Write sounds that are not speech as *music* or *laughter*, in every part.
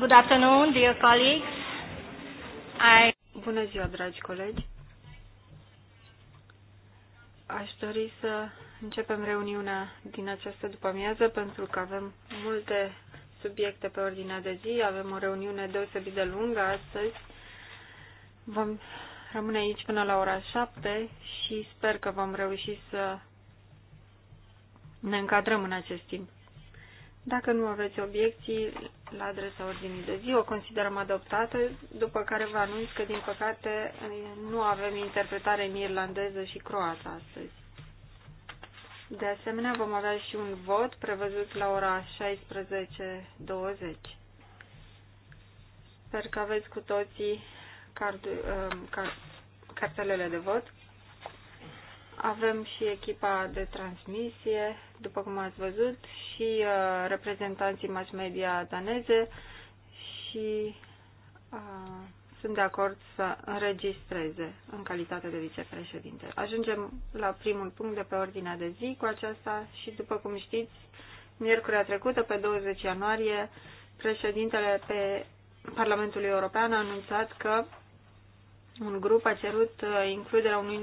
Good afternoon, dear colleagues. I... Bună ziua, dragi colegi. Aș dori să începem reuniunea din această după-amiază pentru că avem multe subiecte pe ordinea de zi. Avem o reuniune deosebit de lungă astăzi. Vom rămâne aici până la ora 7 și sper că vom reuși să ne încadrăm în acest timp. Dacă nu aveți obiecții la adresa ordinii de zi, o considerăm adoptată, după care vă anunț că, din păcate, nu avem interpretare în irlandeză și croată astăzi. De asemenea, vom avea și un vot prevăzut la ora 16.20. Sper că aveți cu toții card, uh, card, cartelele de vot. Avem și echipa de transmisie, după cum ați văzut, și uh, reprezentanții mass media daneze și uh, sunt de acord să înregistreze în calitate de vicepreședinte. Ajungem la primul punct de pe ordinea de zi cu aceasta și, după cum știți, miercurea trecută, pe 20 ianuarie, președintele pe Parlamentului European a anunțat că un grup a cerut uh, includerea unui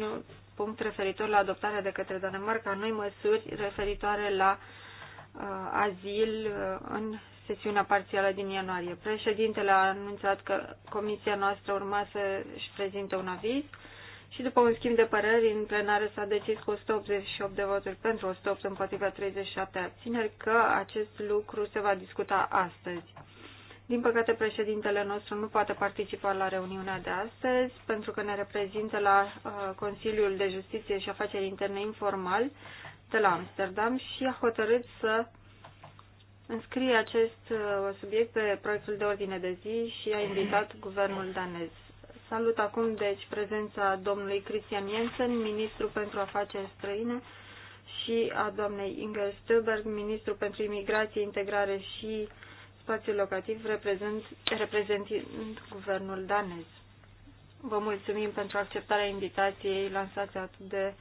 punct referitor la adoptarea de către Danemarca noi măsuri referitoare la uh, azil uh, în sesiunea parțială din ianuarie. Președintele a anunțat că comisia noastră urma să își prezinte un aviz și după un schimb de păreri în plenară s-a decis cu 188 de voturi pentru 108 împotriva 37 abțineri că acest lucru se va discuta astăzi. Din păcate, președintele nostru nu poate participa la reuniunea de astăzi pentru că ne reprezintă la uh, Consiliul de Justiție și Afaceri Interne Informal de la Amsterdam și a hotărât să înscrie acest uh, subiect pe proiectul de ordine de zi și a invitat guvernul danez. Salut acum, deci, prezența domnului Christian Jensen, ministru pentru afaceri străine, și a doamnei Inger Stöberg, ministru pentru imigrație, integrare și uh, spațiu locativ reprezent, reprezentând guvernul danez. Vă mulțumim pentru acceptarea invitației lansate atât de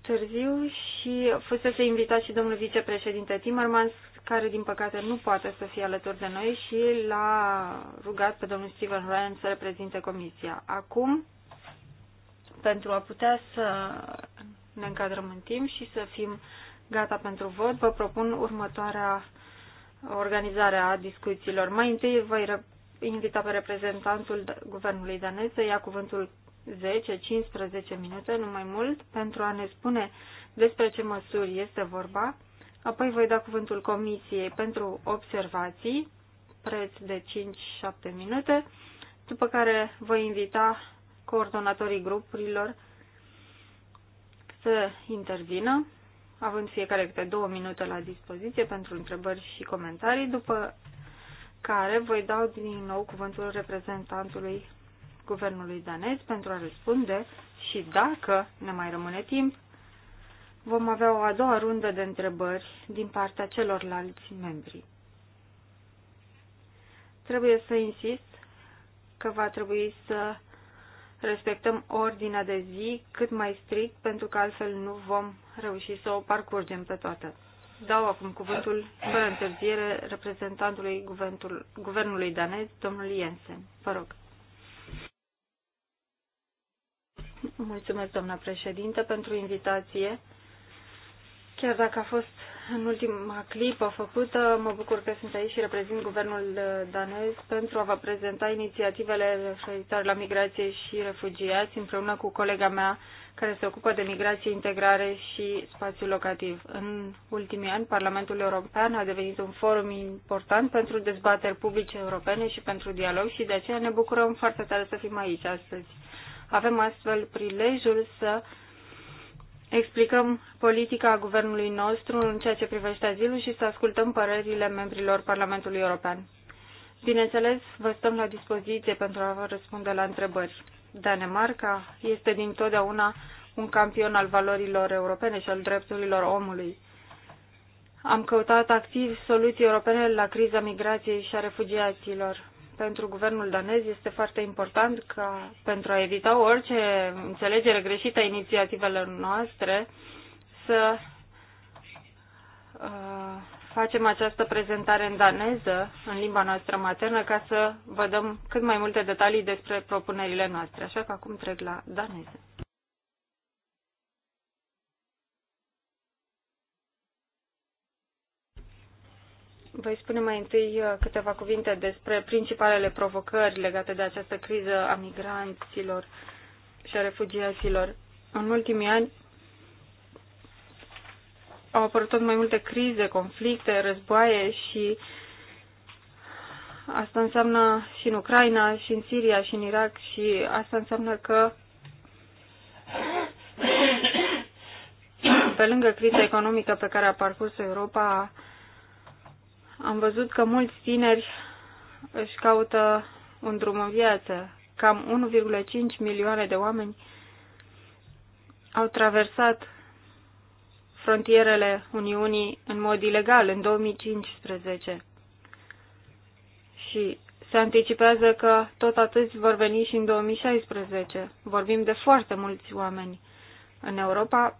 târziu și fusese invitat și domnul vicepreședinte Timmermans, care din păcate nu poate să fie alături de noi și l-a rugat pe domnul Steven Ryan să reprezinte comisia. Acum, pentru a putea să ne încadrăm în timp și să fim gata pentru vot, vă propun următoarea organizarea discuțiilor. Mai întâi voi invita pe reprezentantul guvernului danez să ia cuvântul 10-15 minute, nu mai mult, pentru a ne spune despre ce măsuri este vorba. Apoi voi da cuvântul Comisiei pentru observații, preț de 5-7 minute, după care voi invita coordonatorii grupurilor să intervină având fiecare câte două minute la dispoziție pentru întrebări și comentarii, după care voi dau din nou cuvântul reprezentantului guvernului danez pentru a răspunde și dacă ne mai rămâne timp, vom avea o a doua rundă de întrebări din partea celorlalți membri. Trebuie să insist că va trebui să respectăm ordinea de zi cât mai strict, pentru că altfel nu vom reuși să o parcurgem pe toată. Dau acum cuvântul, fără întârziere, reprezentantului guvernului danez, domnul Jensen. Vă rog. Mulțumesc, doamna președintă, pentru invitație. Chiar dacă a fost în ultima clipă făcută. Mă bucur că sunt aici și reprezint guvernul uh, danez pentru a vă prezenta inițiativele referitoare la migrație și refugiați împreună cu colega mea care se ocupă de migrație, integrare și spațiu locativ. În ultimii ani, Parlamentul European a devenit un forum important pentru dezbateri publice europene și pentru dialog și de aceea ne bucurăm foarte tare să fim aici astăzi. Avem astfel prilejul să explicăm politica guvernului nostru în ceea ce privește azilul și să ascultăm părerile membrilor Parlamentului European. Bineînțeles, vă stăm la dispoziție pentru a vă răspunde la întrebări. Danemarca este din totdeauna un campion al valorilor europene și al drepturilor omului. Am căutat activ soluții europene la criza migrației și a refugiaților pentru guvernul danez este foarte important ca pentru a evita orice înțelegere greșită a inițiativelor noastre să uh, facem această prezentare în daneză, în limba noastră maternă, ca să vă dăm cât mai multe detalii despre propunerile noastre. Așa că acum trec la daneză. Voi spune mai întâi uh, câteva cuvinte despre principalele provocări legate de această criză a migranților și a refugiaților. În ultimii ani au apărut tot mai multe crize, conflicte, războaie și asta înseamnă și în Ucraina, și în Siria, și în Irak și asta înseamnă că pe lângă criza economică pe care a parcurs Europa, am văzut că mulți tineri își caută un drum în viață. Cam 1,5 milioane de oameni au traversat frontierele Uniunii în mod ilegal în 2015 și se anticipează că tot atâți vor veni și în 2016. Vorbim de foarte mulți oameni. În Europa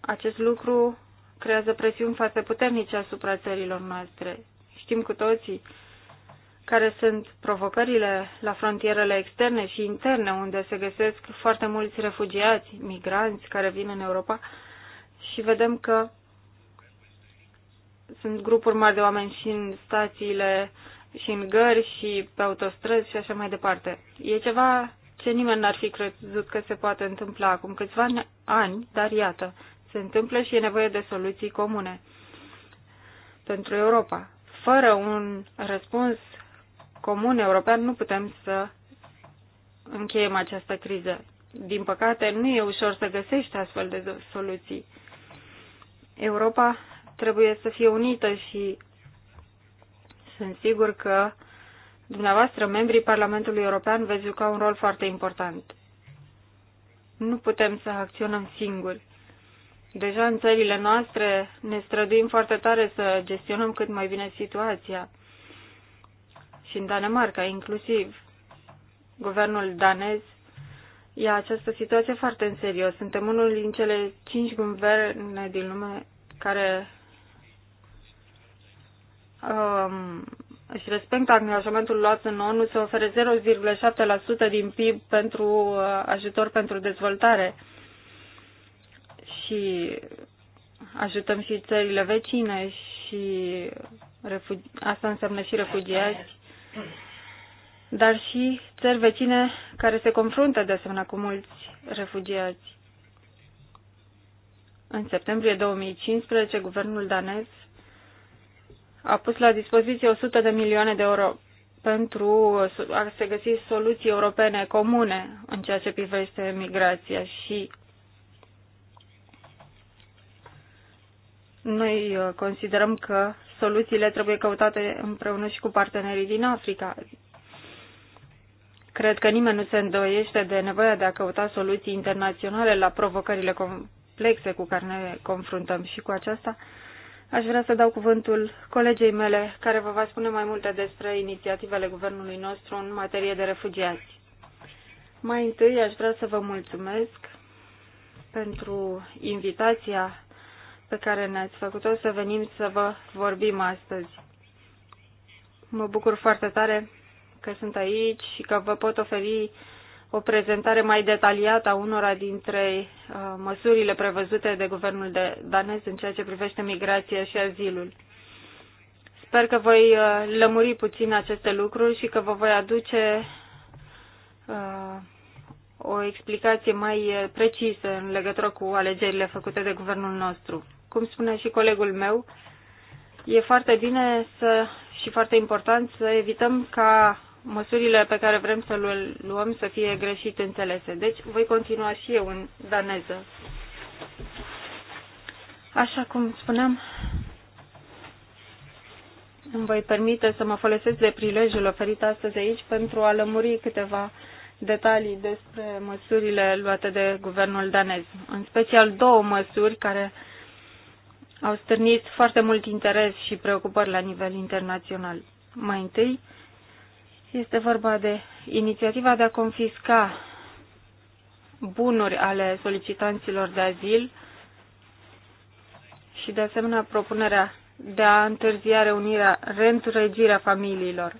acest lucru creează presiuni foarte puternice asupra țărilor noastre. Știm cu toții care sunt provocările la frontierele externe și interne, unde se găsesc foarte mulți refugiați, migranți care vin în Europa și vedem că sunt grupuri mari de oameni și în stațiile și în gări și pe autostrăzi și așa mai departe. E ceva ce nimeni n-ar fi crezut că se poate întâmpla acum câțiva ani, dar iată, se întâmplă și e nevoie de soluții comune pentru Europa. Fără un răspuns comun european nu putem să încheiem această criză. Din păcate, nu e ușor să găsești astfel de soluții. Europa trebuie să fie unită și sunt sigur că dumneavoastră, membrii Parlamentului European, veți juca un rol foarte important. Nu putem să acționăm singuri. Deja în țările noastre ne străduim foarte tare să gestionăm cât mai bine situația. Și în Danemarca, inclusiv, guvernul danez ia această situație foarte în serios. Suntem unul din cele cinci guverne din lume care um, își respectă angajamentul luat în ONU să ofere 0,7% din PIB pentru uh, ajutor pentru dezvoltare și ajutăm și țările vecine și refugi- asta înseamnă și refugiați, dar și țări vecine care se confruntă de asemenea cu mulți refugiați. În septembrie 2015, guvernul danez a pus la dispoziție 100 de milioane de euro pentru a se găsi soluții europene comune în ceea ce privește migrația și Noi uh, considerăm că soluțiile trebuie căutate împreună și cu partenerii din Africa. Cred că nimeni nu se îndoiește de nevoia de a căuta soluții internaționale la provocările complexe cu care ne confruntăm și cu aceasta. Aș vrea să dau cuvântul colegei mele, care vă va spune mai multe despre inițiativele guvernului nostru în materie de refugiați. Mai întâi aș vrea să vă mulțumesc pentru invitația pe care ne-ați făcut-o să venim să vă vorbim astăzi. Mă bucur foarte tare că sunt aici și că vă pot oferi o prezentare mai detaliată a unora dintre uh, măsurile prevăzute de guvernul de danez în ceea ce privește migrația și azilul. Sper că voi uh, lămuri puțin aceste lucruri și că vă voi aduce uh, o explicație mai precisă în legătură cu alegerile făcute de guvernul nostru cum spunea și colegul meu, e foarte bine să, și foarte important să evităm ca măsurile pe care vrem să le luăm să fie greșit înțelese. Deci voi continua și eu în daneză. Așa cum spuneam, îmi voi permite să mă folosesc de prilejul oferit astăzi aici pentru a lămuri câteva detalii despre măsurile luate de guvernul danez, în special două măsuri care au stârnit foarte mult interes și preocupări la nivel internațional. Mai întâi, este vorba de inițiativa de a confisca bunuri ale solicitanților de azil și, de asemenea, propunerea de a întârzia reunirea, reîntregirea familiilor.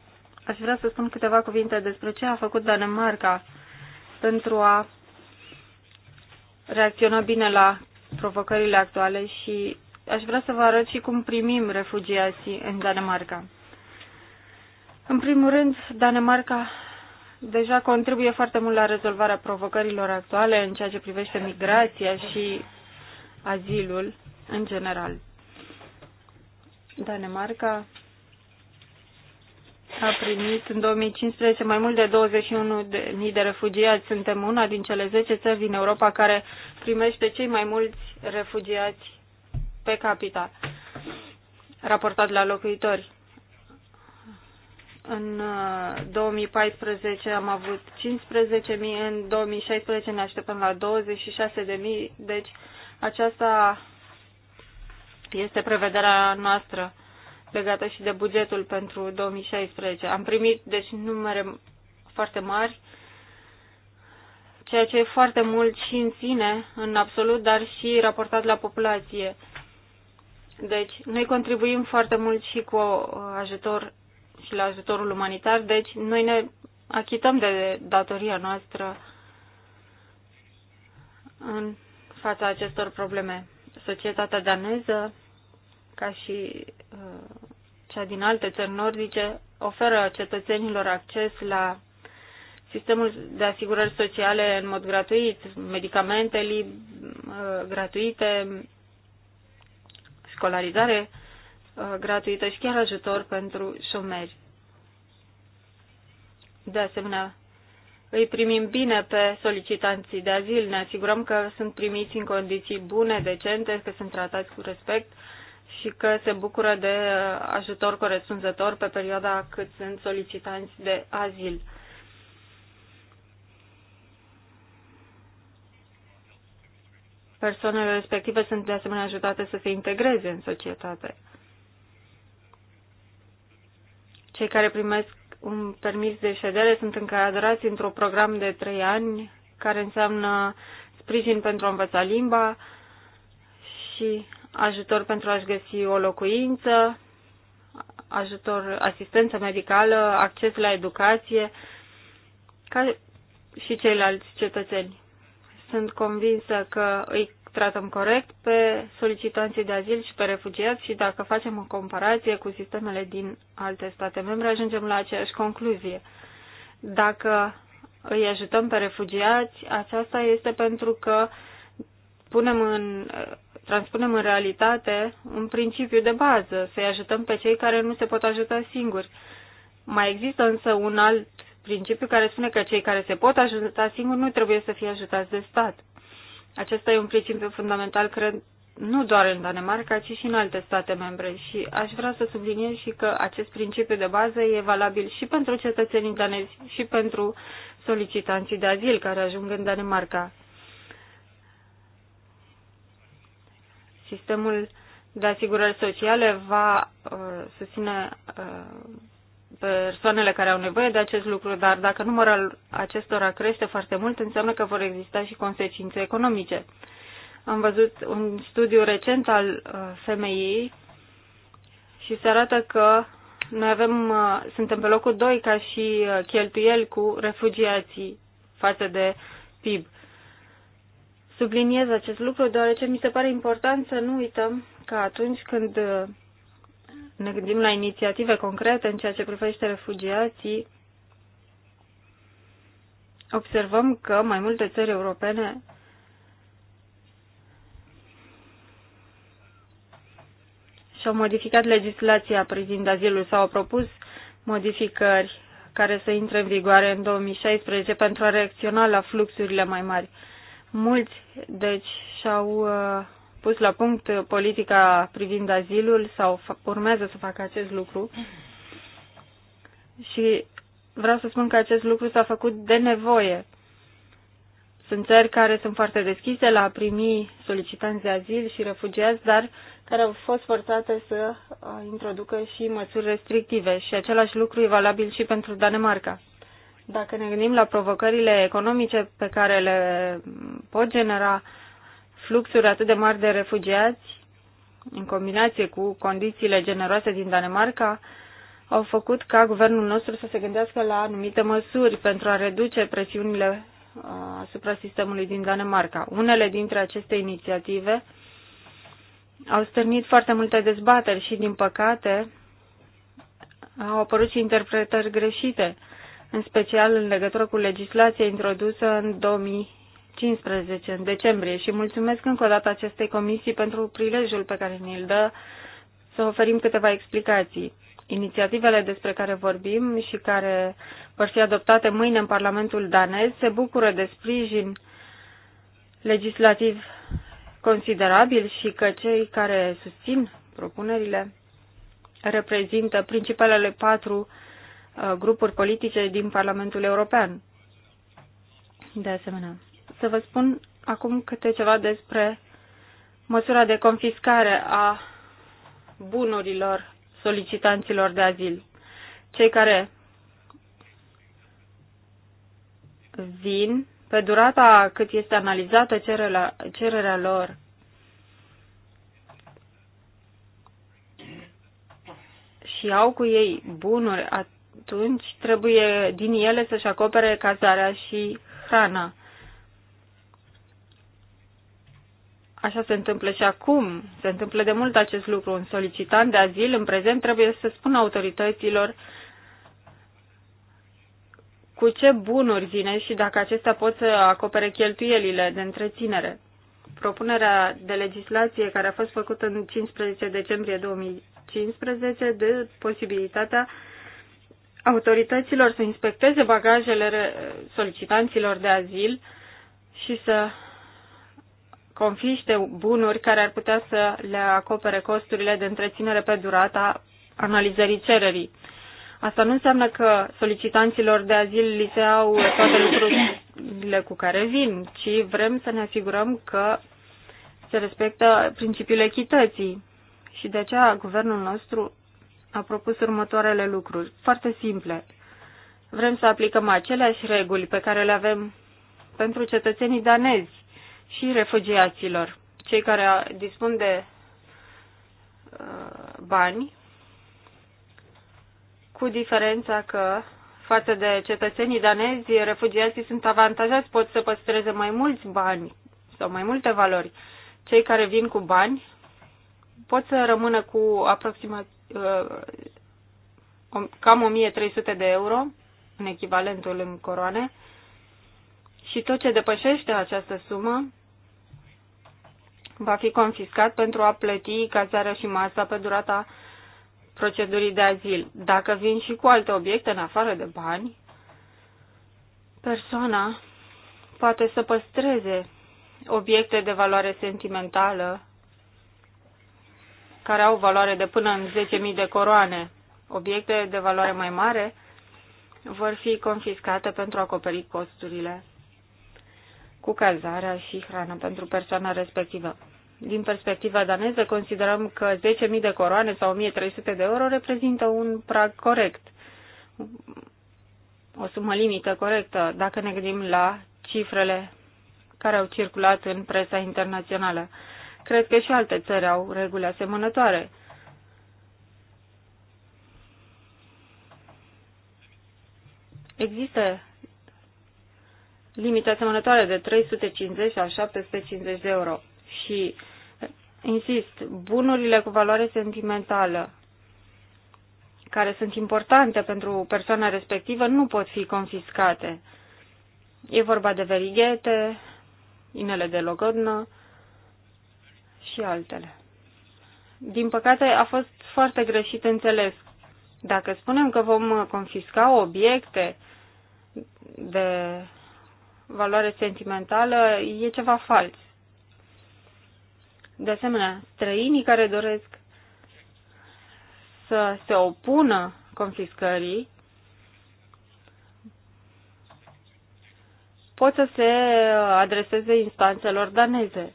Aș vrea să spun câteva cuvinte despre ce a făcut Danemarca pentru a reacționa bine la provocările actuale și aș vrea să vă arăt și cum primim refugiații în Danemarca. În primul rând, Danemarca deja contribuie foarte mult la rezolvarea provocărilor actuale în ceea ce privește migrația și azilul în general. Danemarca a primit în 2015 mai mult de 21.000 de refugiați. Suntem una din cele 10 țări din Europa care primește cei mai mulți refugiați pe capita raportat la locuitori. În 2014 uh, am avut 15.000, în 2016 ne așteptăm la 26.000, deci aceasta este prevederea noastră legată și de bugetul pentru 2016. Am primit, deci, numere foarte mari, ceea ce e foarte mult și în sine, în absolut, dar și raportat la populație. Deci, noi contribuim foarte mult și cu ajutor și la ajutorul umanitar, deci noi ne achităm de datoria noastră în fața acestor probleme. Societatea daneză, ca și uh, cea din alte țări nordice, oferă cetățenilor acces la sistemul de asigurări sociale în mod gratuit, medicamente uh, gratuite, școlarizare uh, gratuită și chiar ajutor pentru șomeri. De asemenea, îi primim bine pe solicitanții de azil, ne asigurăm că sunt primiți în condiții bune, decente, că sunt tratați cu respect și că se bucură de uh, ajutor corespunzător pe perioada cât sunt solicitanți de azil. Persoanele respective sunt de asemenea ajutate să se integreze în societate. Cei care primesc un permis de ședere sunt încadrați într-un program de trei ani care înseamnă sprijin pentru a învăța limba și ajutor pentru a-și găsi o locuință, ajutor, asistență medicală, acces la educație, ca și ceilalți cetățeni. Sunt convinsă că îi tratăm corect pe solicitanții de azil și pe refugiați și dacă facem o comparație cu sistemele din alte state membre, ajungem la aceeași concluzie. Dacă îi ajutăm pe refugiați, aceasta este pentru că punem în, transpunem în realitate un principiu de bază, să-i ajutăm pe cei care nu se pot ajuta singuri. Mai există însă un alt principiu care spune că cei care se pot ajuta singuri nu trebuie să fie ajutați de stat. Acesta e un principiu fundamental, cred, nu doar în Danemarca, ci și în alte state membre și aș vrea să subliniez și că acest principiu de bază e valabil și pentru cetățenii danezi și pentru solicitanții de azil care ajung în Danemarca. Sistemul de asigurări sociale va uh, susține uh, persoanele care au nevoie de acest lucru, dar dacă numărul acestora crește foarte mult, înseamnă că vor exista și consecințe economice. Am văzut un studiu recent al uh, femeii și se arată că noi avem, uh, suntem pe locul 2 ca și uh, cheltuieli cu refugiații față de PIB. Subliniez acest lucru deoarece mi se pare important să nu uităm că atunci când ne gândim la inițiative concrete în ceea ce privește refugiații, observăm că mai multe țări europene și-au modificat legislația privind azilul sau au propus modificări care să intre în vigoare în 2016 pentru a reacționa la fluxurile mai mari. Mulți, deci, și-au uh, pus la punct politica privind azilul sau urmează să facă acest lucru. Și vreau să spun că acest lucru s-a făcut de nevoie. Sunt țări care sunt foarte deschise la a primi solicitanți de azil și refugiați, dar care au fost forțate să uh, introducă și măsuri restrictive și același lucru e valabil și pentru Danemarca. Dacă ne gândim la provocările economice pe care le pot genera uh, fluxuri atât de mari de refugiați, în combinație cu condițiile generoase din Danemarca, au făcut ca guvernul nostru să se gândească la anumite măsuri pentru a reduce presiunile uh, asupra sistemului din Danemarca. Unele dintre aceste inițiative au stârnit foarte multe dezbateri și, din păcate, au apărut și interpretări greșite, în special în legătură cu legislația introdusă în 2000 15 în decembrie, și mulțumesc încă o dată acestei comisii pentru prilejul pe care ne-l dă să oferim câteva explicații. Inițiativele despre care vorbim și care vor fi adoptate mâine în Parlamentul danez se bucură de sprijin legislativ considerabil și că cei care susțin propunerile reprezintă principalele patru uh, grupuri politice din Parlamentul European. De asemenea, să vă spun acum câte ceva despre măsura de confiscare a bunurilor solicitanților de azil. Cei care vin pe durata cât este analizată cererea, cererea lor și au cu ei bunuri, atunci trebuie din ele să-și acopere cazarea și hrana. Așa se întâmplă și acum. Se întâmplă de mult acest lucru. Un solicitant de azil în prezent trebuie să spună autorităților cu ce bunuri vine și dacă acestea pot să acopere cheltuielile de întreținere. Propunerea de legislație care a fost făcută în 15 decembrie 2015 de posibilitatea autorităților să inspecteze bagajele solicitanților de azil și să confiște bunuri care ar putea să le acopere costurile de întreținere pe durata analizării cererii. Asta nu înseamnă că solicitanților de azil li se au toate lucrurile cu care vin, ci vrem să ne asigurăm că se respectă principiul echității. Și de aceea guvernul nostru a propus următoarele lucruri, foarte simple. Vrem să aplicăm aceleași reguli pe care le avem pentru cetățenii danezi și refugiaților. Cei care dispun de uh, bani, cu diferența că față de cetățenii danezi, refugiații sunt avantajați, pot să păstreze mai mulți bani sau mai multe valori. Cei care vin cu bani pot să rămână cu aproximativ uh, cam 1300 de euro în echivalentul în coroane și tot ce depășește această sumă va fi confiscat pentru a plăti cazarea și masa pe durata procedurii de azil. Dacă vin și cu alte obiecte în afară de bani, persoana poate să păstreze obiecte de valoare sentimentală care au valoare de până în 10.000 de coroane. Obiecte de valoare mai mare vor fi confiscate pentru a acoperi costurile cu cazarea și hrană pentru persoana respectivă. Din perspectiva daneză, considerăm că 10.000 de coroane sau 1.300 de euro reprezintă un prag corect, o sumă limită corectă, dacă ne gândim la cifrele care au circulat în presa internațională. Cred că și alte țări au reguli asemănătoare. Există limite asemănătoare de 350 sau 750 de euro. Și, insist, bunurile cu valoare sentimentală, care sunt importante pentru persoana respectivă, nu pot fi confiscate. E vorba de verighete, inele de logodnă și altele. Din păcate, a fost foarte greșit înțeles. Dacă spunem că vom confisca obiecte de valoare sentimentală e ceva fals. De asemenea, străinii care doresc să se opună confiscării pot să se uh, adreseze instanțelor daneze.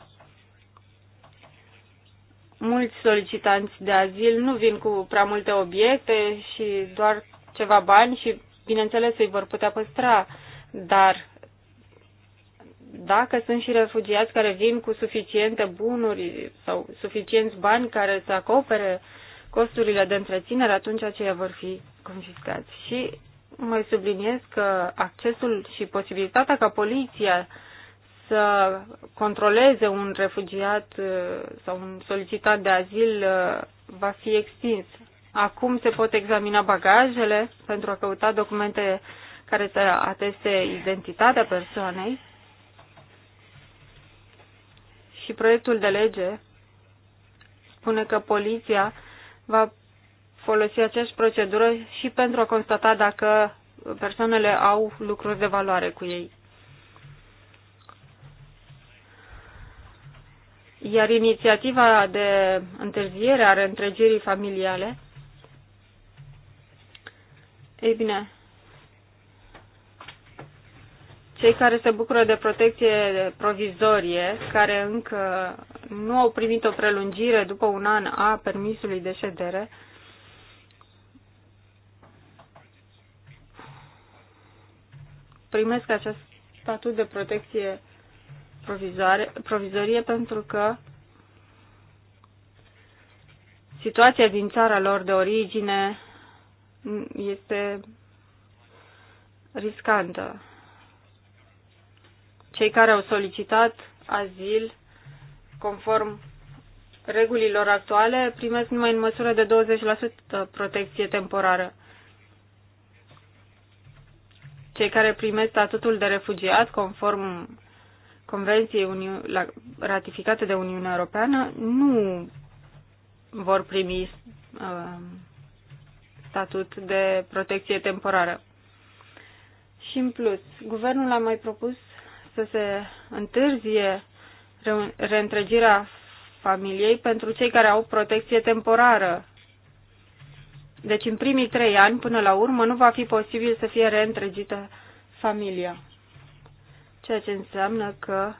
Mulți solicitanți de azil nu vin cu prea multe obiecte și doar ceva bani și, bineînțeles, îi vor putea păstra, dar dacă sunt și refugiați care vin cu suficiente bunuri sau suficienți bani care să acopere costurile de întreținere, atunci aceia vor fi confiscați. Și mai subliniez că accesul și posibilitatea ca poliția să controleze un refugiat uh, sau un solicitat de azil uh, va fi extins. Acum se pot examina bagajele pentru a căuta documente care să ateste identitatea persoanei și proiectul de lege spune că poliția va folosi aceeași procedură și pentru a constata dacă persoanele au lucruri de valoare cu ei. Iar inițiativa de întârziere a reîntregirii familiale, ei bine, cei care se bucură de protecție provizorie, care încă nu au primit o prelungire după un an a permisului de ședere, primesc acest statut de protecție provizorie pentru că situația din țara lor de origine este riscantă cei care au solicitat azil conform regulilor actuale primesc numai în măsură de 20% protecție temporară. Cei care primesc statutul de refugiat conform Convenției Uni- ratificate de Uniunea Europeană nu vor primi uh, statut de protecție temporară. Și în plus, guvernul a mai propus să se întârzie reîntregirea familiei pentru cei care au protecție temporară. Deci în primii trei ani, până la urmă, nu va fi posibil să fie reîntregită familia. Ceea ce înseamnă că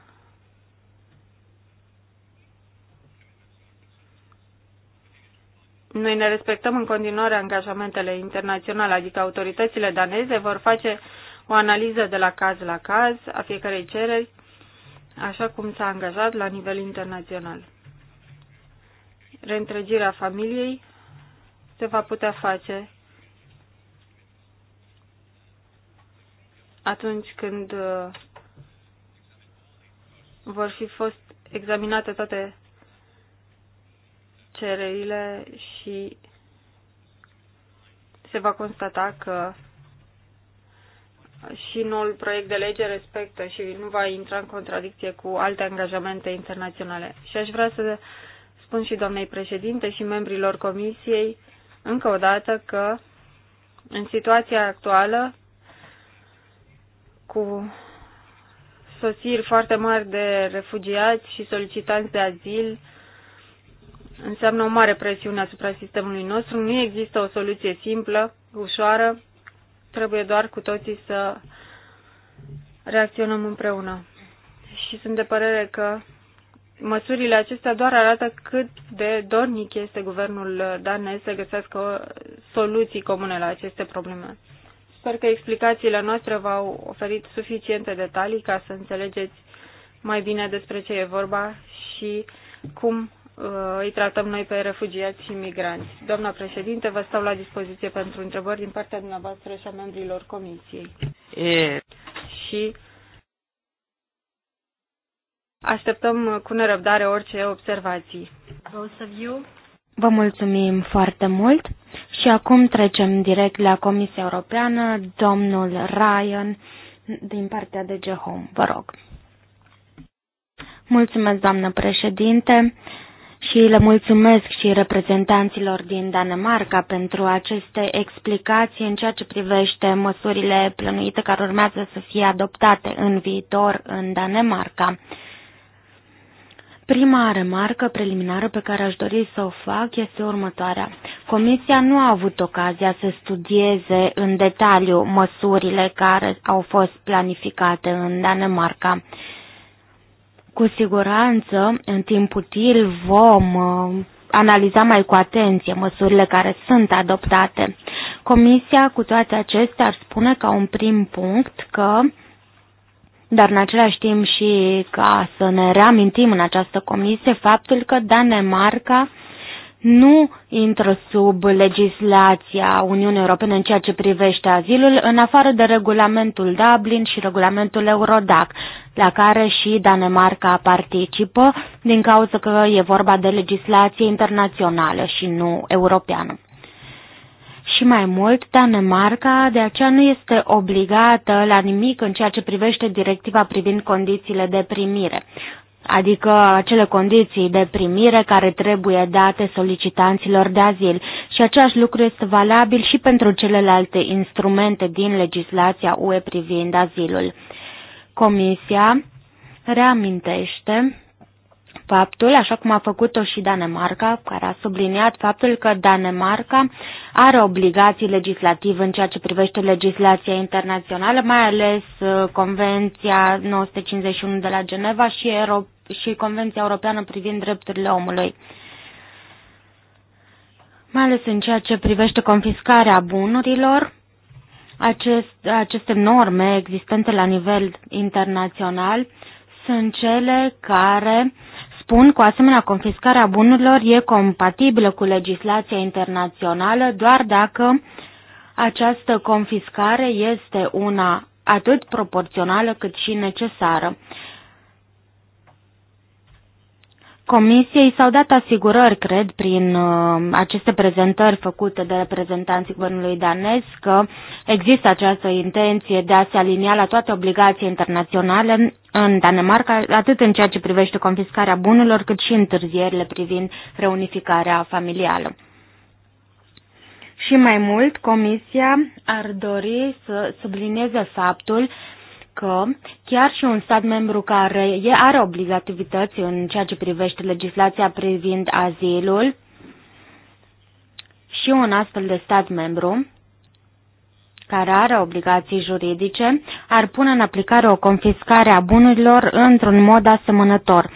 Noi ne respectăm în continuare angajamentele internaționale, adică autoritățile daneze vor face o analiză de la caz la caz a fiecarei cereri, așa cum s-a angajat la nivel internațional. Reîntregirea familiei se va putea face atunci când uh, vor fi fost examinate toate cererile și se va constata că și noul proiect de lege respectă și nu va intra în contradicție cu alte angajamente internaționale. Și aș vrea să spun și doamnei președinte și membrilor comisiei încă o dată că în situația actuală cu sosiri foarte mari de refugiați și solicitanți de azil înseamnă o mare presiune asupra sistemului nostru. Nu există o soluție simplă, ușoară, Trebuie doar cu toții să reacționăm împreună. Și sunt de părere că măsurile acestea doar arată cât de dornic este guvernul danez să găsească soluții comune la aceste probleme. Sper că explicațiile noastre v-au oferit suficiente detalii ca să înțelegeți mai bine despre ce e vorba și cum Uh, îi tratăm noi pe refugiați și migranți. Doamna președinte, vă stau la dispoziție pentru întrebări din partea dumneavoastră și a membrilor comisiei. E... Și așteptăm cu nerăbdare orice observații. Vă mulțumim foarte mult și acum trecem direct la Comisia Europeană, domnul Ryan din partea de jehom. Vă rog. Mulțumesc, doamnă președinte și le mulțumesc și reprezentanților din Danemarca pentru aceste explicații în ceea ce privește măsurile plănuite care urmează să fie adoptate în viitor în Danemarca. Prima remarcă preliminară pe care aș dori să o fac este următoarea. Comisia nu a avut ocazia să studieze în detaliu măsurile care au fost planificate în Danemarca. Cu siguranță, în timp util, vom uh, analiza mai cu atenție măsurile care sunt adoptate. Comisia, cu toate acestea, ar spune ca un prim punct că dar în același timp și ca să ne reamintim în această comisie faptul că Danemarca nu intră sub legislația Uniunii Europene în ceea ce privește azilul, în afară de regulamentul Dublin și regulamentul Eurodac, la care și Danemarca participă, din cauza că e vorba de legislație internațională și nu europeană. Și mai mult, Danemarca de aceea nu este obligată la nimic în ceea ce privește directiva privind condițiile de primire adică acele condiții de primire care trebuie date solicitanților de azil și același lucru este valabil și pentru celelalte instrumente din legislația UE privind azilul. Comisia reamintește faptul, așa cum a făcut-o și Danemarca, care a subliniat faptul că Danemarca are obligații legislative în ceea ce privește legislația internațională, mai ales uh, Convenția 951 de la Geneva și Euro și Convenția Europeană privind drepturile omului mai ales în ceea ce privește confiscarea bunurilor, acest, aceste norme existente la nivel internațional sunt cele care spun că asemenea confiscarea bunurilor e compatibilă cu legislația internațională doar dacă această confiscare este una atât proporțională cât și necesară. Comisiei s-au dat asigurări, cred, prin uh, aceste prezentări făcute de reprezentanții guvernului danez că există această intenție de a se alinia la toate obligații internaționale în Danemarca, atât în ceea ce privește confiscarea bunurilor, cât și întârzierile privind reunificarea familială. Și mai mult, Comisia ar dori să sublinieze faptul că chiar și un stat membru care are obligativități în ceea ce privește legislația privind azilul și un astfel de stat membru care are obligații juridice ar pune în aplicare o confiscare a bunurilor într-un mod asemănător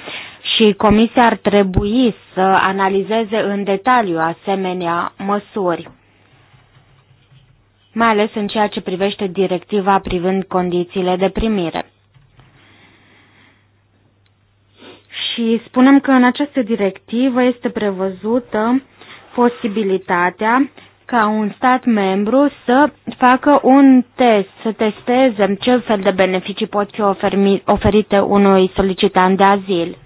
și Comisia ar trebui să analizeze în detaliu asemenea măsuri mai ales în ceea ce privește directiva privind condițiile de primire. Și spunem că în această directivă este prevăzută posibilitatea ca un stat membru să facă un test, să testeze ce fel de beneficii pot fi oferite unui solicitant de azil.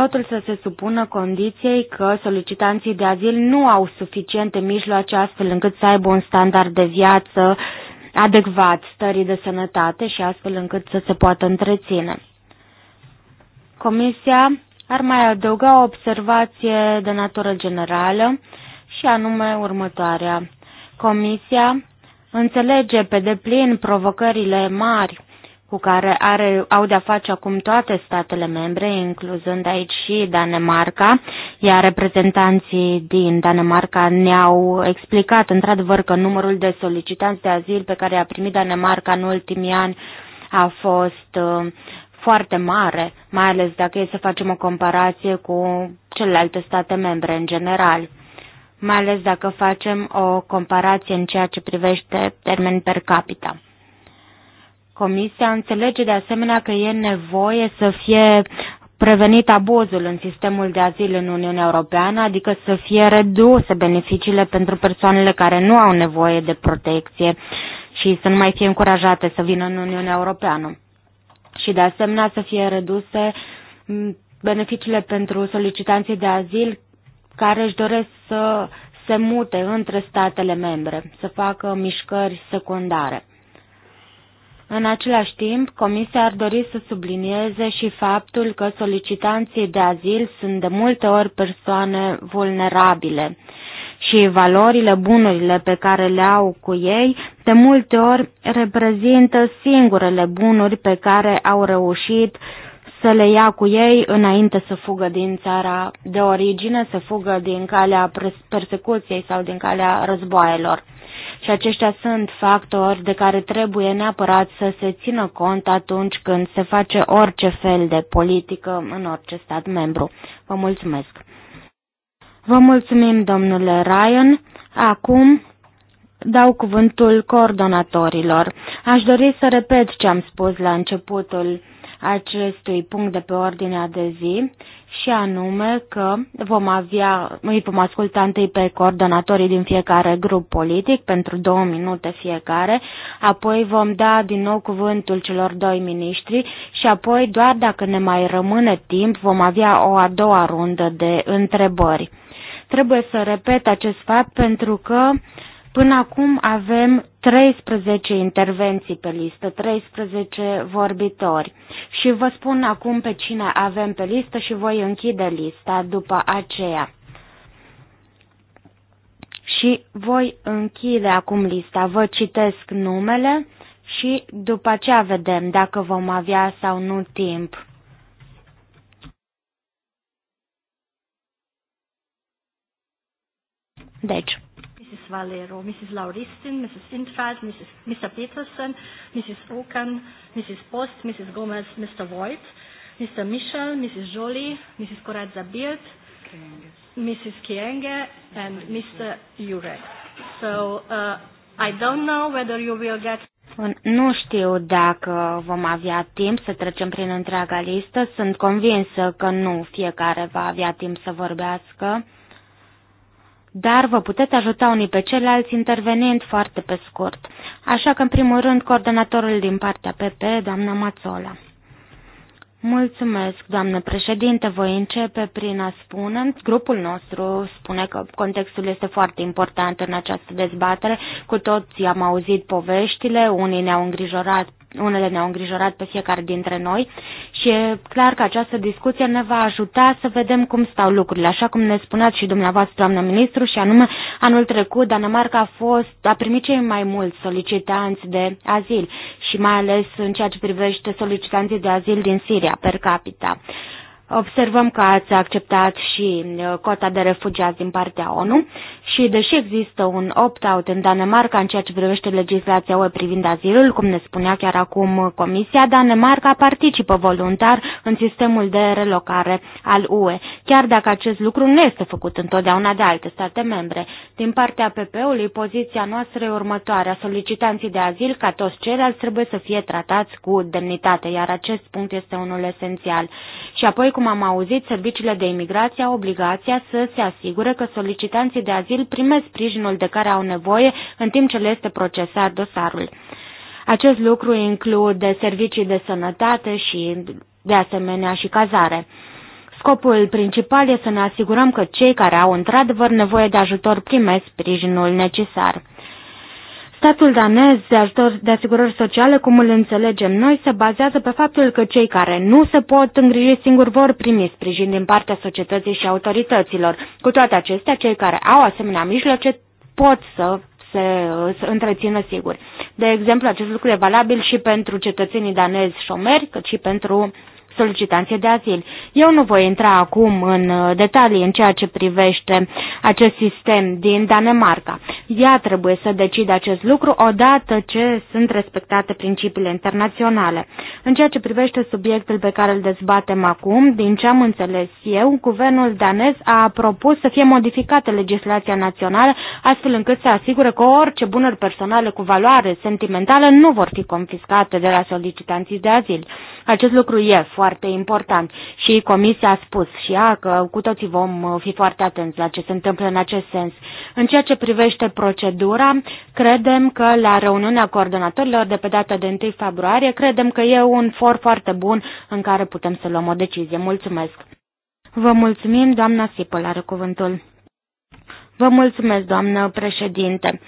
totul să se supună condiției că solicitanții de azil nu au suficiente mijloace astfel încât să aibă un standard de viață adecvat stării de sănătate și astfel încât să se poată întreține. Comisia ar mai adăuga o observație de natură generală și anume următoarea. Comisia înțelege pe deplin provocările mari cu care are, au de-a face acum toate statele membre, incluzând aici și Danemarca, iar reprezentanții din Danemarca ne-au explicat într-adevăr că numărul de solicitanți de azil pe care a primit Danemarca în ultimii ani a fost uh, foarte mare, mai ales dacă e să facem o comparație cu celelalte state membre în general mai ales dacă facem o comparație în ceea ce privește termen per capita. Comisia înțelege de asemenea că e nevoie să fie prevenit abuzul în sistemul de azil în Uniunea Europeană, adică să fie reduse beneficiile pentru persoanele care nu au nevoie de protecție și să nu mai fie încurajate să vină în Uniunea Europeană. Și de asemenea să fie reduse beneficiile pentru solicitanții de azil care își doresc să se mute între statele membre, să facă mișcări secundare. În același timp, Comisia ar dori să sublinieze și faptul că solicitanții de azil sunt de multe ori persoane vulnerabile și valorile, bunurile pe care le au cu ei, de multe ori reprezintă singurele bunuri pe care au reușit să le ia cu ei înainte să fugă din țara de origine, să fugă din calea persecuției sau din calea războaielor și aceștia sunt factori de care trebuie neapărat să se țină cont atunci când se face orice fel de politică în orice stat membru. Vă mulțumesc! Vă mulțumim, domnule Ryan. Acum dau cuvântul coordonatorilor. Aș dori să repet ce am spus la începutul acestui punct de pe ordinea de zi și anume că vom avea, îi vom asculta întâi pe coordonatorii din fiecare grup politic pentru două minute fiecare, apoi vom da din nou cuvântul celor doi miniștri și apoi doar dacă ne mai rămâne timp vom avea o a doua rundă de întrebări. Trebuie să repet acest fapt pentru că până acum avem 13 intervenții pe listă, 13 vorbitori și vă spun acum pe cine avem pe listă și voi închide lista după aceea. Și voi închide acum lista. Vă citesc numele și după aceea vedem dacă vom avea sau nu timp. Deci, Valero, Mrs. Lauristin, Mrs. Infeld, Mrs. Mr. Peterson, Mrs. Okan, Mrs. Post, Mrs. Gomez, Mr. Voigt, Mr. Michel, Mrs. Jolie, Mrs. Corazza Beard, Mrs. Kienge, and Mr. Jurek. So uh, I don't know whether you will get nu știu dacă vom avea timp să trecem prin întreaga listă. Sunt convinsă că nu fiecare va avea timp să vorbească dar vă puteți ajuta unii pe ceilalți intervenind foarte pe scurt. Așa că, în primul rând, coordonatorul din partea PP, doamna Mațola. Mulțumesc, doamnă președinte. Voi începe prin a spune, grupul nostru spune că contextul este foarte important în această dezbatere. Cu toții am auzit poveștile, unii ne-au îngrijorat unele ne-au îngrijorat pe fiecare dintre noi și e clar că această discuție ne va ajuta să vedem cum stau lucrurile. Așa cum ne spuneați și dumneavoastră, doamnă ministru, și anume anul trecut Danemarca a, fost, a primit cei mai mulți solicitanți de azil și mai ales în ceea ce privește solicitanții de azil din Siria per capita. Uh, Observăm că ați acceptat și uh, cota de refugiați din partea ONU și deși există un opt-out în Danemarca în ceea ce privește legislația UE privind azilul, cum ne spunea chiar acum Comisia, Danemarca participă voluntar în sistemul de relocare al UE, chiar dacă acest lucru nu este făcut întotdeauna de alte state membre. Din partea PP-ului, poziția noastră e următoarea. Solicitanții de azil, ca toți ceilalți, trebuie să fie tratați cu demnitate, iar acest punct este unul esențial și apoi, cum am auzit, serviciile de imigrație au obligația să se asigure că solicitanții de azil primesc sprijinul de care au nevoie în timp ce le este procesat dosarul. Acest lucru include servicii de sănătate și, de asemenea, și cazare. Scopul principal este să ne asigurăm că cei care au într-adevăr nevoie de ajutor primesc sprijinul necesar. Statul danez de ajutor de asigurări sociale, cum îl înțelegem noi, se bazează pe faptul că cei care nu se pot îngriji singuri vor primi sprijin din partea societății și autorităților. Cu toate acestea, cei care au asemenea mijloace pot să se să întrețină sigur. De exemplu, acest lucru e valabil și pentru cetățenii danezi șomeri, cât și pentru uh, solicitanții de azil. Eu nu voi intra acum în uh, detalii în ceea ce privește acest sistem din Danemarca. Ea trebuie să decide acest lucru odată ce sunt respectate principiile internaționale. În ceea ce privește subiectul pe care îl dezbatem acum, din ce am înțeles eu, guvernul danez a propus să fie modificată legislația națională astfel încât să asigure că orice bunuri personale cu valoare sentimentală nu vor fi confiscate de la solicitanții de azil. Acest lucru e foarte important și Comisia a spus și ea că cu toții vom uh, fi foarte atenți la ce se întâmplă în acest sens. În ceea ce privește procedura, credem că la reuniunea coordonatorilor de pe data de 1 februarie, credem că e un for foarte bun în care putem să luăm o decizie. Mulțumesc! Vă mulțumim, doamna Sipă, are cuvântul. Vă mulțumesc, doamnă președinte.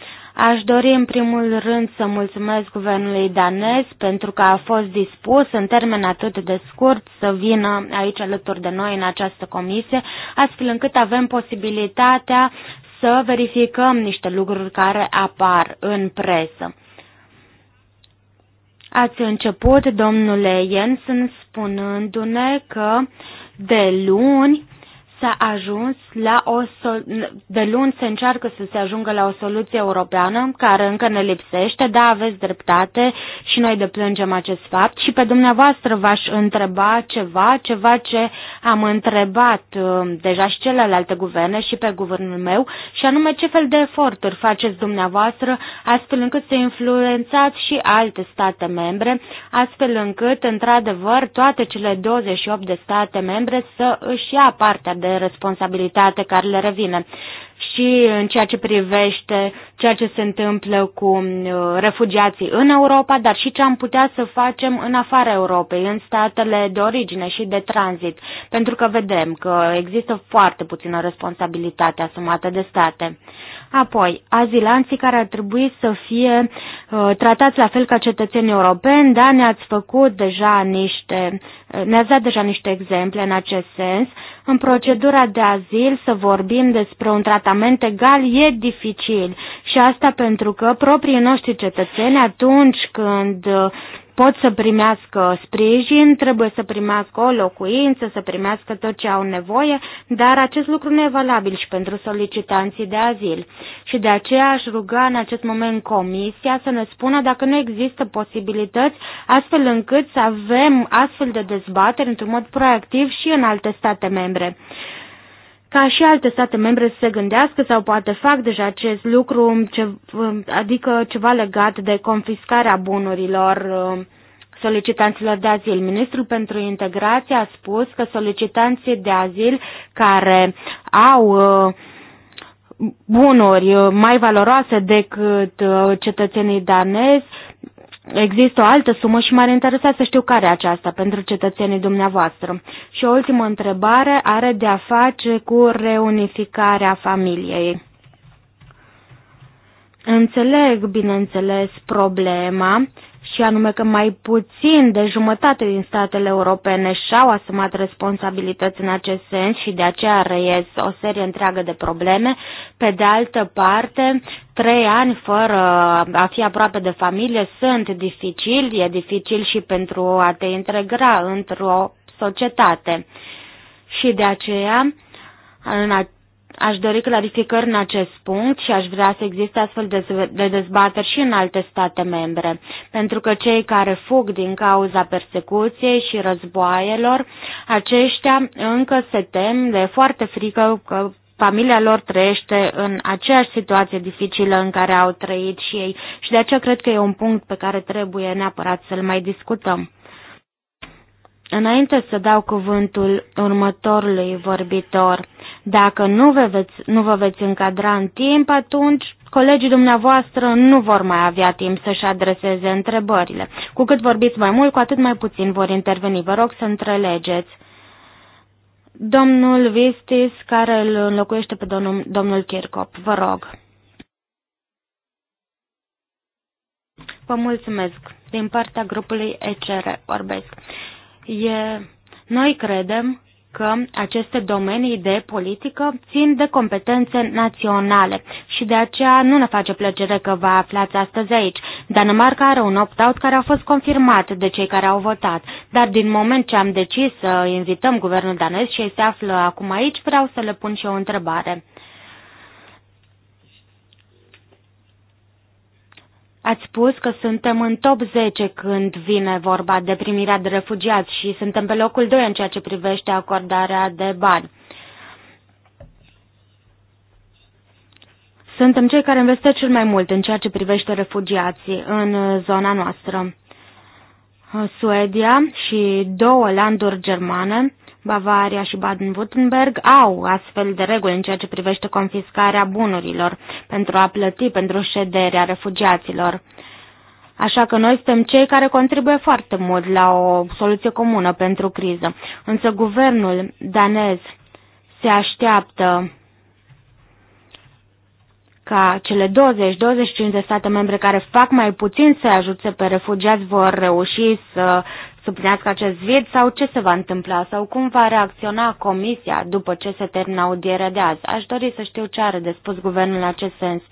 Aș dori în primul rând să mulțumesc guvernului danez pentru că a fost dispus în termen atât de scurt să vină aici alături de noi în această comisie, astfel încât avem posibilitatea să verificăm niște lucruri care apar în presă. Ați început, domnule Jensen, spunându-ne că de luni s-a ajuns la o de luni se încearcă să se ajungă la o soluție europeană care încă ne lipsește, da, aveți dreptate și noi deplângem acest fapt și pe dumneavoastră v-aș întreba ceva, ceva ce am întrebat um, deja și celelalte guverne și pe guvernul meu și anume ce fel de eforturi faceți dumneavoastră astfel încât să influențați și alte state membre, astfel încât într-adevăr toate cele 28 de state membre să își ia partea de de responsabilitate care le revine. Și în ceea ce privește ceea ce se întâmplă cu uh, refugiații în Europa, dar și ce am putea să facem în afara Europei, în statele de origine și de tranzit, pentru că vedem că există foarte puțină responsabilitate asumată de state. Apoi, azilanții care ar trebui să fie uh, tratați la fel ca cetățenii europeni, da, ne-ați făcut deja niște, uh, ne-ați dat deja niște exemple în acest sens. În procedura de azil să vorbim despre un tratament egal e dificil și asta pentru că proprii noștri cetățeni atunci când pot să primească sprijin, trebuie să primească o locuință, să primească tot ce au nevoie, dar acest lucru nu e valabil și pentru solicitanții de azil. Și de aceea aș ruga în acest moment Comisia să ne spună dacă nu există posibilități astfel încât să avem astfel de dezbateri într-un mod proactiv și în alte state membre ca și alte state membre să se gândească sau poate fac deja acest lucru, um, ce, um, adică ceva legat de confiscarea bunurilor um, solicitanților de azil. Ministrul pentru integrație a spus că solicitanții de azil care au uh, bunuri uh, mai valoroase decât uh, cetățenii danezi Există o altă sumă și m-ar interesa să știu care e aceasta pentru cetățenii dumneavoastră. Și o ultimă întrebare are de a face cu reunificarea familiei. Înțeleg, bineînțeles, problema și anume că mai puțin de jumătate din statele europene și-au asumat responsabilități în acest sens și de aceea răiesc o serie întreagă de probleme. Pe de altă parte, trei ani fără a fi aproape de familie sunt dificili, e dificil și pentru a te integra într-o societate. Și de aceea, în acest Aș dori clarificări în acest punct și aș vrea să existe astfel de dezbateri și în alte state membre, pentru că cei care fug din cauza persecuției și războaielor, aceștia încă se tem de foarte frică că familia lor trăiește în aceeași situație dificilă în care au trăit și ei și de aceea cred că e un punct pe care trebuie neapărat să-l mai discutăm. Înainte să dau cuvântul următorului vorbitor, dacă nu vă veți, nu vă veți încadra în timp, atunci colegii dumneavoastră nu vor mai avea timp să-și adreseze întrebările. Cu cât vorbiți mai mult, cu atât mai puțin vor interveni. Vă rog să întrelegeți. Domnul Vistis, care îl înlocuiește pe domnul, domnul Kirkop, vă rog. Vă mulțumesc. Din partea grupului ECR vorbesc. E, noi credem că aceste domenii de politică țin de competențe naționale și de aceea nu ne face plăcere că vă aflați astăzi aici. Danemarca are un opt-out care a fost confirmat de cei care au votat, dar din moment ce am decis să invităm guvernul danez și ei se află acum aici, vreau să le pun și o întrebare. Ați spus că suntem în top 10 când vine vorba de primirea de refugiați și suntem pe locul 2 în ceea ce privește acordarea de bani. Suntem cei care investesc cel mai mult în ceea ce privește refugiații în zona noastră. Suedia și două landuri germane Bavaria și Baden-Württemberg au astfel de reguli în ceea ce privește confiscarea bunurilor pentru a plăti pentru șederea refugiaților. Așa că noi suntem cei care contribuie foarte mult la o soluție comună pentru criză. Însă guvernul danez se așteaptă ca cele 20-25 de state membre care fac mai puțin să ajute pe refugiați vor reuși să suplinească acest vid sau ce se va întâmpla sau cum va reacționa Comisia după ce se termină audierea de azi. Aș dori să știu ce are de spus guvernul în acest sens.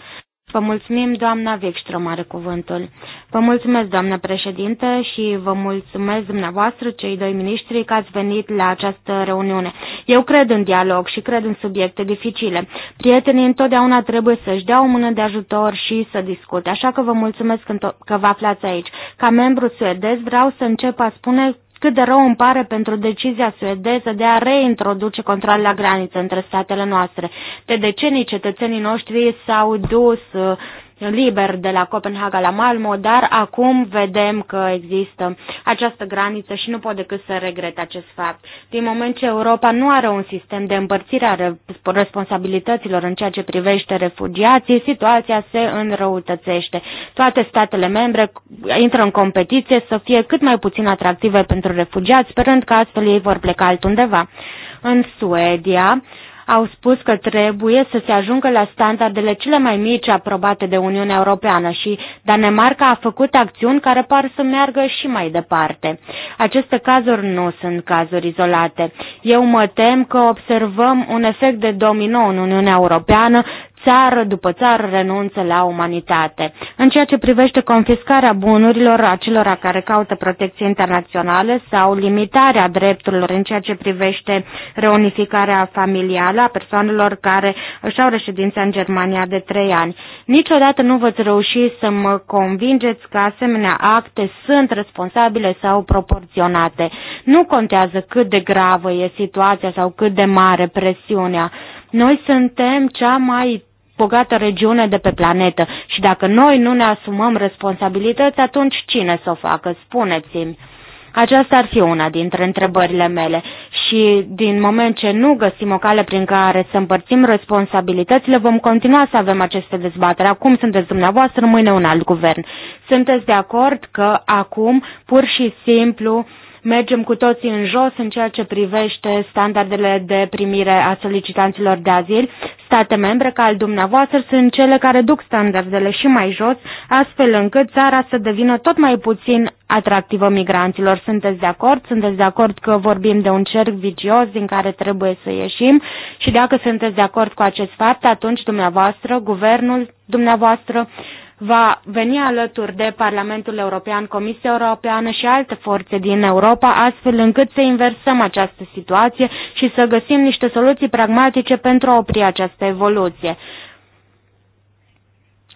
Vă mulțumim, doamna Wikström are cuvântul. Vă mulțumesc, doamnă președinte, și vă mulțumesc dumneavoastră, cei doi miniștri, că ați venit la această reuniune. Eu cred în dialog și cred în subiecte dificile. Prietenii întotdeauna trebuie să-și dea o mână de ajutor și să discute, așa că vă mulțumesc că vă aflați aici. Ca membru suedez vreau să încep a spune cât de rău îmi pare pentru decizia suedeză de a reintroduce control la graniță între statele noastre. De decenii cetățenii noștri s-au dus uh, liber de la Copenhaga la Malmo, dar acum vedem că există această graniță și nu pot decât să regret acest fapt. Din moment ce Europa nu are un sistem de împărțire a responsabilităților în ceea ce privește refugiații, situația se înrăutățește. Toate statele membre intră în competiție să fie cât mai puțin atractive pentru refugiați, sperând că astfel ei vor pleca altundeva. În Suedia, au spus că trebuie să se ajungă la standardele cele mai mici aprobate de Uniunea Europeană și Danemarca a făcut acțiuni care par să meargă și mai departe. Aceste cazuri nu sunt cazuri izolate. Eu mă tem că observăm un efect de domino în Uniunea Europeană țară după țară renunță la umanitate. În ceea ce privește confiscarea bunurilor acelora care caută protecție internațională sau limitarea drepturilor în ceea ce privește reunificarea familială a persoanelor care își au reședința în Germania de trei ani. Niciodată nu vă reuși să mă convingeți că asemenea acte sunt responsabile sau proporționate. Nu contează cât de gravă e situația sau cât de mare presiunea. Noi suntem cea mai bogată regiune de pe planetă și dacă noi nu ne asumăm responsabilități, atunci cine să o facă? Spuneți-mi. Aceasta ar fi una dintre întrebările mele și din moment ce nu găsim o cale prin care să împărțim responsabilitățile, vom continua să avem aceste dezbatere. Acum sunteți dumneavoastră, mâine un alt guvern. Sunteți de acord că acum, pur și simplu, uh, mergem cu toții în jos în ceea ce privește standardele de primire a solicitanților de azil. State membre ca al dumneavoastră sunt cele care duc standardele și mai jos, astfel încât țara să devină tot mai puțin atractivă migranților. Sunteți de acord? Sunteți de acord că vorbim de un cerc vicios din care trebuie să ieșim? Și dacă sunteți de acord cu acest fapt, atunci dumneavoastră, guvernul dumneavoastră, va veni alături de Parlamentul European, Comisia Europeană și alte forțe din Europa, astfel încât să inversăm această situație și să găsim niște soluții pragmatice pentru a opri această evoluție.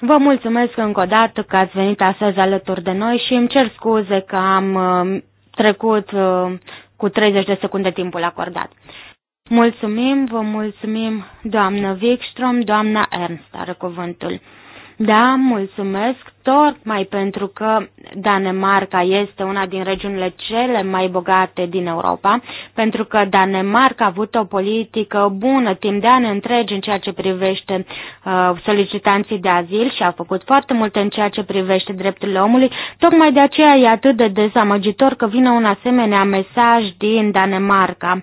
Vă mulțumesc încă o dată că ați venit astăzi alături de noi și îmi cer scuze că am uh, trecut uh, cu 30 de secunde timpul acordat. Mulțumim, vă mulțumim, doamnă Wikström, doamna Ernst are cuvântul. Da, mulțumesc, tocmai pentru că Danemarca este una din regiunile cele mai bogate din Europa, pentru că Danemarca a avut o politică bună timp de ani întregi în ceea ce privește uh, solicitanții de azil și a făcut foarte multe în ceea ce privește drepturile omului. Tocmai de aceea e atât de dezamăgitor că vine un asemenea mesaj din Danemarca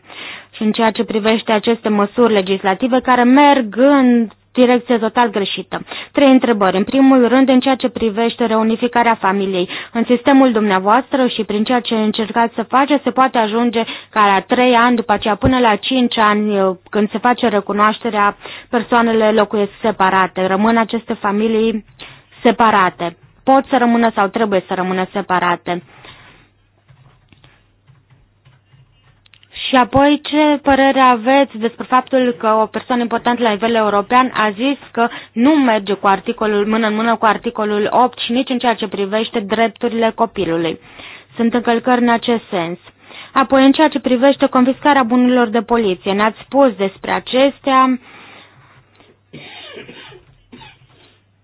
și în ceea ce privește aceste măsuri legislative care merg în direcție total greșită. Trei întrebări. În primul rând, în ceea ce privește reunificarea familiei, în sistemul dumneavoastră și prin ceea ce încercați să faceți, se poate ajunge ca la trei ani, după aceea până la cinci ani, uh, când se face recunoașterea, persoanele locuiesc separate. Rămân aceste familii separate. Pot să rămână sau trebuie să rămână separate. Și apoi, ce părere aveți despre faptul că o persoană importantă la nivel european a zis că nu merge cu articolul, mână în mână cu articolul 8 și nici în ceea ce privește drepturile copilului? Sunt încălcări în acest sens. Apoi, în ceea ce privește confiscarea bunurilor de poliție, ne-ați spus despre acestea.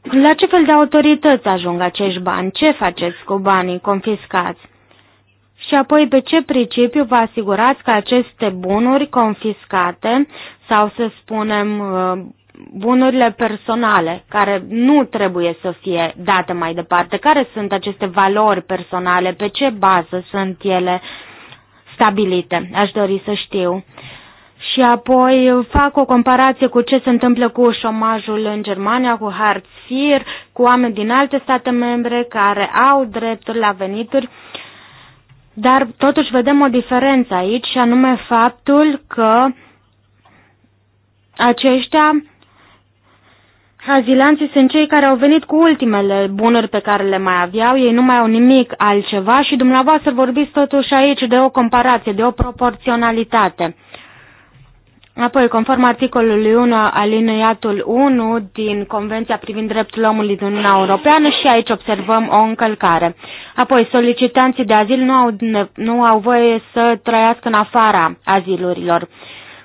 La ce fel de autorități ajung acești bani? Ce faceți cu banii confiscați? și apoi pe ce principiu vă asigurați că aceste bunuri confiscate sau să spunem uh, bunurile personale care nu trebuie să fie date mai departe, care sunt aceste valori personale, pe ce bază sunt ele stabilite, aș dori să știu. Și apoi uh, fac o comparație cu ce se întâmplă cu șomajul în Germania, cu Hartz IV, cu oameni din alte state membre care au dreptul la venituri. Uh, dar totuși vedem o diferență aici și anume faptul că aceștia, azilanții sunt cei care au venit cu ultimele bunuri pe care le mai aveau, ei nu mai au nimic altceva și dumneavoastră vorbiți totuși aici de o comparație, de o proporționalitate. Apoi, conform articolului 1 alineatul 1 din Convenția privind dreptul omului din Uniunea Europeană și aici observăm o încălcare. Apoi, solicitanții de azil nu au, nu au voie să trăiască în afara azilurilor.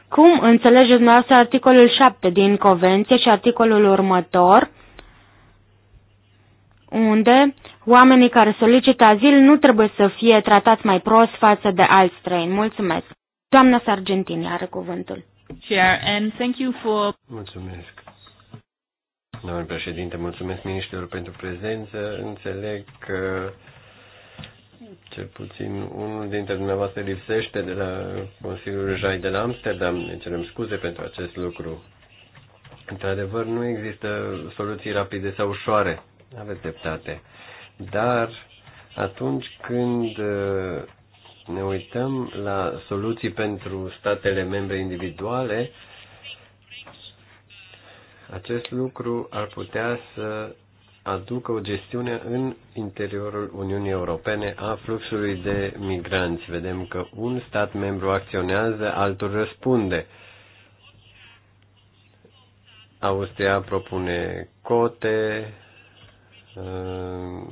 Cum înțelegeți dumneavoastră articolul 7 din Convenție și articolul următor, unde oamenii care solicită azil nu trebuie să fie tratați mai prost față de alți străini? Mulțumesc! Doamna Sargentini are cuvântul. Chair, and thank you for... Mulțumesc. Domnul președinte, mulțumesc miniștrilor pentru prezență. Înțeleg că cel puțin unul dintre dumneavoastră lipsește de la Consiliul Jai de la Amsterdam. Ne cerem scuze pentru acest lucru. Într-adevăr, nu există soluții rapide sau ușoare. Aveți dreptate. Dar atunci când ne uităm la soluții pentru statele membre individuale, acest lucru ar putea să aducă o gestiune în interiorul Uniunii Europene a fluxului de migranți. Vedem că un stat membru acționează, altul răspunde. Austria propune cote, uh,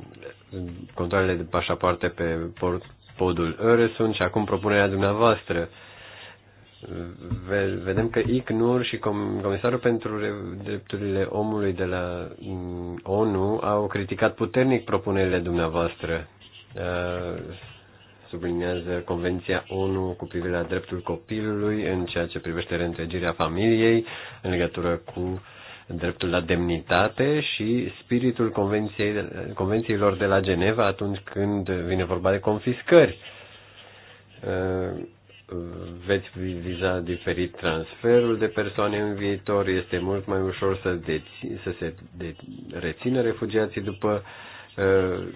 controlele de pașapoarte pe port, podul Öresund și acum propunerea dumneavoastră. Vedem că ICNUR și Comisarul pentru Drepturile Omului de la mm, ONU au criticat puternic propunerile dumneavoastră. Uh, Sublinează Convenția ONU cu privire la dreptul copilului în ceea ce privește reîntregirea familiei în legătură cu uh, dreptul la demnitate și spiritul convențiilor de la Geneva atunci când vine vorba de confiscări. Uh, veți viza diferit transferul de persoane în viitor, este mult mai ușor să, deți, să se de, rețină refugiații după uh,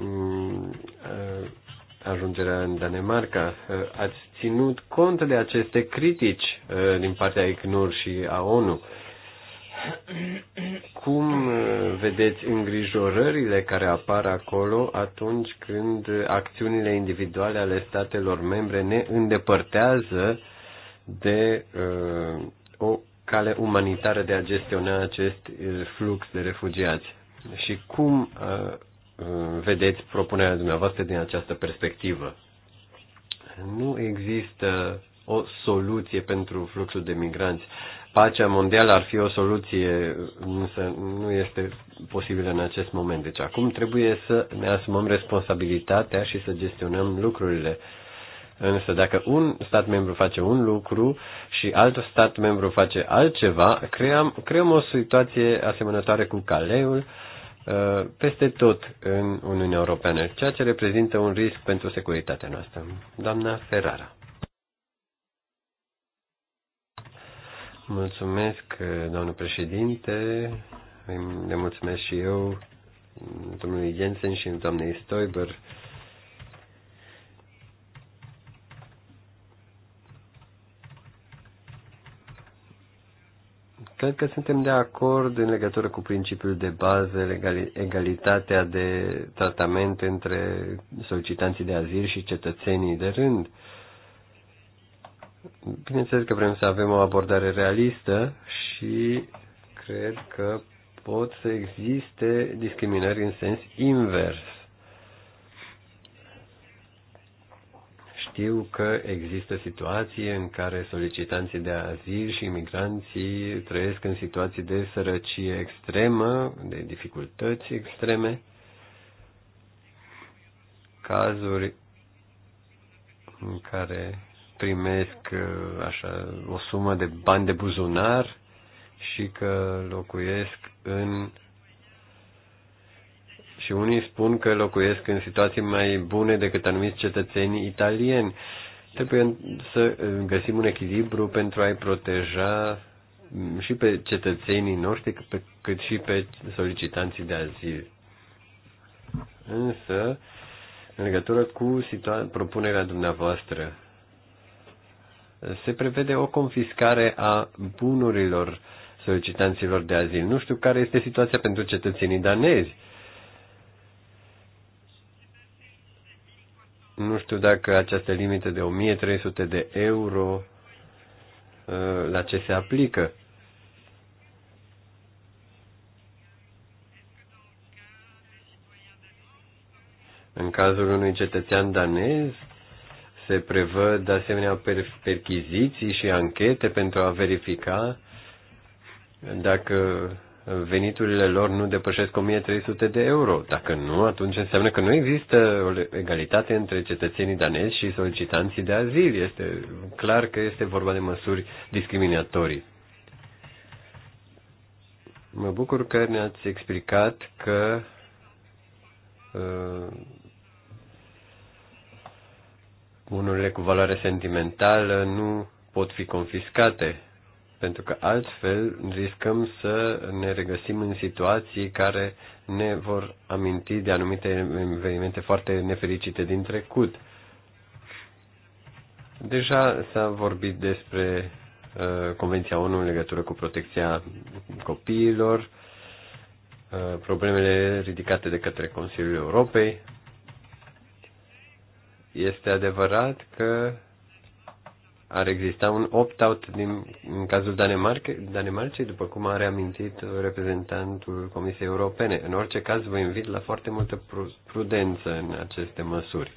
uh, ajungerea în Danemarca. Ați ținut cont de aceste critici din partea ICNUR și a ONU. Cum uh, vedeți îngrijorările care apar acolo atunci când acțiunile individuale ale statelor membre ne îndepărtează de uh, o cale umanitară de a gestiona acest uh, flux de refugiați? Și cum uh, uh, vedeți propunerea dumneavoastră din această perspectivă? Nu există o soluție pentru fluxul de migranți pacea mondială ar fi o soluție, însă nu este posibilă în acest moment. Deci acum trebuie să ne asumăm responsabilitatea și să gestionăm lucrurile. Însă dacă un stat membru face un lucru și alt stat membru face altceva, creăm, creăm o situație asemănătoare cu caleul uh, peste tot în Uniunea Europeană, ceea ce reprezintă un risc pentru securitatea noastră. Doamna Ferrara. Mulțumesc, domnul președinte. Le mulțumesc și eu, domnului Jensen și doamnei Stoiber. Cred că suntem de acord în legătură cu principiul de bază, egalitatea de tratament între solicitanții de azil și cetățenii de rând. Uh, Bineînțeles că vrem să avem o abordare realistă și cred că pot să existe discriminări în sens invers. Știu că există situații în care solicitanții de azil și imigranții trăiesc în situații de sărăcie extremă, de dificultăți extreme, cazuri în care primesc uh, așa, o sumă de bani de buzunar și că locuiesc în și unii spun că locuiesc în situații mai bune decât anumiți cetățeni italieni. Trebuie să uh, găsim un echilibru pentru a-i proteja mm, și pe cetățenii noștri, cât și pe solicitanții de azil. Însă, în legătură cu situa- propunerea dumneavoastră, se prevede o confiscare a bunurilor solicitanților de azil. Nu știu care este situația pentru cetățenii danezi. Nu știu dacă această limită de 1300 de euro uh, la ce se aplică. În cazul unui cetățean danez, se prevăd de asemenea perchiziții și anchete pentru a verifica dacă veniturile lor nu depășesc 1300 de euro. Dacă nu, atunci înseamnă că nu există o egalitate între cetățenii danezi și solicitanții de azil. Este clar că este vorba de măsuri discriminatorii. Mă bucur că ne-ați explicat că uh, Bunurile cu valoare sentimentală nu pot fi confiscate, pentru că altfel riscăm să ne regăsim în situații care ne vor aminti de anumite evenimente foarte nefericite din trecut. Deja s-a vorbit despre uh, Convenția ONU în legătură cu protecția copiilor, uh, problemele ridicate de către Consiliul Europei, este adevărat că ar exista un opt-out din, în cazul Danemarcei, Danemarcei, după cum a reamintit reprezentantul Comisiei Europene. În orice caz, vă invit la foarte multă prudență în aceste măsuri.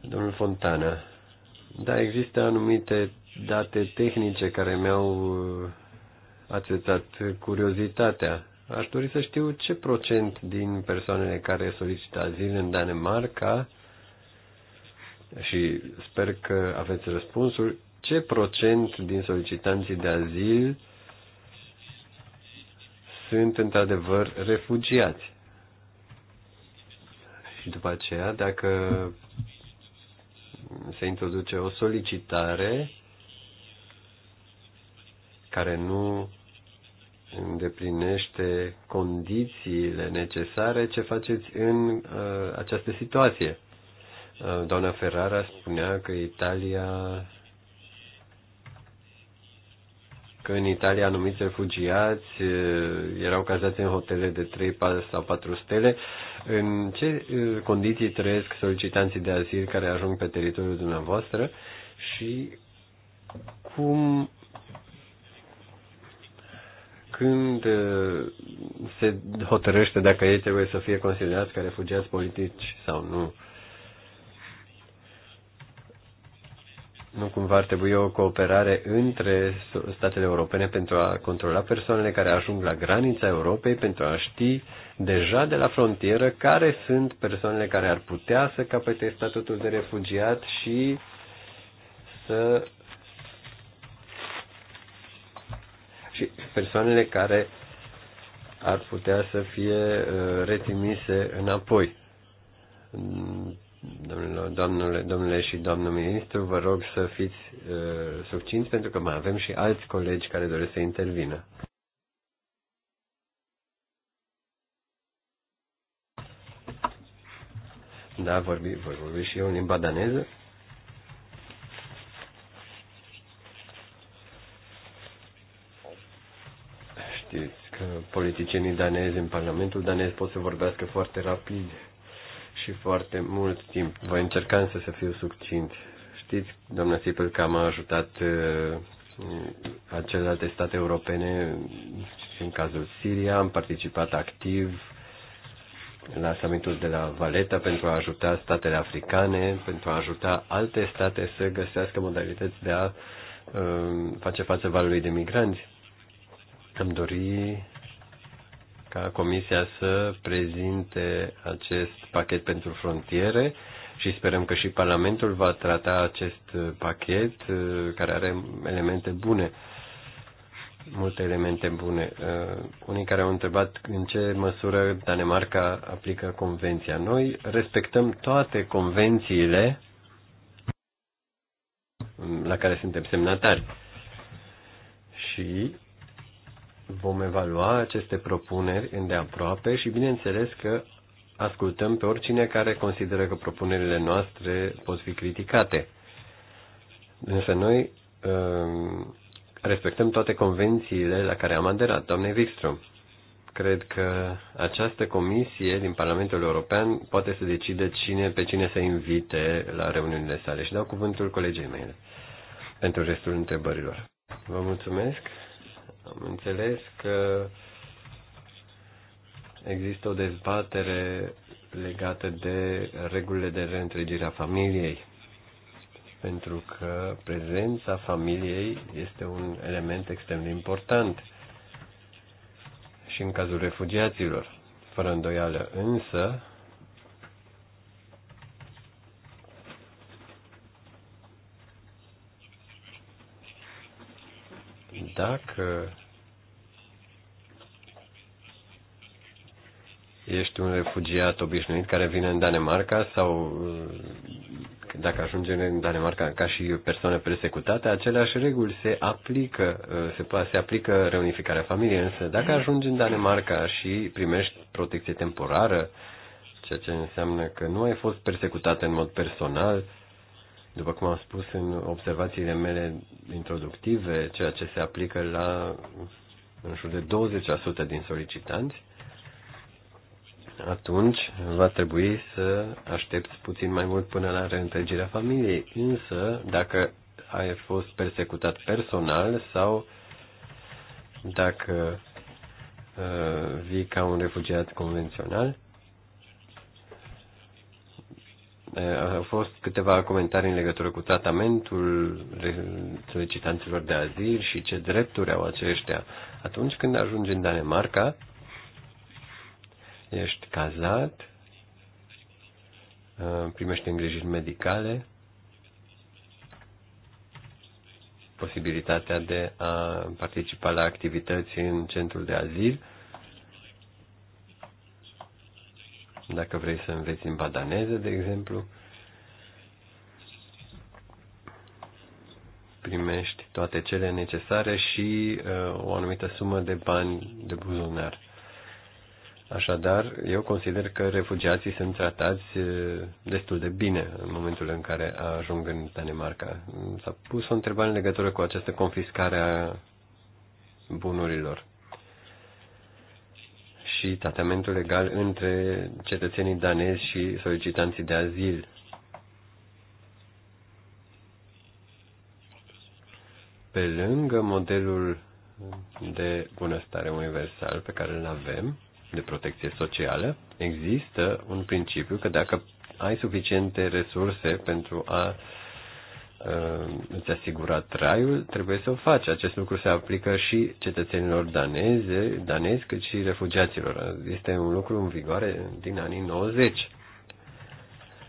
Domnul Fontana, da, există anumite date tehnice care mi-au uh, ațețat curiozitatea. Aș dori să știu ce procent din persoanele care solicită azil în Danemarca și sper că aveți răspunsul, ce procent din solicitanții de azil sunt într-adevăr refugiați? Și după aceea, dacă se introduce o solicitare care nu îndeplinește condițiile necesare, ce faceți în uh, această situație? Uh, doamna Ferrara spunea că Italia că în Italia anumiți refugiați uh, erau cazați în hotele de 3 sau 4 stele. În ce uh, condiții trăiesc solicitanții de azil care ajung pe teritoriul dumneavoastră și cum când uh, se hotărăște dacă ei trebuie să fie considerați ca refugiați politici sau nu. Nu cumva ar trebui o cooperare între statele europene pentru a controla persoanele care ajung la granița Europei, pentru a ști deja de la frontieră care sunt persoanele care ar putea să capete statutul de refugiat și să și persoanele care ar putea să fie uh, retimise înapoi. Domnule, domnule și domnul ministru, vă rog să fiți uh, succinți pentru că mai avem și alți colegi care doresc să intervină. Da, vorbi, voi vorbi și eu în limba daneză. Știți că politicienii danezi în Parlamentul danez pot să vorbească foarte rapid și foarte mult timp. Voi încerca însă să fiu succint. Știți, doamna Sipel, că am ajutat uh, celelalte state europene în cazul Siria, am participat activ la summitul de la Valeta pentru a ajuta statele africane, pentru a ajuta alte state să găsească modalități de a uh, face față valului de migranți. Am dori ca Comisia să prezinte acest pachet pentru frontiere și sperăm că și Parlamentul va trata acest pachet uh, care are elemente bune, multe elemente bune. Uh, unii care au întrebat în ce măsură Danemarca aplică convenția. Noi respectăm toate convențiile la care suntem semnatari și Vom evalua aceste propuneri îndeaproape și bineînțeles că ascultăm pe oricine care consideră că propunerile noastre pot fi criticate. Însă noi um, respectăm toate convențiile la care am aderat, doamne Wikström. Cred că această comisie din Parlamentul European poate să decide cine pe cine să invite la reuniunile sale și dau cuvântul colegii mele pentru restul întrebărilor. Vă mulțumesc. Am înțeles că există o dezbatere legată de regulile de reîntregire a familiei, pentru că prezența familiei este un element extrem de important și în cazul refugiaților, fără îndoială. Însă, dacă ești un refugiat obișnuit care vine în Danemarca sau uh, dacă ajunge în Danemarca ca și persoană persecutată, aceleași reguli se aplică, uh, se, se aplică reunificarea familiei, însă dacă ajungi în Danemarca și primești protecție temporară, ceea ce înseamnă că nu ai fost persecutat în mod personal, după cum am spus în observațiile mele introductive, ceea ce se aplică la în jur de 20% din solicitanți, atunci va trebui să aștepți puțin mai mult până la reîntregirea familiei. Însă, dacă ai fost persecutat personal sau dacă uh, vii ca un refugiat convențional, uh, au fost câteva comentarii în legătură cu tratamentul solicitanților de azil și ce drepturi au aceștia. Atunci când ajungi în Danemarca, ești cazat, ă, primești îngrijiri medicale, posibilitatea de a participa la activități în centrul de azil. Dacă vrei să înveți limba în daneză, de exemplu, primești toate cele necesare și uh, o anumită sumă de bani de buzunar. Uh, Așadar, eu consider că refugiații sunt tratați destul de bine în momentul în care ajung în Danemarca. S-a pus o întrebare în legătură cu această confiscare a bunurilor și tratamentul legal între cetățenii danezi și solicitanții de azil. Pe lângă modelul de bunăstare universal pe care îl avem, de protecție socială, există un principiu că dacă ai suficiente resurse pentru a uh, îți asigura traiul, trebuie să o faci. Acest lucru se aplică și cetățenilor daneze, danezi, cât și refugiaților. Este un lucru în vigoare din anii 90.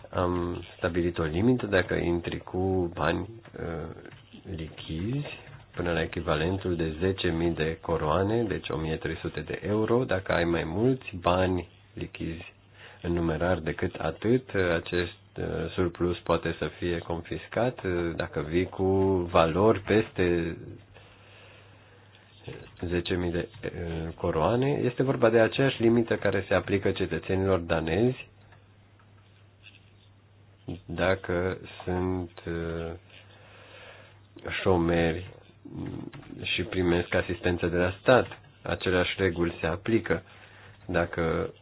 Am stabilit o limită dacă intri cu bani uh, lichizi până la echivalentul de 10.000 de coroane, deci 1.300 de euro. Dacă ai mai mulți bani lichizi în numerar decât atât, acest uh, surplus poate să fie confiscat uh, dacă vii cu valori peste 10.000 de uh, coroane. Este vorba de aceeași limită care se aplică cetățenilor danezi dacă sunt șomeri și primesc asistență de la stat. Aceleași reguli se aplică. Dacă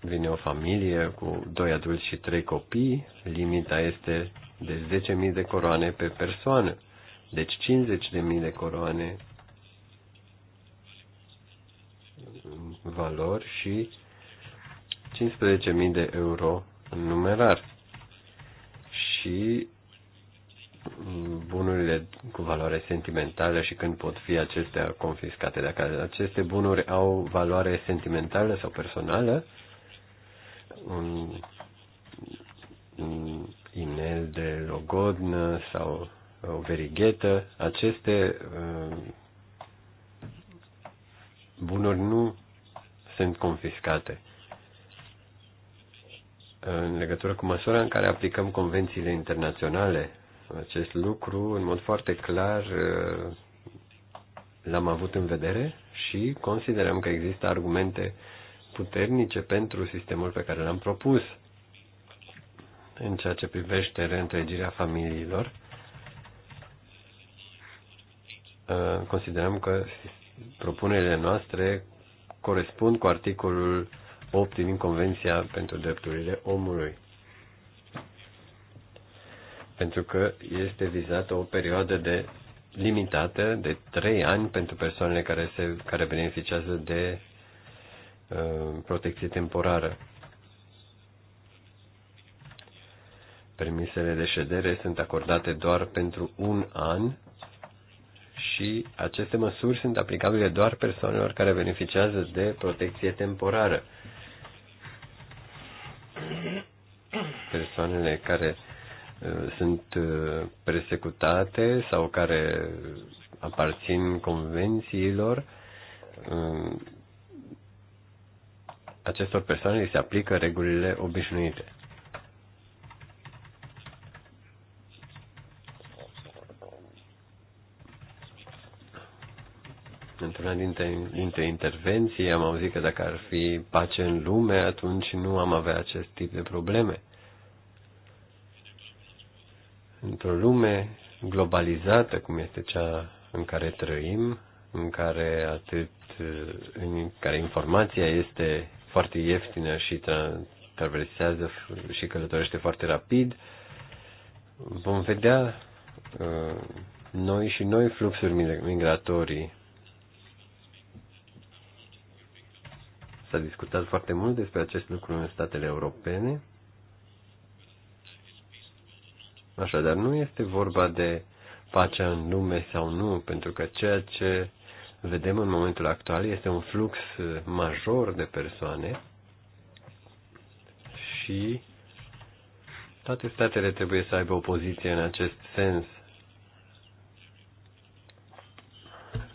vine o familie cu doi adulți și trei copii, limita este de 10.000 de coroane pe persoană. Deci 50.000 de coroane valori și 15.000 de euro în numerar. Și bunurile cu valoare sentimentală și când pot fi acestea confiscate. Dacă aceste bunuri au valoare sentimentală sau personală, un, un inel de logodnă sau o verighetă, aceste uh, bunuri nu sunt confiscate în legătură cu măsura în care aplicăm convențiile internaționale acest lucru, în mod foarte clar, eh, l-am avut în vedere și considerăm că există argumente puternice pentru sistemul pe care l-am propus în ceea ce privește reîntregirea familiilor. Eh, considerăm că propunerile noastre corespund cu articolul 8 din Convenția pentru Drepturile Omului pentru că este vizată o perioadă de limitată de trei ani pentru persoanele care, se, care beneficiază de uh, protecție temporară. Permisele de ședere sunt acordate doar pentru un an și aceste măsuri sunt aplicabile doar persoanelor care beneficiază de protecție temporară. Persoanele care sunt uh, persecutate sau care aparțin convențiilor, uh, acestor persoane se aplică regulile obișnuite. Într-una dintre, dintre intervenții am auzit că dacă ar fi pace în lume, atunci nu am avea acest tip de probleme. Într-o lume globalizată, cum este cea în care trăim, în care atât în care informația este foarte ieftină și tra- traversează și călătorește foarte rapid, vom vedea uh, noi și noi fluxuri migratorii. S-a discutat foarte mult despre acest lucru în statele europene Așadar, nu este vorba de pacea în lume sau nu, pentru că ceea ce vedem în momentul actual este un flux major de persoane și toate statele trebuie să aibă o poziție în acest sens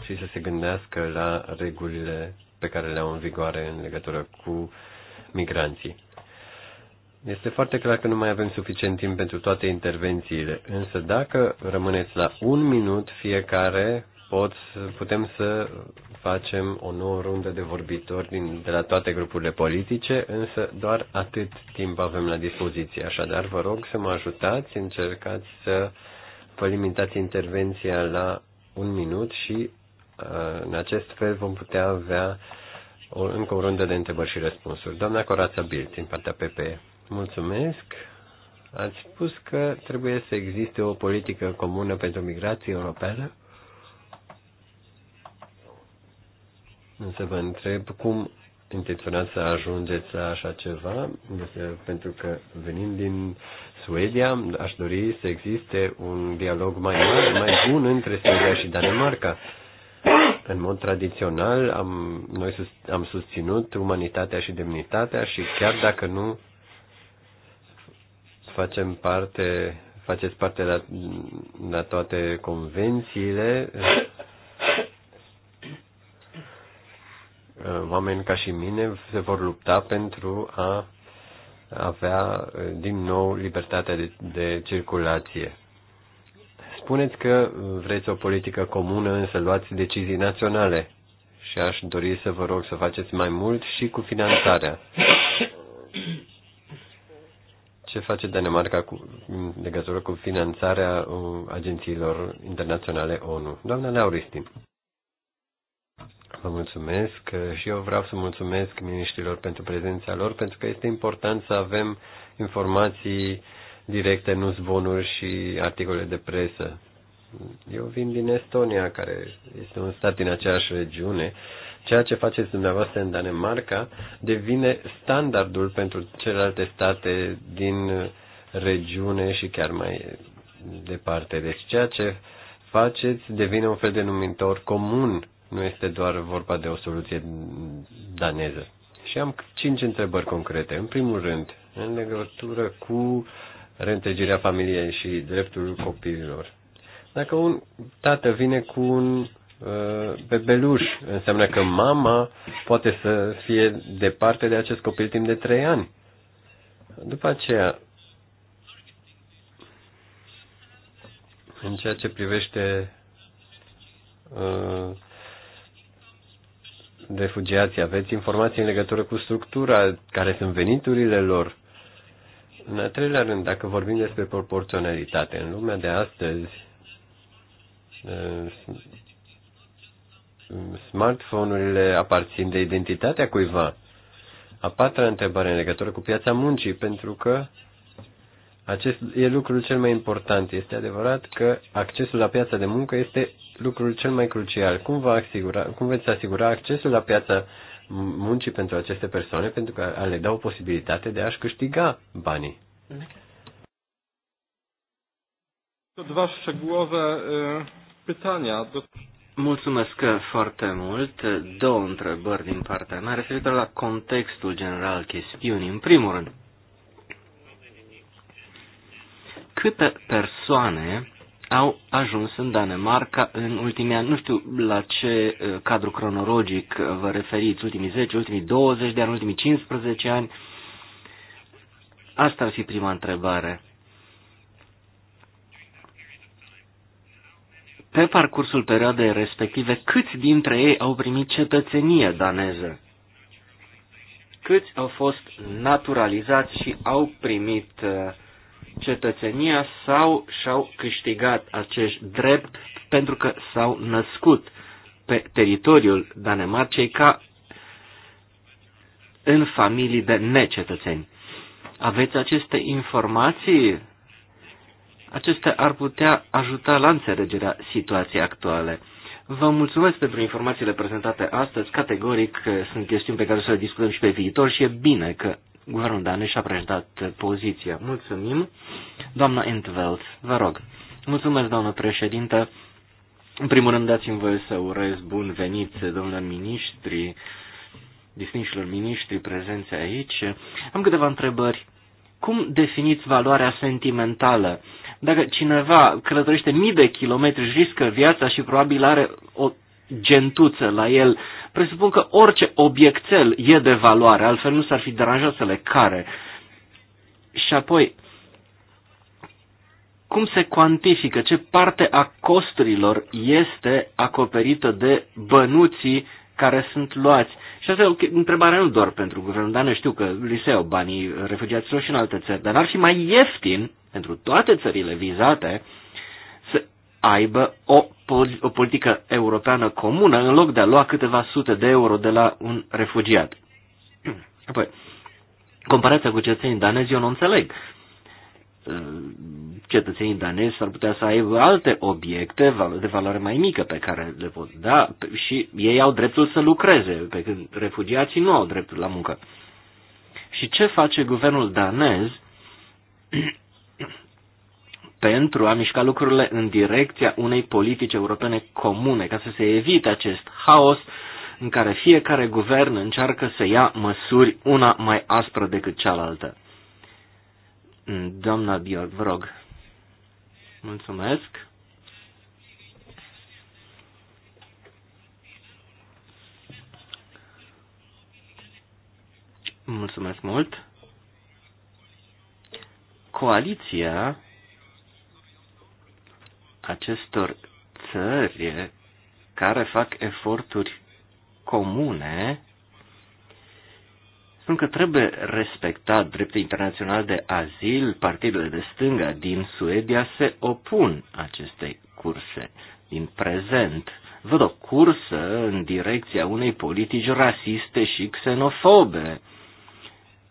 și să se gândească la regulile pe care le au în vigoare în legătură cu migranții. Este foarte clar că nu mai avem suficient timp pentru toate intervențiile, însă dacă rămâneți la un minut fiecare, pot, putem să facem o nouă rundă de vorbitori din, de la toate grupurile politice, însă doar atât timp avem la dispoziție. Așadar, vă rog să mă ajutați, încercați să vă limitați intervenția la un minut și uh, în acest fel vom putea avea o, încă o rundă de întrebări și răspunsuri. Doamna Corața Bilt, din partea PPE. Mulțumesc. Ați spus că trebuie să existe o politică comună pentru migrație europeană. Însă vă întreb cum intenționați să ajungeți la așa ceva, este pentru că venind din Suedia, aș dori să existe un dialog mai mare, mai bun între Suedia și Danemarca. În mod tradițional, am, noi sus, am susținut umanitatea și demnitatea și chiar dacă nu facem parte, faceți parte la, la toate convențiile. Oameni ca și mine se vor lupta pentru a avea din nou libertatea de, de circulație. Spuneți că vreți o politică comună, însă luați decizii naționale și aș dori să vă rog să faceți mai mult și cu finanțarea ce face Danemarca cu, legătură cu finanțarea uh, agențiilor internaționale ONU? Doamna Lauristin. Vă mulțumesc și eu vreau să mulțumesc miniștrilor pentru prezența lor, pentru că este important să avem informații directe, nu zvonuri și articole de presă. Eu vin din Estonia, care este un stat din aceeași regiune Ceea ce faceți dumneavoastră în Danemarca devine standardul pentru celelalte state din regiune și chiar mai departe. Deci ceea ce faceți devine un fel de numitor comun, nu este doar vorba de o soluție daneză. Și am cinci întrebări concrete. În primul rând, în legătură cu reîntregirea familiei și dreptul copiilor. Dacă un tată vine cu un bebeluș. Uh, Înseamnă că mama poate să fie departe de acest copil timp de trei ani. După aceea, în ceea ce privește uh, refugiații, aveți informații în legătură cu structura, care sunt veniturile lor. În al treilea rând, dacă vorbim despre proporționalitate, în lumea de astăzi uh, smartphone-urile aparțin de identitatea cuiva. A patra întrebare în legătură cu piața muncii, pentru că acest e lucrul cel mai important. Este adevărat că accesul la piața de muncă este lucrul cel mai crucial. Cum, va asigura, cum veți asigura accesul la piața muncii pentru aceste persoane, pentru că le dau posibilitate de a-și câștiga banii? To dwa szczegółowe pytania. Mulțumesc foarte mult. Două întrebări din partea mea referitor la contextul general chestiunii. În primul rând, câte persoane au ajuns în Danemarca în ultimii ani. Nu știu la ce uh, cadru cronologic uh, vă referiți, ultimii 10, ultimii 20 de ani, ultimii 15 ani. Asta ar fi prima întrebare. pe parcursul perioadei respective, câți dintre ei au primit cetățenie daneză? Câți au fost naturalizați și au primit uh, cetățenia sau și-au câștigat acești drept pentru că s-au născut pe teritoriul Danemarcei ca în familii de necetățeni? Aveți aceste informații? Acestea ar putea ajuta la înțelegerea situației actuale. Vă mulțumesc pentru informațiile prezentate astăzi. Categoric eh, sunt chestiuni pe care să le discutăm și pe viitor și e bine că guvernul danez și-a prezentat eh, poziția. Mulțumim. Doamna Entveld, vă rog. Mulțumesc, doamnă președintă. În primul rând, dați-mi voie să urez bun venit, domnilor ministri, distinșilor miniștri prezenți aici. Am câteva întrebări. Cum definiți valoarea sentimentală? Dacă cineva călătorește mii de kilometri și riscă viața și probabil are o gentuță la el, presupun că orice obiectel e de valoare, altfel nu s-ar fi deranjat să le care. Și apoi, cum se cuantifică, ce parte a costurilor este acoperită de bănuții care sunt luați. Și asta e o întrebare nu doar pentru guvernul, dar ne știu că li se iau banii refugiaților și în alte țări, dar ar fi mai ieftin pentru toate țările vizate să aibă o, o politică europeană comună în loc de a lua câteva sute de euro de la un refugiat. *clears throat* Apoi, comparația cu cetățenii danezi eu nu înțeleg. Uh, cetățenii danezi ar putea să aibă alte obiecte de valoare mai mică pe care le pot da și ei au dreptul să lucreze, pe când refugiații nu au dreptul la muncă. Și ce face guvernul danez *clears throat* pentru a mișca lucrurile în direcția unei politici europene comune, ca să se evite acest haos în care fiecare guvern încearcă să ia măsuri una mai aspră decât cealaltă. Doamna Bior, vă rog. Mulțumesc. Mulțumesc mult. Coaliția acestor țări care fac eforturi comune spun că trebuie respectat dreptul internațional de azil, partidele de stânga din Suedia se opun acestei curse din prezent. Văd o cursă în direcția unei politici rasiste și xenofobe.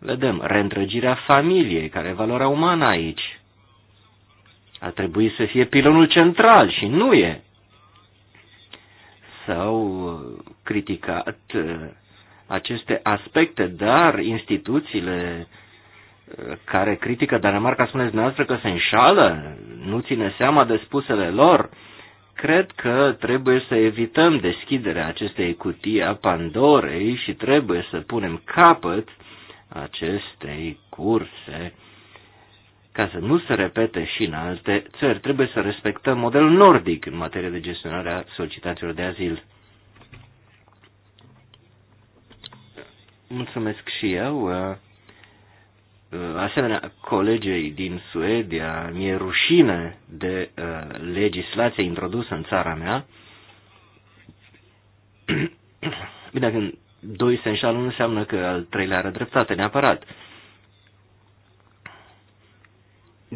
Vedem reîntrăgirea familiei, care e valoarea umană aici ar trebui să fie pilonul central și nu e. S-au uh, criticat uh, aceste aspecte, dar instituțiile uh, care critică Danemarca, spuneți dumneavoastră că se înșală, nu ține seama de spusele lor, cred că trebuie să evităm deschiderea acestei cutii a Pandorei și trebuie să punem capăt acestei curse ca să nu se repete și în alte țări. Trebuie să respectăm modelul nordic în materie de gestionare a solicitațiilor de azil. Mulțumesc și eu. Uh, asemenea, colegei din Suedia, mi-e rușine de uh, legislație introdusă în țara mea. Bine, când doi se înșală nu înseamnă că al treilea are dreptate neapărat.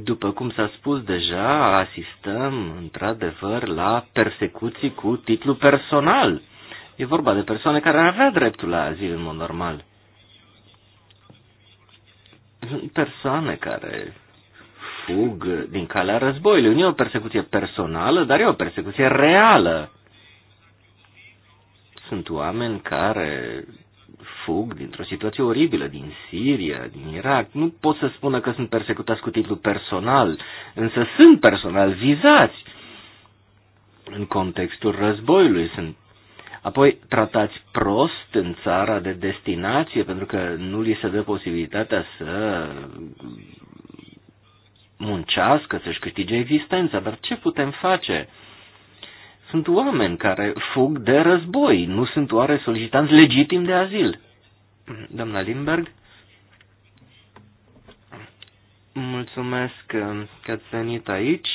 După cum s-a spus deja, asistăm într-adevăr la persecuții cu titlu personal. E vorba de persoane care ar avea dreptul la azil în mod normal. Sunt persoane care fug din calea războiului. Nu e o persecuție personală, dar e o persecuție reală. Sunt oameni care fug dintr-o situație oribilă din Siria, din Irak. Nu pot să spună că sunt persecutați cu titlu personal, însă sunt personal vizați în contextul războiului. Sunt apoi tratați prost în țara de destinație pentru că nu li se dă posibilitatea să muncească, să-și câștige existența. Dar ce putem face? Sunt oameni care fug de război, nu sunt oare solicitanți legitimi de azil. Doamna Lindberg? Mulțumesc că ați venit aici.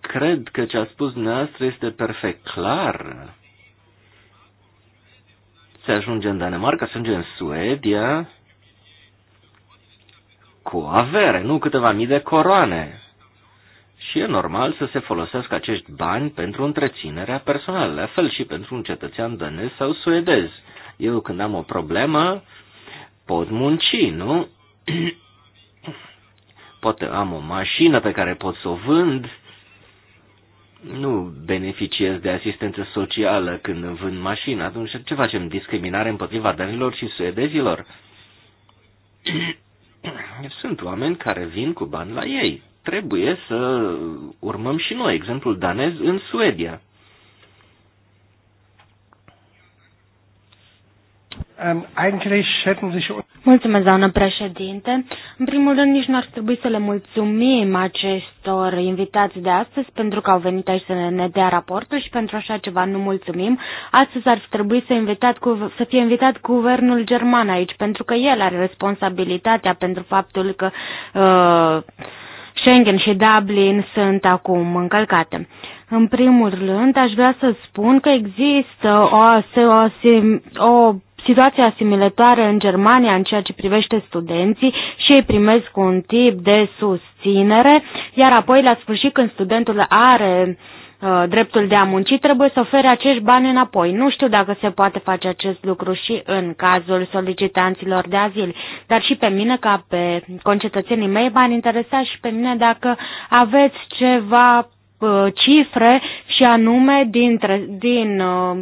Cred că ce a spus dumneavoastră este perfect clar. Se ajunge în Danemarca, se ajunge în Suedia cu avere, nu câteva mii de coroane. Și e normal să se folosească acești bani pentru întreținerea personală, la fel și pentru un cetățean danez sau suedez. Eu când am o problemă, pot munci, nu? Poate *clears throat* am o mașină pe care pot să o vând, nu beneficiez de asistență socială când îmi vând mașina, atunci ce facem? Discriminare împotriva danilor și suedezilor? *clears throat* Sunt oameni care vin cu bani la ei trebuie să urmăm și noi exemplul danez în Suedia. Um, Mulțumesc, doamnă președinte. În primul rând, nici nu ar trebui să le mulțumim acestor invitați de astăzi pentru că au venit aici să ne dea raportul și pentru așa ceva nu mulțumim. Astăzi ar trebui să, invitat să fie invitat guvernul german aici pentru că el are responsabilitatea pentru faptul că uh, Schengen și Dublin sunt acum încălcate. În primul rând, aș vrea să spun că există o, o, o situație asimilătoare în Germania în ceea ce privește studenții și ei primesc un tip de susținere, iar apoi la sfârșit când studentul are uh, Uh, dreptul de a munci, trebuie să ofere acești bani înapoi. Nu știu dacă se poate face acest lucru și în cazul solicitanților de azil, dar și pe mine, ca pe concetățenii mei, m-ar interesa și pe mine dacă aveți ceva uh, cifre și anume dintre, din uh,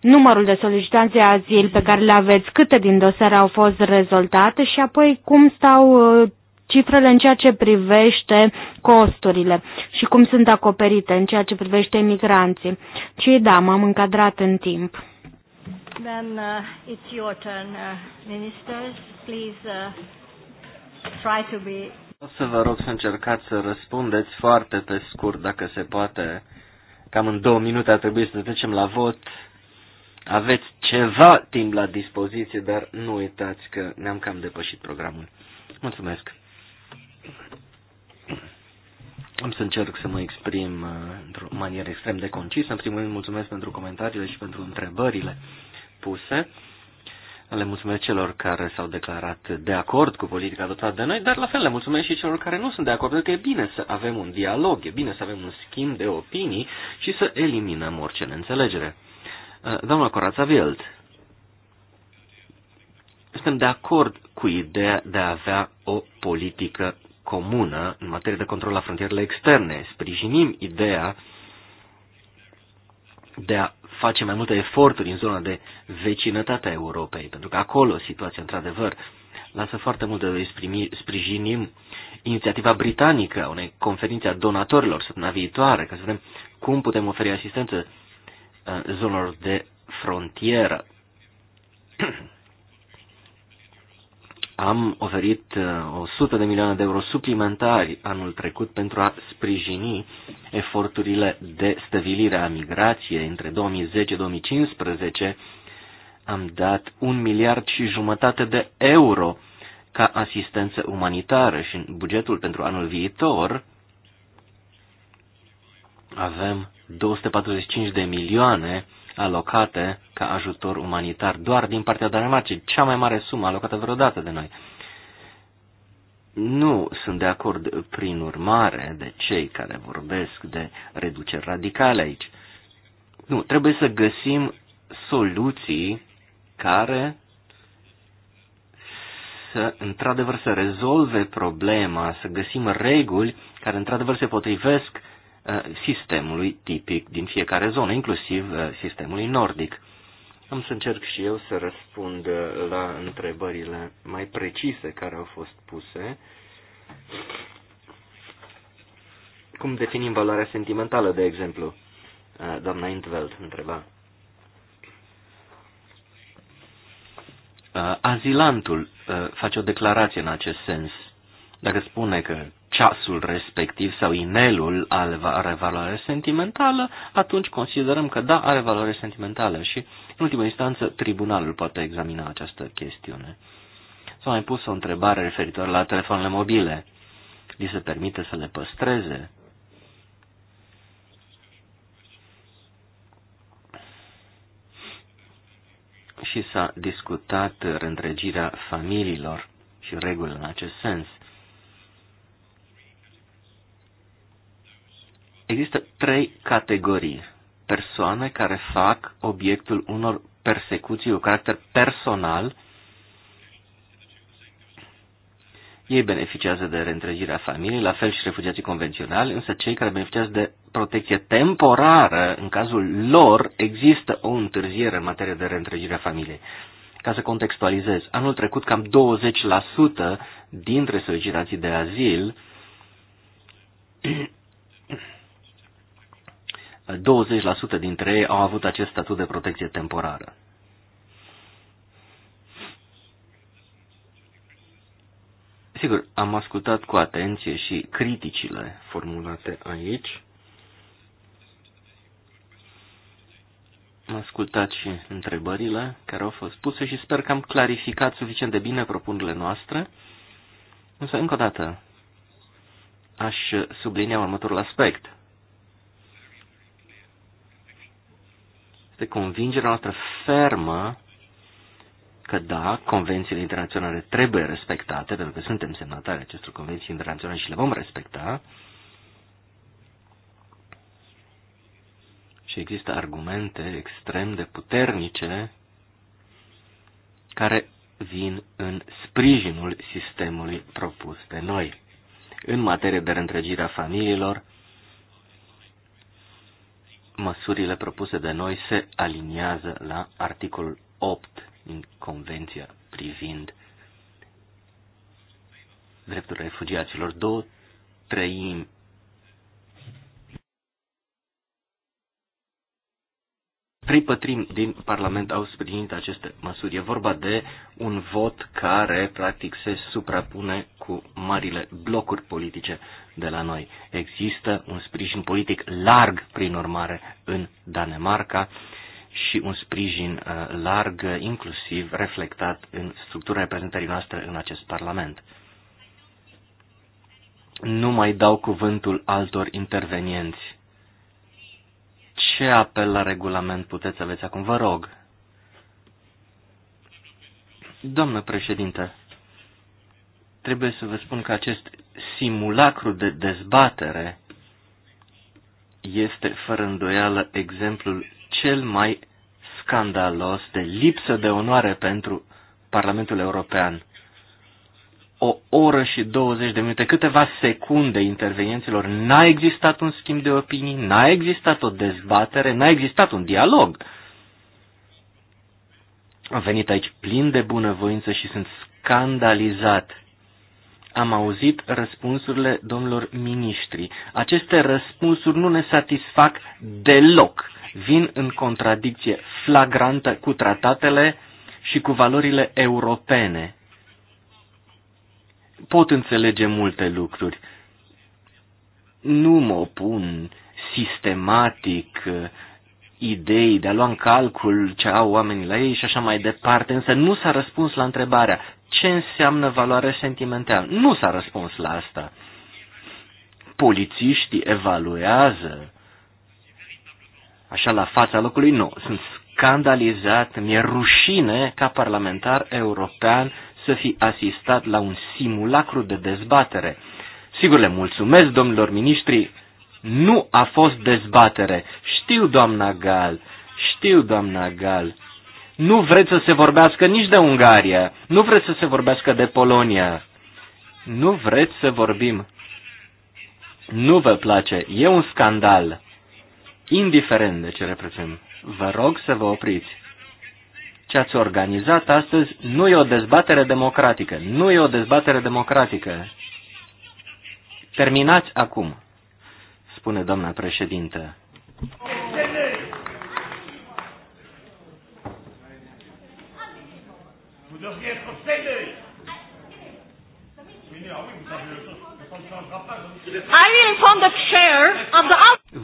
numărul de solicitanți de azil pe care le aveți, câte din dosare au fost rezultate și apoi cum stau uh, cifrele în ceea ce privește costurile și cum sunt acoperite în ceea ce privește migranții. Și da, m-am încadrat în timp. Then uh, it's your turn, uh, ministers. Please uh, try to be o să vă rog să încercați să răspundeți foarte pe scurt, dacă se poate. Cam în două minute ar trebui să trecem la vot. Aveți ceva timp la dispoziție, dar nu uitați că ne-am cam depășit programul. Mulțumesc! Am să încerc să mă exprim uh, într-o manieră extrem de concisă. În primul rând, mulțumesc pentru comentariile și pentru întrebările puse. Le mulțumesc celor care s-au declarat de acord cu politica adoptată de noi, dar la fel le mulțumesc și celor care nu sunt de acord, pentru că e bine să avem un dialog, e bine să avem un schimb de opinii și să eliminăm orice neînțelegere. Uh, doamna Corața Vielt, suntem de acord cu ideea de a avea o politică comună în materie de control la frontierele externe. Sprijinim ideea de a face mai multe eforturi în zona de vecinătate a Europei, pentru că acolo situația, într-adevăr, lasă foarte mult de noi sprijinim inițiativa britanică a unei conferințe a donatorilor săptămâna viitoare, ca să vedem cum putem oferi asistență uh, zonelor de frontieră. *clears throat* Am oferit 100 uh, de milioane de euro suplimentari anul trecut pentru a sprijini eforturile de stăvilire a migrației. Între 2010-2015 am dat un miliard și jumătate de euro ca asistență umanitară și în bugetul pentru anul viitor avem 245 de milioane alocate ca ajutor umanitar doar din partea Danemarcei, cea mai mare sumă alocată vreodată de noi. Nu sunt de acord, prin urmare, de cei care vorbesc de reduceri radicale aici. Nu, trebuie să găsim soluții care să, într-adevăr, să rezolve problema, să găsim reguli care, într-adevăr, se potrivesc Uh, sistemului tipic din fiecare zonă, inclusiv uh, sistemului nordic. Am să încerc și eu să răspund uh, la întrebările mai precise care au fost puse. Cum definim valoarea sentimentală, de exemplu? Doamna Intveld întreba. Azilantul face o declarație în acest sens dacă spune că ceasul respectiv sau inelul are valoare sentimentală, atunci considerăm că da, are valoare sentimentală și, în ultimă instanță, tribunalul poate examina această chestiune. S-a mai pus o întrebare referitor la telefoanele mobile. Li se permite să le păstreze? Și s-a discutat reîntregirea familiilor și regulile în acest sens. Există trei categorii. Persoane care fac obiectul unor persecuții cu caracter personal. Ei beneficiază de reîntregirea familiei, la fel și refugiații convenționali, însă cei care beneficiază de protecție temporară, în cazul lor, există o întârziere în materie de reîntregirea familiei. Ca să contextualizez, anul trecut cam 20% dintre solicitații de azil 20% dintre ei au avut acest statut de protecție temporară. Sigur, am ascultat cu atenție și criticile formulate aici. Am ascultat și întrebările care au fost puse și sper că am clarificat suficient de bine propunerile noastre. Însă, încă o dată, aș sublinia următorul aspect. este convingerea noastră fermă că da, convențiile internaționale trebuie respectate, pentru că suntem semnatari acestor convenții internaționale și le vom respecta. Și există argumente extrem de puternice care vin în sprijinul sistemului propus de noi. În materie de reîntregire a familiilor, măsurile propuse de noi se aliniază la articolul 8 din Convenția privind dreptul refugiaților. Două treimi Trei pătrimi din Parlament au sprijinit aceste măsuri. E vorba de un vot care, practic, se suprapune cu marile blocuri politice de la noi. Există un sprijin politic larg, prin urmare, în Danemarca și un sprijin uh, larg, inclusiv reflectat în structura reprezentării noastre în acest Parlament. Nu mai dau cuvântul altor intervenienți ce apel la regulament puteți aveți acum? Vă rog. Doamnă președinte, trebuie să vă spun că acest simulacru de dezbatere este fără îndoială exemplul cel mai scandalos de lipsă de onoare pentru Parlamentul European o oră și 20 de minute, câteva secunde intervenienților, n-a existat un schimb de opinii, n-a existat o dezbatere, n-a existat un dialog. Am venit aici plin de bunăvoință și sunt scandalizat. Am auzit răspunsurile domnilor miniștri. Aceste răspunsuri nu ne satisfac deloc. Vin în contradicție flagrantă cu tratatele și cu valorile europene pot înțelege multe lucruri. Nu mă opun sistematic uh, idei de a lua în calcul ce au oamenii la ei și așa mai departe, însă nu s-a răspuns la întrebarea ce înseamnă valoare sentimentală. Nu s-a răspuns la asta. Polițiștii evaluează așa la fața locului? Nu, sunt scandalizat, mi-e rușine ca parlamentar european să fi asistat la un simulacru de dezbatere. Sigur, le mulțumesc, domnilor miniștri, nu a fost dezbatere. Știu, doamna Gal, știu, doamna Gal. Nu vreți să se vorbească nici de Ungaria, nu vreți să se vorbească de Polonia. Nu vreți să vorbim. Nu vă place, e un scandal. Indiferent de ce reprezint, vă rog să vă opriți ce ați organizat astăzi nu e o dezbatere democratică. Nu e o dezbatere democratică. Terminați acum, spune doamna președintă.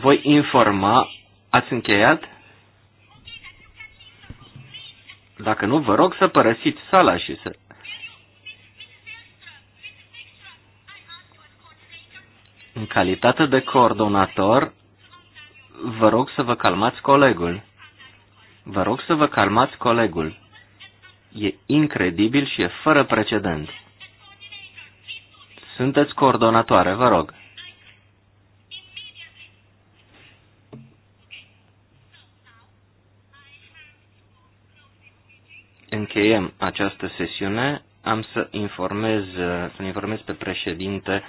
Voi informa, ați încheiat? Dacă nu, vă rog să părăsiți sala și să... În calitate de coordonator, vă rog să vă calmați colegul. Vă rog să vă calmați colegul. E incredibil și e fără precedent. Sunteți coordonatoare, vă rog. încheiem această sesiune, am să informez, să informez pe președinte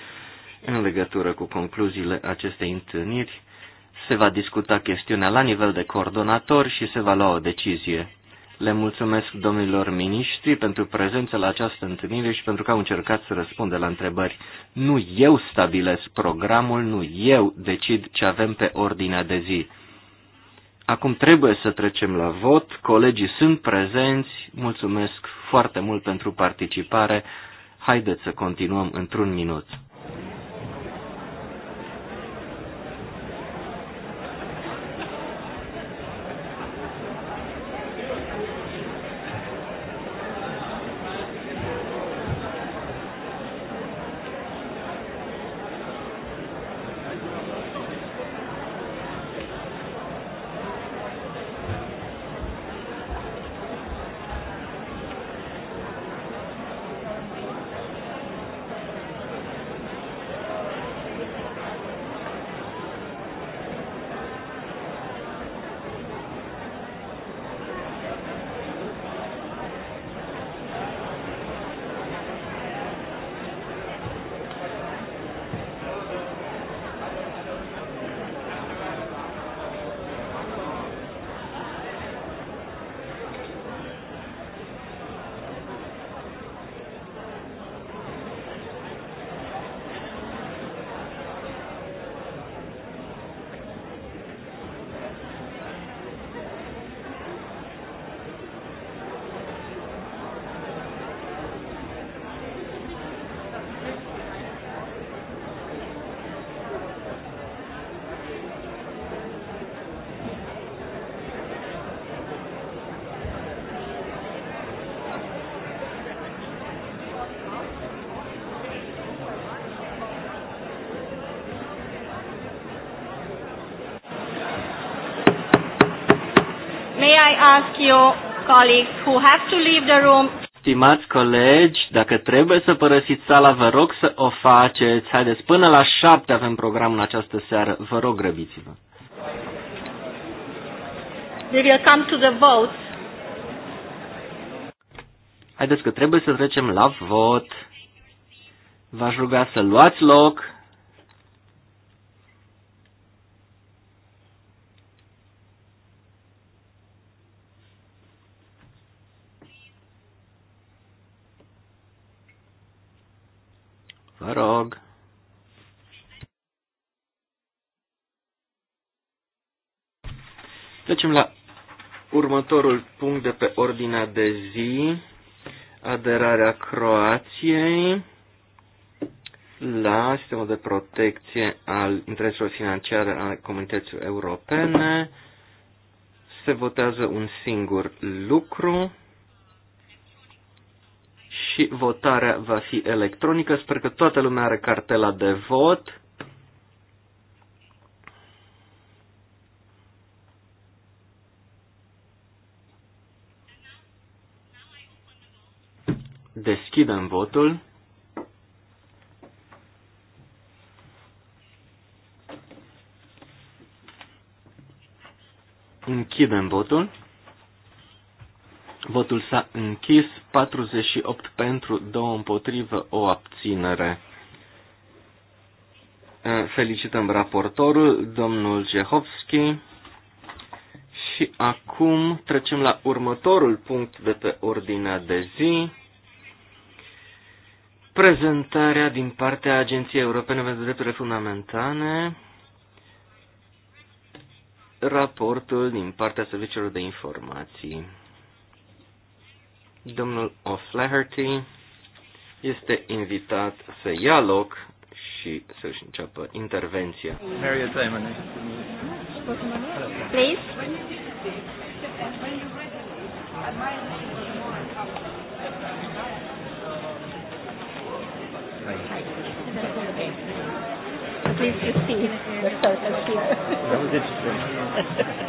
în legătură cu concluziile acestei întâlniri. Se va discuta chestiunea la nivel de coordonator și se va lua o decizie. Le mulțumesc domnilor miniștri pentru prezența la această întâlnire și pentru că au încercat să răspundă la întrebări. Nu eu stabilesc programul, nu eu decid ce avem pe ordinea de zi. Acum trebuie să trecem la vot. Colegii sunt prezenți. Mulțumesc foarte mult pentru participare. Haideți să continuăm într-un minut. colleagues who have to leave the room. Stimați colegi, dacă trebuie să părăsiți sala, vă rog să o faceți. Haideți, până la șapte avem program în această seară. Vă rog, grăbiți-vă. We will come to the vote. Haideți că trebuie să trecem la vot. V-aș ruga să luați loc, Trecem la următorul punct de pe ordinea de zi, aderarea Croației la sistemul de protecție al intereselor financiare ale comunității europene. Se votează un singur lucru și votarea va fi electronică. Sper că toată lumea are cartela de vot. dăm votul. Închidem votul. Votul s-a închis, 48 pentru, 2 împotrivă, o abținere. Felicităm raportorul, domnul Jehovski. Și acum trecem la următorul punct de pe ordinea de zi prezentarea din partea Agenției Europene pentru Drepturile Fundamentale, raportul din partea Serviciilor de Informații. Domnul O'Flaherty este invitat să ia loc și să-și înceapă intervenția. Please. please just see That was interesting. *laughs*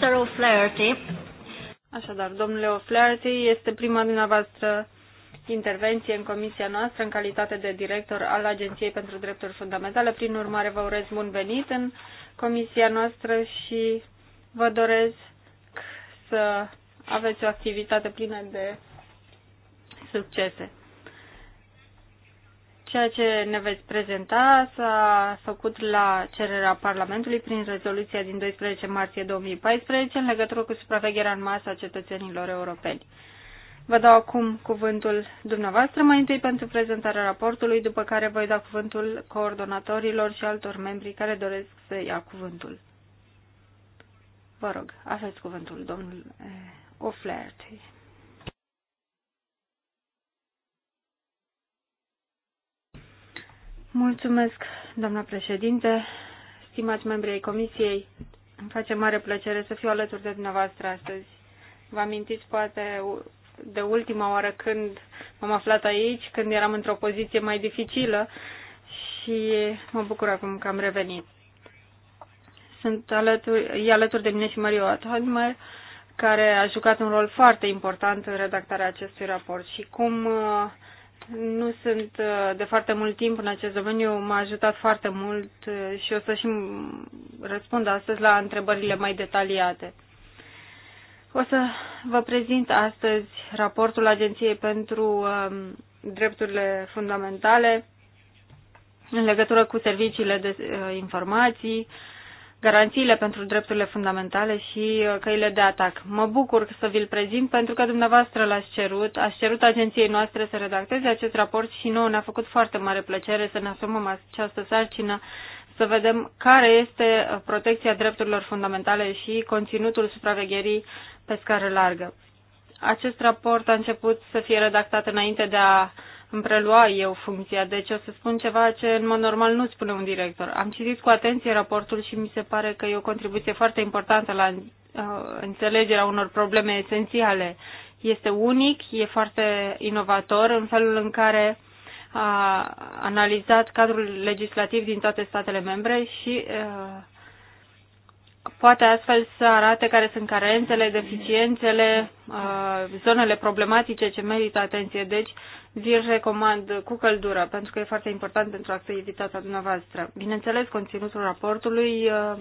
Mr. O'Flaherty. Așadar, domnule O'Flaherty, este prima dumneavoastră intervenție în comisia noastră în calitate de director al Agenției pentru Drepturi Fundamentale. Prin urmare, vă urez bun venit în comisia noastră și vă doresc să aveți o activitate plină de succese. Ceea ce ne veți prezenta s-a făcut la cererea Parlamentului prin rezoluția din 12 martie 2014 în legătură cu supravegherea în masă a cetățenilor europeni. Vă dau acum cuvântul dumneavoastră, mai întâi pentru prezentarea raportului, după care voi da cuvântul coordonatorilor și altor membri care doresc să ia cuvântul. Vă rog, aveți cuvântul, domnul eh, O'Flaherty. Mulțumesc, doamna președinte, stimați membri ai Comisiei. Îmi face mare plăcere să fiu alături de dumneavoastră astăzi. Vă amintiți poate de ultima oară când m-am aflat aici, când eram într-o poziție mai dificilă și mă bucur acum că am revenit. Sunt alături, e alături de mine și Mario Atholmer, care a jucat un rol foarte important în redactarea acestui raport și cum uh, nu sunt uh, de foarte mult timp în acest domeniu, m-a ajutat foarte mult uh, și o să și răspund astăzi la întrebările mai detaliate. O să vă prezint astăzi raportul Agenției pentru um, Drepturile Fundamentale în legătură cu serviciile de uh, informații, garanțiile pentru drepturile fundamentale și uh, căile de atac. Mă bucur să vi-l prezint pentru că dumneavoastră l-ați cerut, ați cerut agenției noastre să redacteze acest raport și nouă ne-a făcut foarte mare plăcere să ne asumăm această sarcină să vedem care este uh, protecția drepturilor fundamentale și conținutul supravegherii pe scară largă. Acest raport a început să fie redactat înainte de a îmi prelua eu funcția, deci o să spun ceva ce în mod normal nu spune un director. Am citit cu atenție raportul și mi se pare că e o contribuție foarte importantă la uh, înțelegerea unor probleme esențiale. Este unic, e foarte inovator în felul în care a analizat cadrul legislativ din toate statele membre și uh, poate astfel să arate care sunt carențele, deficiențele, uh, zonele problematice ce merită atenție. Deci, vi recomand cu căldură, pentru că e foarte important pentru activitatea dumneavoastră. Bineînțeles, conținutul raportului uh,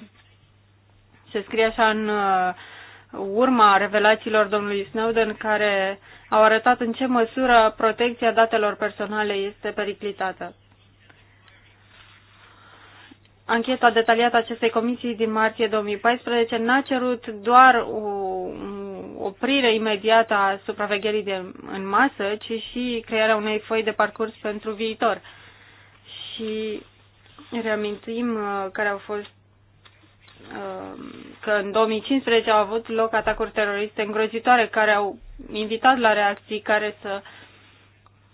se scrie așa în uh, urma revelațiilor domnului Snowden, care au arătat în ce măsură protecția datelor personale este periclitată. Ancheta detaliată acestei comisii din martie 2014 n-a cerut doar o oprire imediată a supravegherii de, în masă, ci și crearea unei foi de parcurs pentru viitor. Și reamintim uh, care au fost uh, că în 2015 au avut loc atacuri teroriste îngrozitoare care au invitat la reacții care să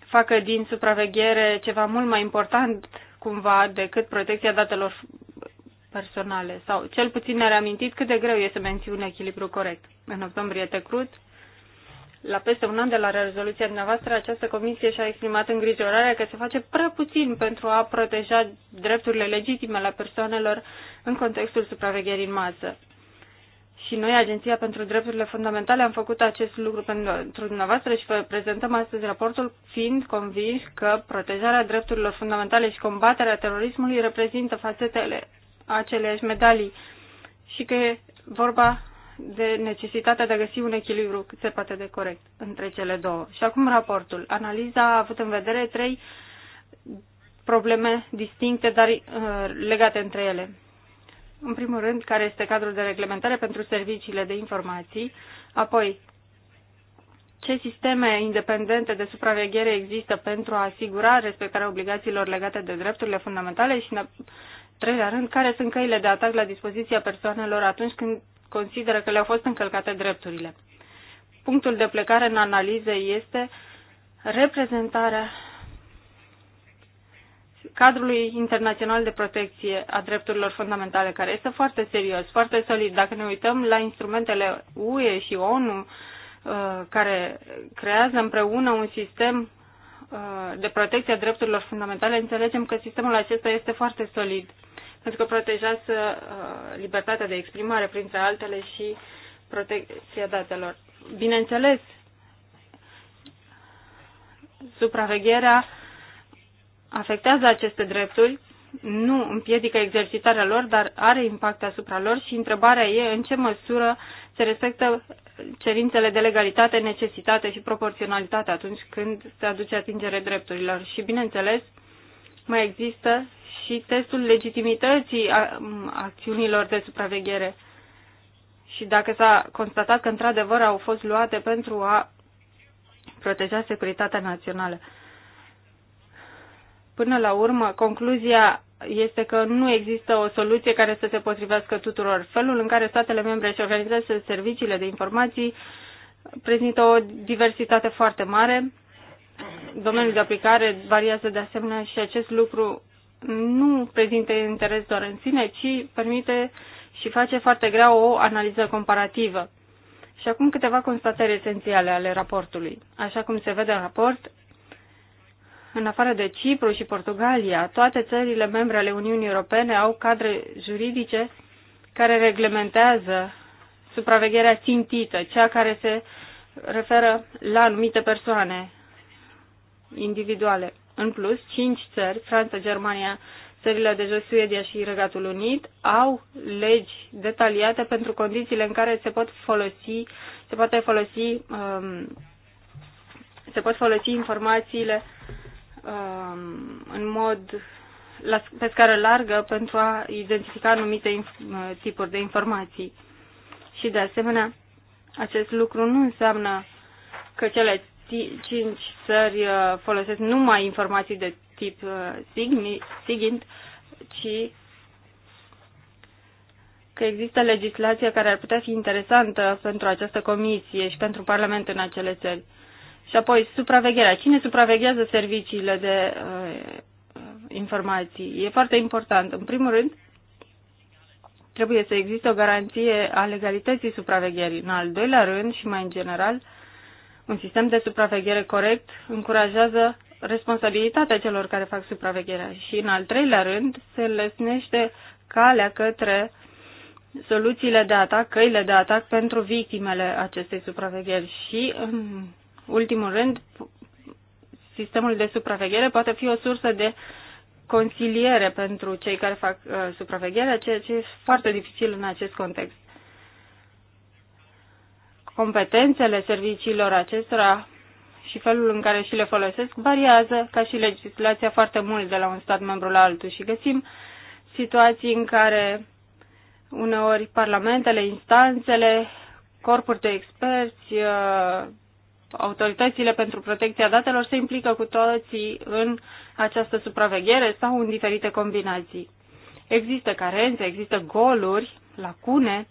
facă din supraveghere ceva mult mai important cumva decât protecția datelor personale. Sau cel puțin ne-a reamintit cât de greu e să menții un echilibru corect. În octombrie trecut, la peste un an de la rezoluția dumneavoastră, această comisie și-a exprimat îngrijorarea că se face prea puțin pentru a proteja drepturile legitime ale persoanelor în contextul supravegherii în masă și noi, Agenția pentru Drepturile Fundamentale, am făcut acest lucru pentru dumneavoastră și vă prezentăm astăzi raportul fiind convins că protejarea drepturilor fundamentale și combaterea terorismului reprezintă fațetele aceleași medalii și că e vorba de necesitatea de a găsi un echilibru cât se poate de corect între cele două. Și acum raportul. Analiza a avut în vedere trei probleme distincte, dar uh, legate între ele în primul rând, care este cadrul de reglementare pentru serviciile de informații, apoi ce sisteme independente de supraveghere există pentru a asigura respectarea obligațiilor legate de drepturile fundamentale și, în treilea rând, care sunt căile de atac la dispoziția persoanelor atunci când consideră că le-au fost încălcate drepturile. Punctul de plecare în analize este reprezentarea cadrului internațional de protecție a drepturilor fundamentale, care este foarte serios, foarte solid. Dacă ne uităm la instrumentele UE și ONU, uh, care creează împreună un sistem uh, de protecție a drepturilor fundamentale, înțelegem că sistemul acesta este foarte solid, pentru că protejează uh, libertatea de exprimare, printre altele, și protecția datelor. Bineînțeles, supravegherea uh, afectează aceste drepturi, nu împiedică exercitarea lor, dar are impact asupra lor și întrebarea e în ce măsură se respectă cerințele de legalitate, necesitate și proporționalitate atunci când se aduce atingere drepturilor. Și, bineînțeles, mai există și testul legitimității a, acțiunilor de supraveghere. Și dacă s-a constatat că într-adevăr au fost luate pentru a proteja securitatea națională. Până la urmă, concluzia este că nu există o soluție care să se potrivească tuturor. Felul în care statele membre și organizează serviciile de informații prezintă o diversitate foarte mare. Domeniul de aplicare variază de asemenea și acest lucru nu prezintă interes doar în sine, ci permite și face foarte greu o analiză comparativă. Și acum câteva constatări esențiale ale raportului. Așa cum se vede în raport, în afară de Cipru și Portugalia, toate țările membre ale Uniunii Europene au cadre juridice care reglementează supravegherea țintită, cea care se referă la anumite persoane individuale. În plus, cinci țări, Franța, Germania, țările de jos, Suedia și Regatul Unit, au legi detaliate pentru condițiile în care se pot folosi, se poate folosi, um, se pot folosi informațiile Um, în mod la, pe scară largă pentru a identifica anumite uh, tipuri de informații. Și de asemenea, acest lucru nu înseamnă că cele cinci țări uh, folosesc numai informații de tip uh, SIGINT, ci că există legislație care ar putea fi interesantă pentru această comisie și pentru Parlament în acele țări. Și apoi, supravegherea. Cine supraveghează serviciile de uh, informații? E foarte important. În primul rând, trebuie să existe o garanție a legalității supravegherii. În al doilea rând și mai în general, un sistem de supraveghere corect încurajează responsabilitatea celor care fac supravegherea și, în al treilea rând, se lăsnește calea către soluțiile de atac, căile de atac pentru victimele acestei supravegheri și, în ultimul rând, sistemul de supraveghere poate fi o sursă de consiliere pentru cei care fac uh, supravegherea, ceea ce e foarte dificil în acest context. Competențele serviciilor acestora și felul în care și le folosesc variază, ca și legislația, foarte mult de la un stat membru la altul și găsim situații în care uneori parlamentele, instanțele, corpuri de experți, uh, autoritățile pentru protecția datelor se implică cu toții în această supraveghere sau în diferite combinații. Există carențe, există goluri, lacune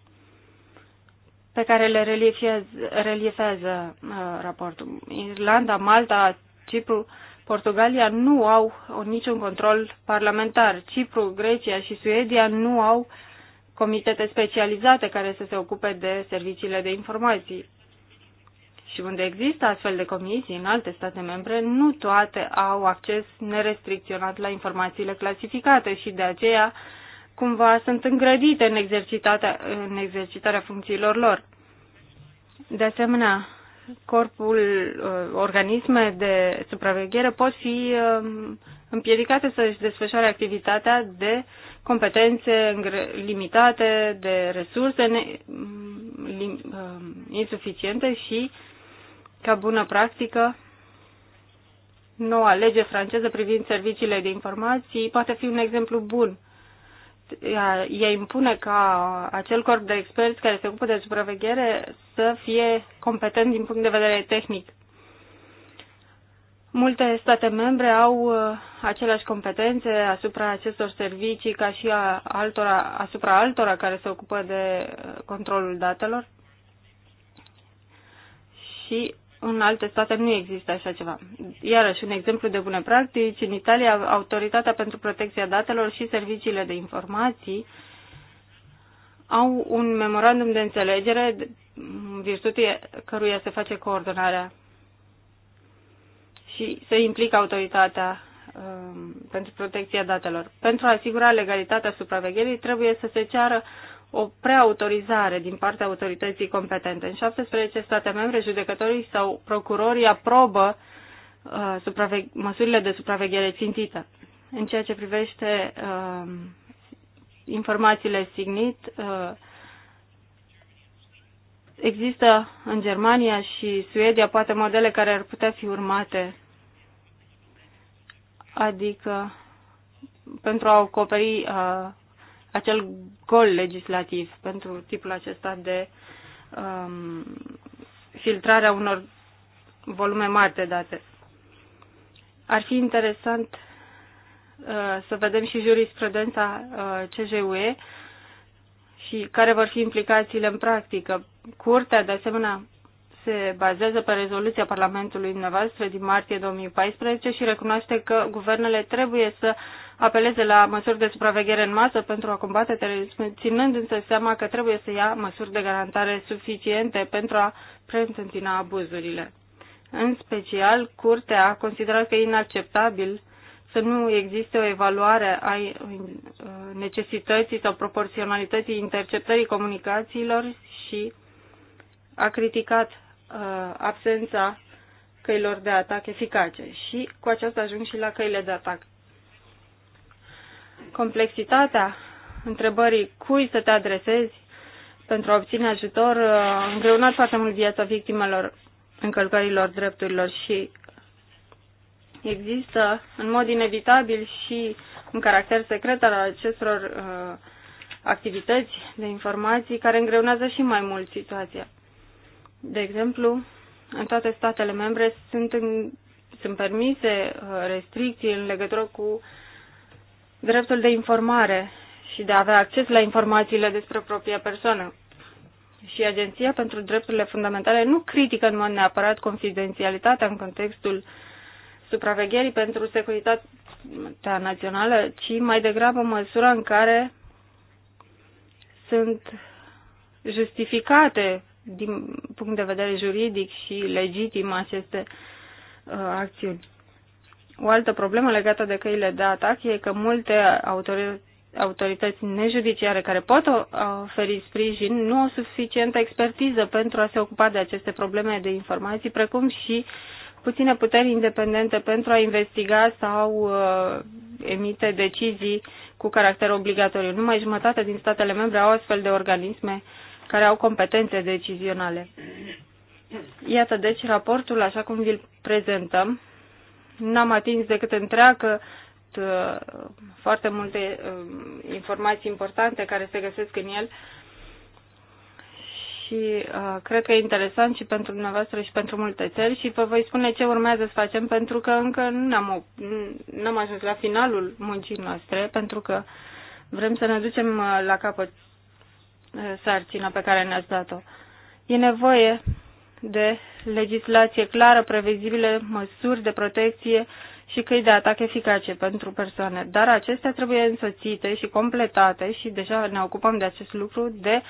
pe care le reliefează, reliefează uh, raportul. Irlanda, Malta, Cipru, Portugalia nu au niciun control parlamentar. Cipru, Grecia și Suedia nu au comitete specializate care să se ocupe de serviciile de informații și unde există astfel de comisii în alte state membre, nu toate au acces nerestricționat la informațiile clasificate și de aceea cumva sunt îngrădite în exercitarea, în exercitarea funcțiilor lor. De asemenea, corpul, uh, organisme de supraveghere pot fi uh, împiedicate să-și desfășoare activitatea de competențe limitate, de resurse mm, uh, insuficiente și ca bună practică, noua lege franceză privind serviciile de informații poate fi un exemplu bun. Ea impune ca acel corp de experți care se ocupă de supraveghere să fie competent din punct de vedere tehnic. Multe state membre au uh, aceleași competențe asupra acestor servicii ca și a altora, asupra altora care se ocupă de uh, controlul datelor și în alte state nu există așa ceva. Iarăși, un exemplu de bune practici, în Italia, Autoritatea pentru Protecția Datelor și Serviciile de Informații au un memorandum de înțelegere în virtute căruia se face coordonarea și se implică autoritatea um, pentru protecția datelor. Pentru a asigura legalitatea supravegherii, trebuie să se ceară o preautorizare din partea autorității competente. În 17 state membre, judecătorii sau procurorii aprobă uh, măsurile de supraveghere țintită. În ceea ce privește uh, informațiile signit, uh, există în Germania și Suedia poate modele care ar putea fi urmate, adică pentru a acoperi uh, acel gol legislativ pentru tipul acesta de um, filtrarea unor volume mari de date. Ar fi interesant uh, să vedem și jurisprudența uh, CJUE și care vor fi implicațiile în practică. Curtea, de asemenea, se bazează pe rezoluția Parlamentului dumneavoastră din martie 2014 și recunoaște că guvernele trebuie să apeleze la măsuri de supraveghere în masă pentru a combate terorismul, ținând însă seama că trebuie să ia măsuri de garantare suficiente pentru a preîntâmpina abuzurile. În special, Curtea a considerat că e inacceptabil să nu existe o evaluare a uh, necesității sau proporționalității interceptării comunicațiilor și a criticat uh, absența căilor de atac eficace. Și cu aceasta ajung și la căile de atac complexitatea întrebării cui să te adresezi pentru a obține ajutor uh, a îngreunat foarte mult viața victimelor încălcărilor drepturilor și există în mod inevitabil și un caracter secret al acestor uh, activități de informații care îngreunează și mai mult situația. De exemplu, în toate statele membre sunt, în, sunt permise uh, restricții în legătură cu dreptul de informare și de a avea acces la informațiile despre propria persoană. Și Agenția pentru Drepturile Fundamentale nu critică în mod neapărat confidențialitatea în contextul supravegherii pentru securitatea națională, ci mai degrabă măsura în care sunt justificate din punct de vedere juridic și legitim aceste uh, acțiuni. O altă problemă legată de căile de atac e că multe autorități autorități nejudiciare care pot oferi sprijin nu au suficientă expertiză pentru a se ocupa de aceste probleme de informații, precum și puține puteri independente pentru a investiga sau uh, emite decizii cu caracter obligatoriu. Numai jumătate din statele membre au astfel de organisme care au competențe decizionale. Iată deci raportul așa cum vi-l prezentăm n-am atins decât întreagă uh, foarte multe um, informații importante care se găsesc în el și uh, cred că e interesant și pentru dumneavoastră și pentru multe țări și vă voi spune ce urmează să facem pentru că încă nu am, am ajuns la finalul muncii noastre pentru că vrem să ne ducem uh, la capăt uh, sarcina pe care ne-ați dat-o. E nevoie de legislație clară, previzibile, măsuri de protecție și căi de atac eficace pentru persoane. Dar acestea trebuie însoțite și completate și deja ne ocupăm de acest lucru de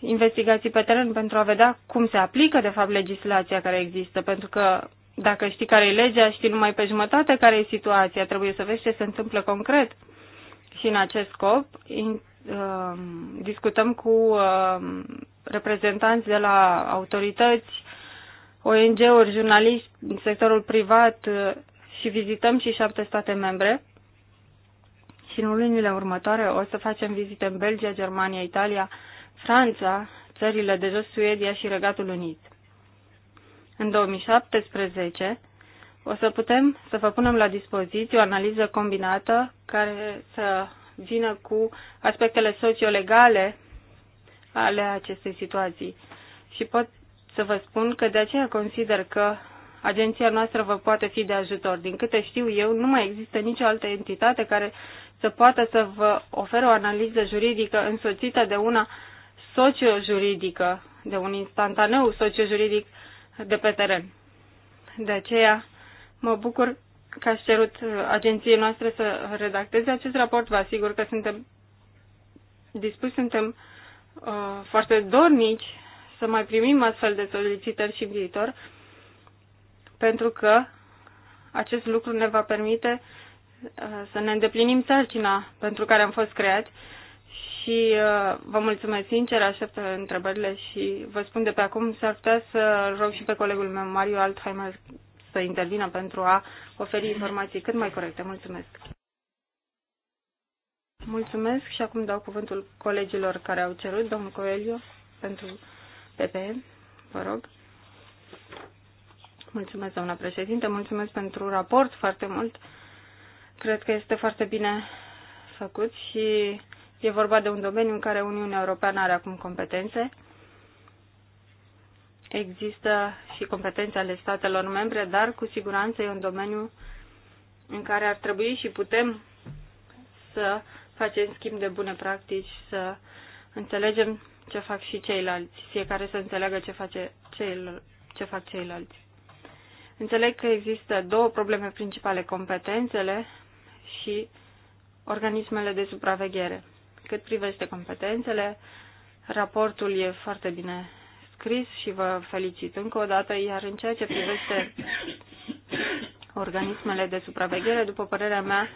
investigații pe teren pentru a vedea cum se aplică de fapt legislația care există, pentru că dacă știi care e legea, știi numai pe jumătate care e situația, trebuie să vezi ce se întâmplă concret. Și în acest scop, Um, discutăm cu uh, reprezentanți de la autorități, ONG-uri, jurnaliști, sectorul privat uh, și vizităm și șapte state membre. Și în lunile următoare o să facem vizite în Belgia, Germania, Italia, Franța, țările de jos, Suedia și Regatul Unit. În 2017 o să putem să vă punem la dispoziție o analiză combinată care să vină cu aspectele sociolegale ale acestei situații. Și pot să vă spun că de aceea consider că agenția noastră vă poate fi de ajutor. Din câte știu eu, nu mai există nicio altă entitate care să poată să vă ofere o analiză juridică însoțită de una sociojuridică, de un instantaneu sociojuridic de pe teren. De aceea mă bucur că aș cerut uh, agenției noastre să redacteze acest raport. Vă asigur că suntem dispuși, suntem uh, foarte dornici să mai primim astfel de solicitări și în viitor, pentru că acest lucru ne va permite uh, să ne îndeplinim sarcina pentru care am fost creați și uh, vă mulțumesc sincer, aștept întrebările și vă spun de pe acum, s-ar putea să rog și pe colegul meu, Mario Altheimer, să intervină pentru a oferi informații cât mai corecte. Mulțumesc! Mulțumesc și acum dau cuvântul colegilor care au cerut. Domnul Coelio pentru PPE, vă rog. Mulțumesc, doamna președinte, mulțumesc pentru raport foarte mult. Cred că este foarte bine făcut și e vorba de un domeniu în care Uniunea Europeană are acum competențe Există și competențe ale statelor membre, dar cu siguranță e un domeniu în care ar trebui și putem să facem schimb de bune practici, să înțelegem ce fac și ceilalți, fiecare să înțeleagă ce, face ceil- ce fac ceilalți. Înțeleg că există două probleme principale, competențele și organismele de supraveghere. Cât privește competențele, raportul e foarte bine scris și vă felicit încă o dată, iar în ceea ce privește organismele de supraveghere, după părerea mea,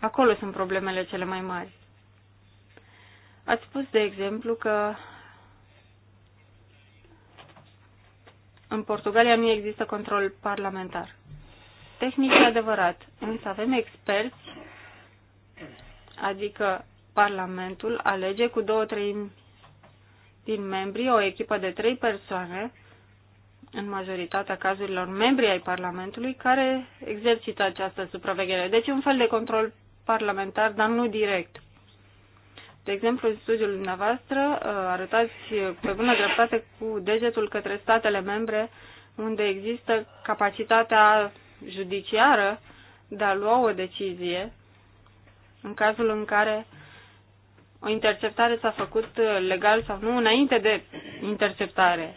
acolo sunt problemele cele mai mari. Ați spus, de exemplu, că în Portugalia nu există control parlamentar. Tehnic e adevărat, însă avem experți, adică Parlamentul alege cu două treimi din membri, o echipă de trei persoane, în majoritatea cazurilor membri ai Parlamentului, care exercită această supraveghere. Deci un fel de control parlamentar, dar nu direct. De exemplu, în studiul dumneavoastră uh, arătați pe bună dreptate cu degetul către statele membre unde există capacitatea judiciară de a lua o decizie în cazul în care o interceptare s-a făcut uh, legal sau nu înainte de interceptare.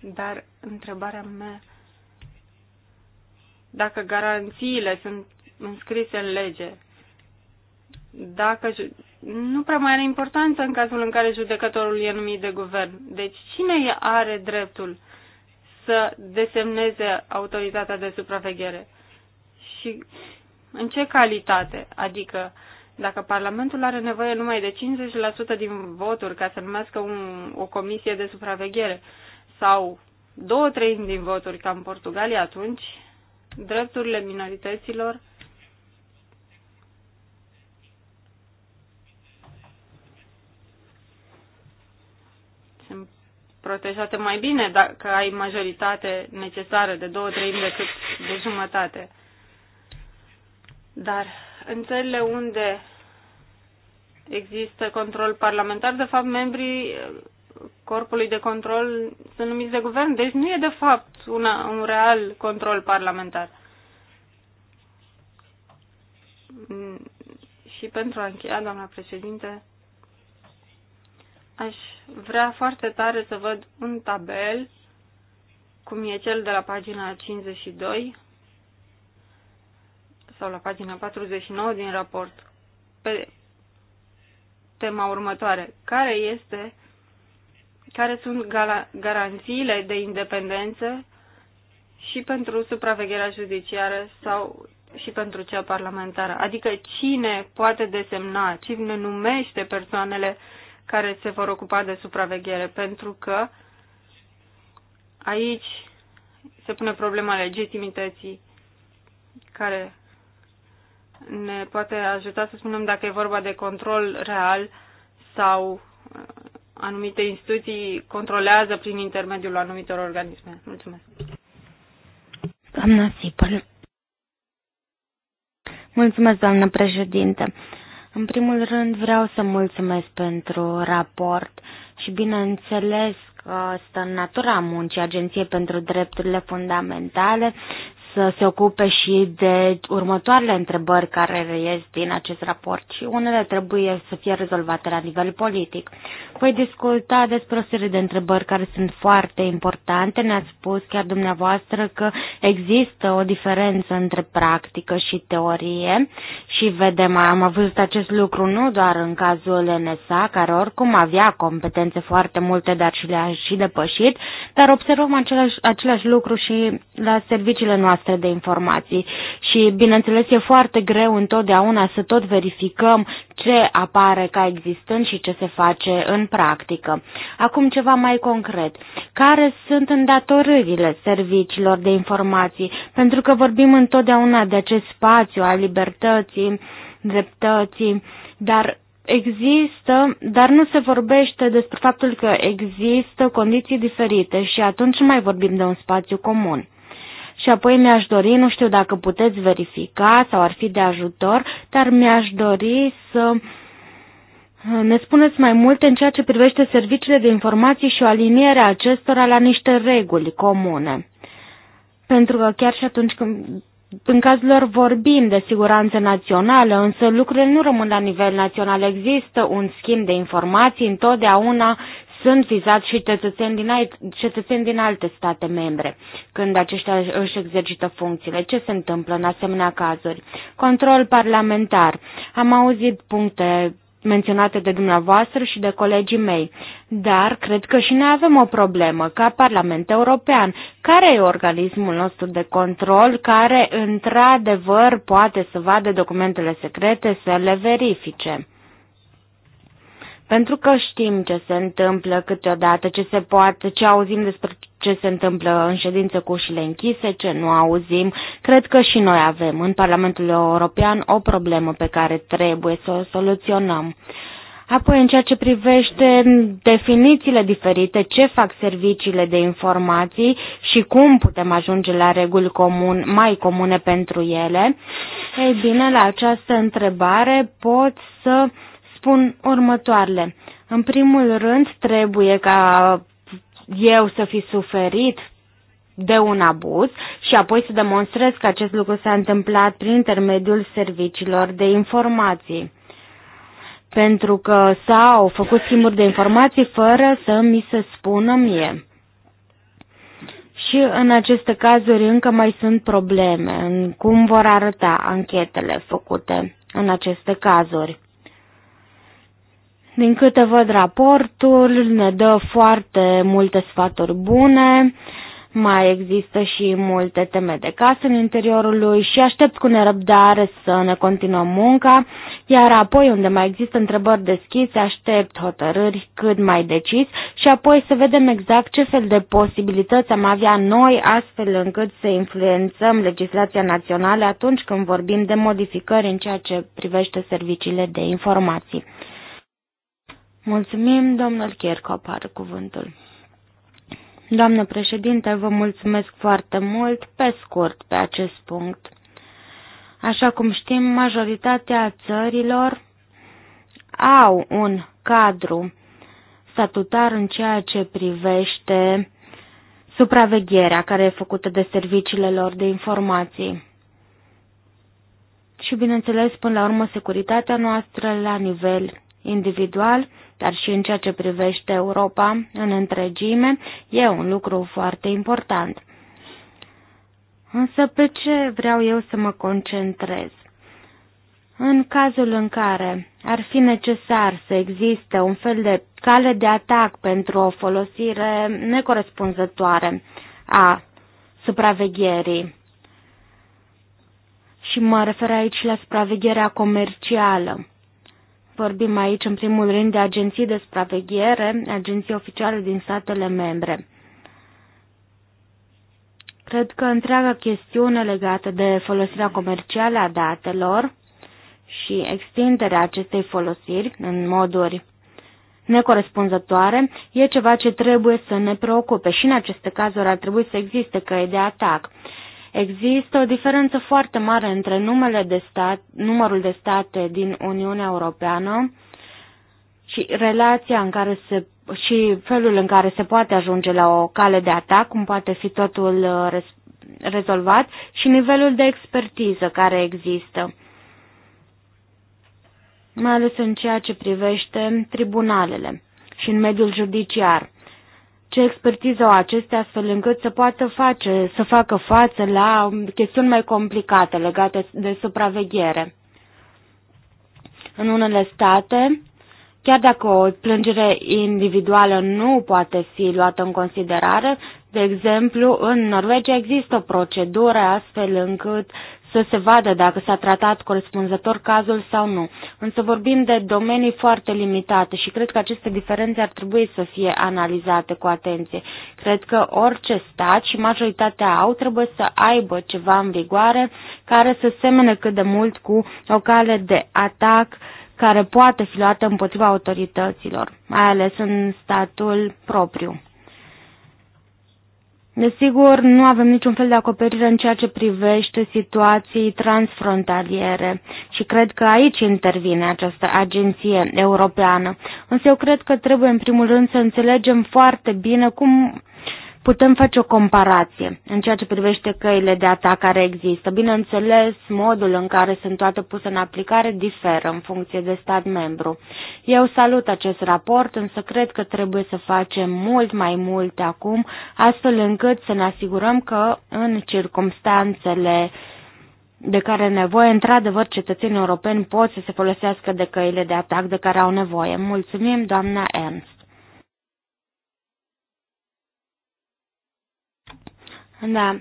Dar întrebarea mea, dacă garanțiile sunt înscrise în lege, dacă nu prea mai are importanță în cazul în care judecătorul e numit de guvern. Deci cine are dreptul să desemneze autoritatea de supraveghere? Și în ce calitate? Adică uh, dacă Parlamentul are nevoie numai de 50% din voturi ca să numească un, o comisie de supraveghere sau două treimi din voturi ca în Portugalia, atunci drepturile minorităților sunt protejate mai bine dacă ai majoritate necesară de două treimi decât de jumătate. Dar în țările unde există control parlamentar, de fapt membrii corpului de control sunt numiți de guvern, deci nu e de fapt una, un real control parlamentar. Și pentru a încheia, doamna președinte, aș vrea foarte tare să văd un tabel, cum e cel de la pagina 52, sau la pagina 49 din raport pe tema următoare. Care este care sunt garanțiile de independență și pentru supravegherea judiciară sau și pentru cea parlamentară. Adică cine poate desemna, cine numește persoanele care se vor ocupa de supraveghere, pentru că aici se pune problema legitimității care ne poate ajuta să spunem dacă e vorba de control real sau uh, anumite instituții controlează prin intermediul anumitor organisme. Mulțumesc. Doamna Sipăl. Mulțumesc, doamnă președinte. În primul rând vreau să mulțumesc pentru raport și bineînțeles că stă în natura muncii Agenției pentru Drepturile Fundamentale să se ocupe și de următoarele întrebări care reies din acest raport și unele trebuie să fie rezolvate la nivel politic. Voi discuta despre o serie de întrebări care sunt foarte importante. Ne-ați spus chiar dumneavoastră că există o diferență între practică și teorie și vedem, am avut acest lucru nu doar în cazul NSA, care oricum avea competențe foarte multe, dar și le-a și depășit, dar observăm același, același lucru și la serviciile noastre noastre de informații. Și, bineînțeles, e foarte greu întotdeauna să tot verificăm ce apare ca existând și ce se face în practică. Acum ceva mai concret. Care sunt îndatoririle serviciilor de informații? Pentru că vorbim întotdeauna de acest spațiu al libertății, dreptății, dar există, dar nu se vorbește despre faptul că există condiții diferite și atunci nu mai vorbim de un spațiu comun. Și apoi mi-aș dori, nu știu dacă puteți verifica sau ar fi de ajutor, dar mi-aș dori să uh, ne spuneți mai multe în ceea ce privește serviciile de informații și o aliniere a acestora la niște reguli comune. Pentru că chiar și atunci când în cazul lor vorbim de siguranță națională, însă lucrurile nu rămân la nivel național. Există un schimb de informații întotdeauna sunt vizați și cetățeni din, alt, cetățeni din alte state membre când aceștia își exercită funcțiile. Ce se întâmplă în asemenea cazuri? Control parlamentar. Am auzit puncte menționate de dumneavoastră și de colegii mei. Dar cred că și noi avem o problemă ca Parlament European. Care e organismul nostru de control care, într-adevăr, poate să vadă documentele secrete, să le verifice? Pentru că știm ce se întâmplă câteodată, ce se poate, ce auzim despre ce se întâmplă în ședință cu ușile închise, ce nu auzim. Cred că și noi avem în Parlamentul European o problemă pe care trebuie să o soluționăm. Apoi, în ceea ce privește definițiile diferite, ce fac serviciile de informații și cum putem ajunge la reguli comun, mai comune pentru ele, ei bine, la această întrebare pot să uh, spun următoarele. În primul rând, trebuie ca eu să fi suferit de un abuz și apoi să demonstrez că acest lucru s-a întâmplat prin intermediul serviciilor de informații. Pentru că s-au făcut schimburi de informații fără să mi se spună mie. Și în aceste cazuri încă mai sunt probleme în cum vor arăta anchetele făcute în aceste cazuri. Din câte văd raportul, ne dă foarte multe sfaturi bune, mai există și multe teme de casă în interiorul lui și aștept cu nerăbdare să ne continuăm munca, iar apoi unde mai există întrebări deschise, aștept hotărâri cât mai decis și apoi să vedem exact ce fel de posibilități am avea noi astfel încât să influențăm legislația națională atunci când vorbim de modificări în ceea ce privește serviciile de informații. Mulțumim, domnul Chiercop are cuvântul. Doamnă președinte, vă mulțumesc foarte mult, pe scurt, pe acest punct. Așa cum știm, majoritatea țărilor au un cadru statutar în ceea ce privește supravegherea care e făcută de serviciile lor de informații. Și, bineînțeles, până la urmă, securitatea noastră la nivel individual dar și în ceea ce privește Europa în întregime, e un lucru foarte important. Însă pe ce vreau eu să mă concentrez? În cazul în care ar fi necesar să existe un fel de cale de atac pentru o folosire necorespunzătoare a supravegherii, și mă refer aici la supravegherea comercială, Vorbim aici în primul rând de agenții de supraveghere, agenții oficiale din statele membre. Cred că întreaga chestiune legată de folosirea comercială a datelor și extinderea acestei folosiri în moduri necorespunzătoare e ceva ce trebuie să ne preocupe și în aceste cazuri ar trebui să existe căi de atac. Există o diferență foarte mare între numele de stat, numărul de state din Uniunea Europeană și relația în care se și felul în care se poate ajunge la o cale de atac, cum poate fi totul uh, rezolvat și nivelul de expertiză care există. Mai ales în ceea ce privește tribunalele și în mediul judiciar ce expertiză au acestea astfel încât să poată face, să facă față la um, chestiuni mai complicate legate de supraveghere. În unele state, chiar dacă o plângere individuală nu poate fi luată în considerare, de exemplu, în Norvegia există o procedură astfel încât să se vadă dacă s-a tratat corespunzător cazul sau nu. Însă vorbim de domenii foarte limitate și cred că aceste diferențe ar trebui să fie analizate cu atenție. Cred că orice stat și majoritatea au trebuie să aibă ceva în vigoare care să semene cât de mult cu o cale de atac care poate fi luată împotriva autorităților, mai ales în statul propriu. Desigur, nu avem niciun fel de acoperire în ceea ce privește situații transfrontaliere și cred că aici intervine această agenție europeană. Însă eu cred că trebuie în primul rând să înțelegem foarte bine cum putem face o comparație în ceea ce privește căile de atac care există. Bineînțeles, modul în care sunt toate puse în aplicare diferă în funcție de stat membru. Eu salut acest raport, însă cred că trebuie să facem mult mai mult acum, astfel încât să ne asigurăm că în circumstanțele de care nevoie, într-adevăr, cetățenii europeni pot să se folosească de căile de atac de care au nevoie. Mulțumim, doamna Ernst. Da,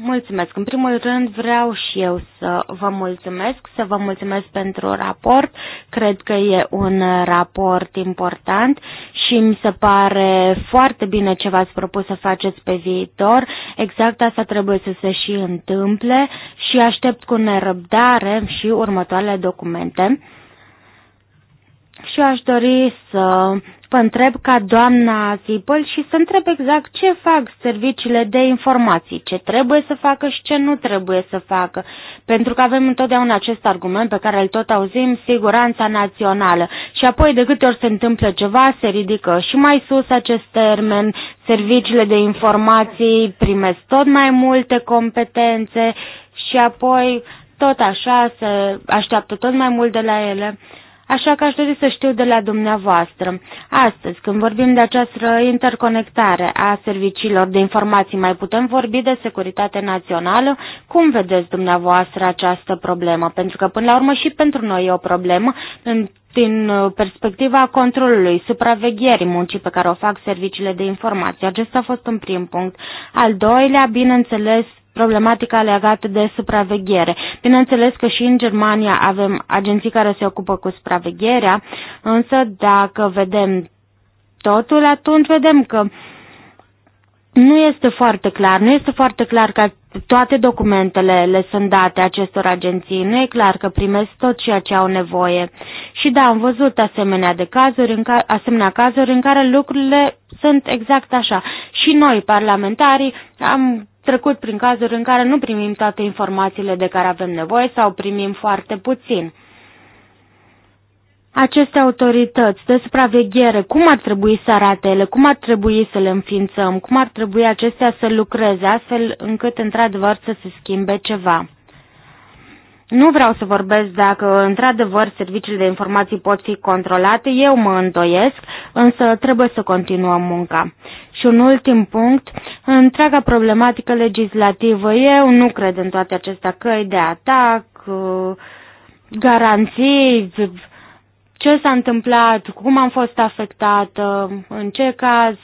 mulțumesc. În primul rând vreau și eu să vă mulțumesc, să vă mulțumesc pentru raport. Cred că e un raport important și mi se pare foarte bine ce v-ați propus să faceți pe viitor. Exact asta trebuie să se și întâmple și aștept cu nerăbdare și următoarele documente. Și aș dori să Vă întreb ca doamna Zipăl și să întreb exact ce fac serviciile de informații, ce trebuie să facă și ce nu trebuie să facă. Pentru că avem întotdeauna acest argument pe care îl tot auzim, siguranța națională. Și apoi de câte ori se întâmplă ceva, se ridică și mai sus acest termen, serviciile de informații primesc tot mai multe competențe și apoi tot așa se așteaptă tot mai mult de la ele. Așa că aș dori să știu de la dumneavoastră. Astăzi, când vorbim de această interconectare a serviciilor de informații, mai putem vorbi de securitate națională? Cum vedeți dumneavoastră această problemă? Pentru că, până la urmă, și pentru noi e o problemă din perspectiva controlului, supravegherii muncii pe care o fac serviciile de informații. Acesta a fost un prim punct. Al doilea, bineînțeles, problematica legată de supraveghere. Bineînțeles că și în Germania avem agenții care se ocupă cu supravegherea, însă dacă vedem totul, atunci vedem că nu este foarte clar, nu este foarte clar că toate documentele le sunt date acestor agenții, nu e clar că primesc tot ceea ce au nevoie. Și da, am văzut asemenea, de cazuri, în ca, asemenea cazuri în care lucrurile sunt exact așa. Și noi, parlamentarii, am trecut prin cazuri în care nu primim toate informațiile de care avem nevoie sau primim foarte puțin. Aceste autorități de supraveghere, cum ar trebui să arate ele, cum ar trebui să le înființăm, cum ar trebui acestea să lucreze, astfel încât într-adevăr să se schimbe ceva. Nu vreau să vorbesc dacă într-adevăr serviciile de informații pot fi controlate, eu mă îndoiesc, însă trebuie să continuăm munca. Și un ultim punct, întreaga problematică legislativă. Eu nu cred în toate acestea căi de atac, uh, garanții, ce s-a întâmplat, cum am fost afectată, în ce caz,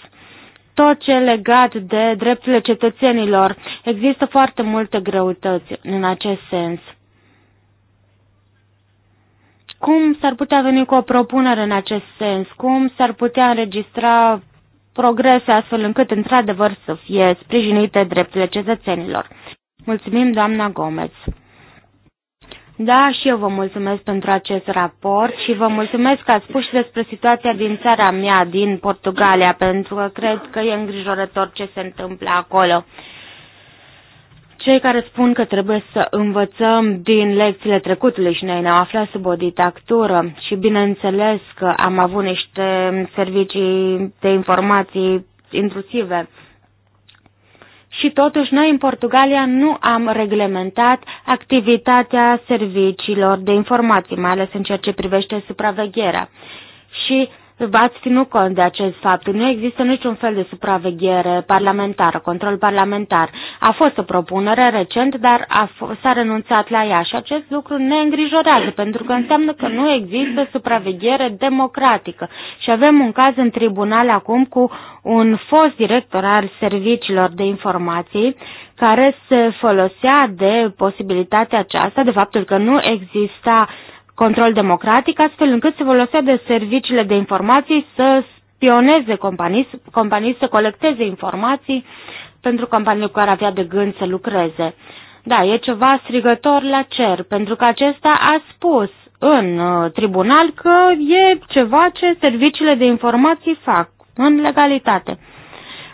tot ce e legat de drepturile cetățenilor. Există foarte multe greutăți în acest sens. Cum s-ar putea veni cu o propunere în acest sens? Cum s-ar putea înregistra progrese astfel încât într-adevăr să fie sprijinite drepturile cetățenilor. Mulțumim, doamna Gomez. Da, și eu vă mulțumesc pentru acest raport și vă mulțumesc că ați spus și despre situația din țara mea, din Portugalia, pentru că cred că e îngrijorător ce se întâmplă acolo. Cei care spun că trebuie să învățăm din lecțiile trecutului și noi ne-am aflat sub o dictatură și bineînțeles că am avut niște servicii de informații intrusive. Și totuși noi în Portugalia nu am reglementat activitatea serviciilor de informații, mai ales în ceea ce privește supravegherea. Și ați ținut cont de acest fapt. Nu există niciun fel de supraveghere parlamentară, control parlamentar. A fost o propunere recent, dar s-a renunțat la ea și acest lucru ne îngrijorează, pentru că înseamnă că nu există supraveghere democratică. Și avem un caz în tribunal acum cu un fost director al serviciilor de informații care se folosea de posibilitatea aceasta, de faptul că nu exista uh, control democratic, astfel încât se folosea de serviciile de informații să spioneze companii, companii să colecteze informații pentru companii cu care avea de gând să lucreze. Da, e ceva strigător la cer, pentru că acesta a spus în uh, tribunal că e ceva ce serviciile de informații fac în legalitate.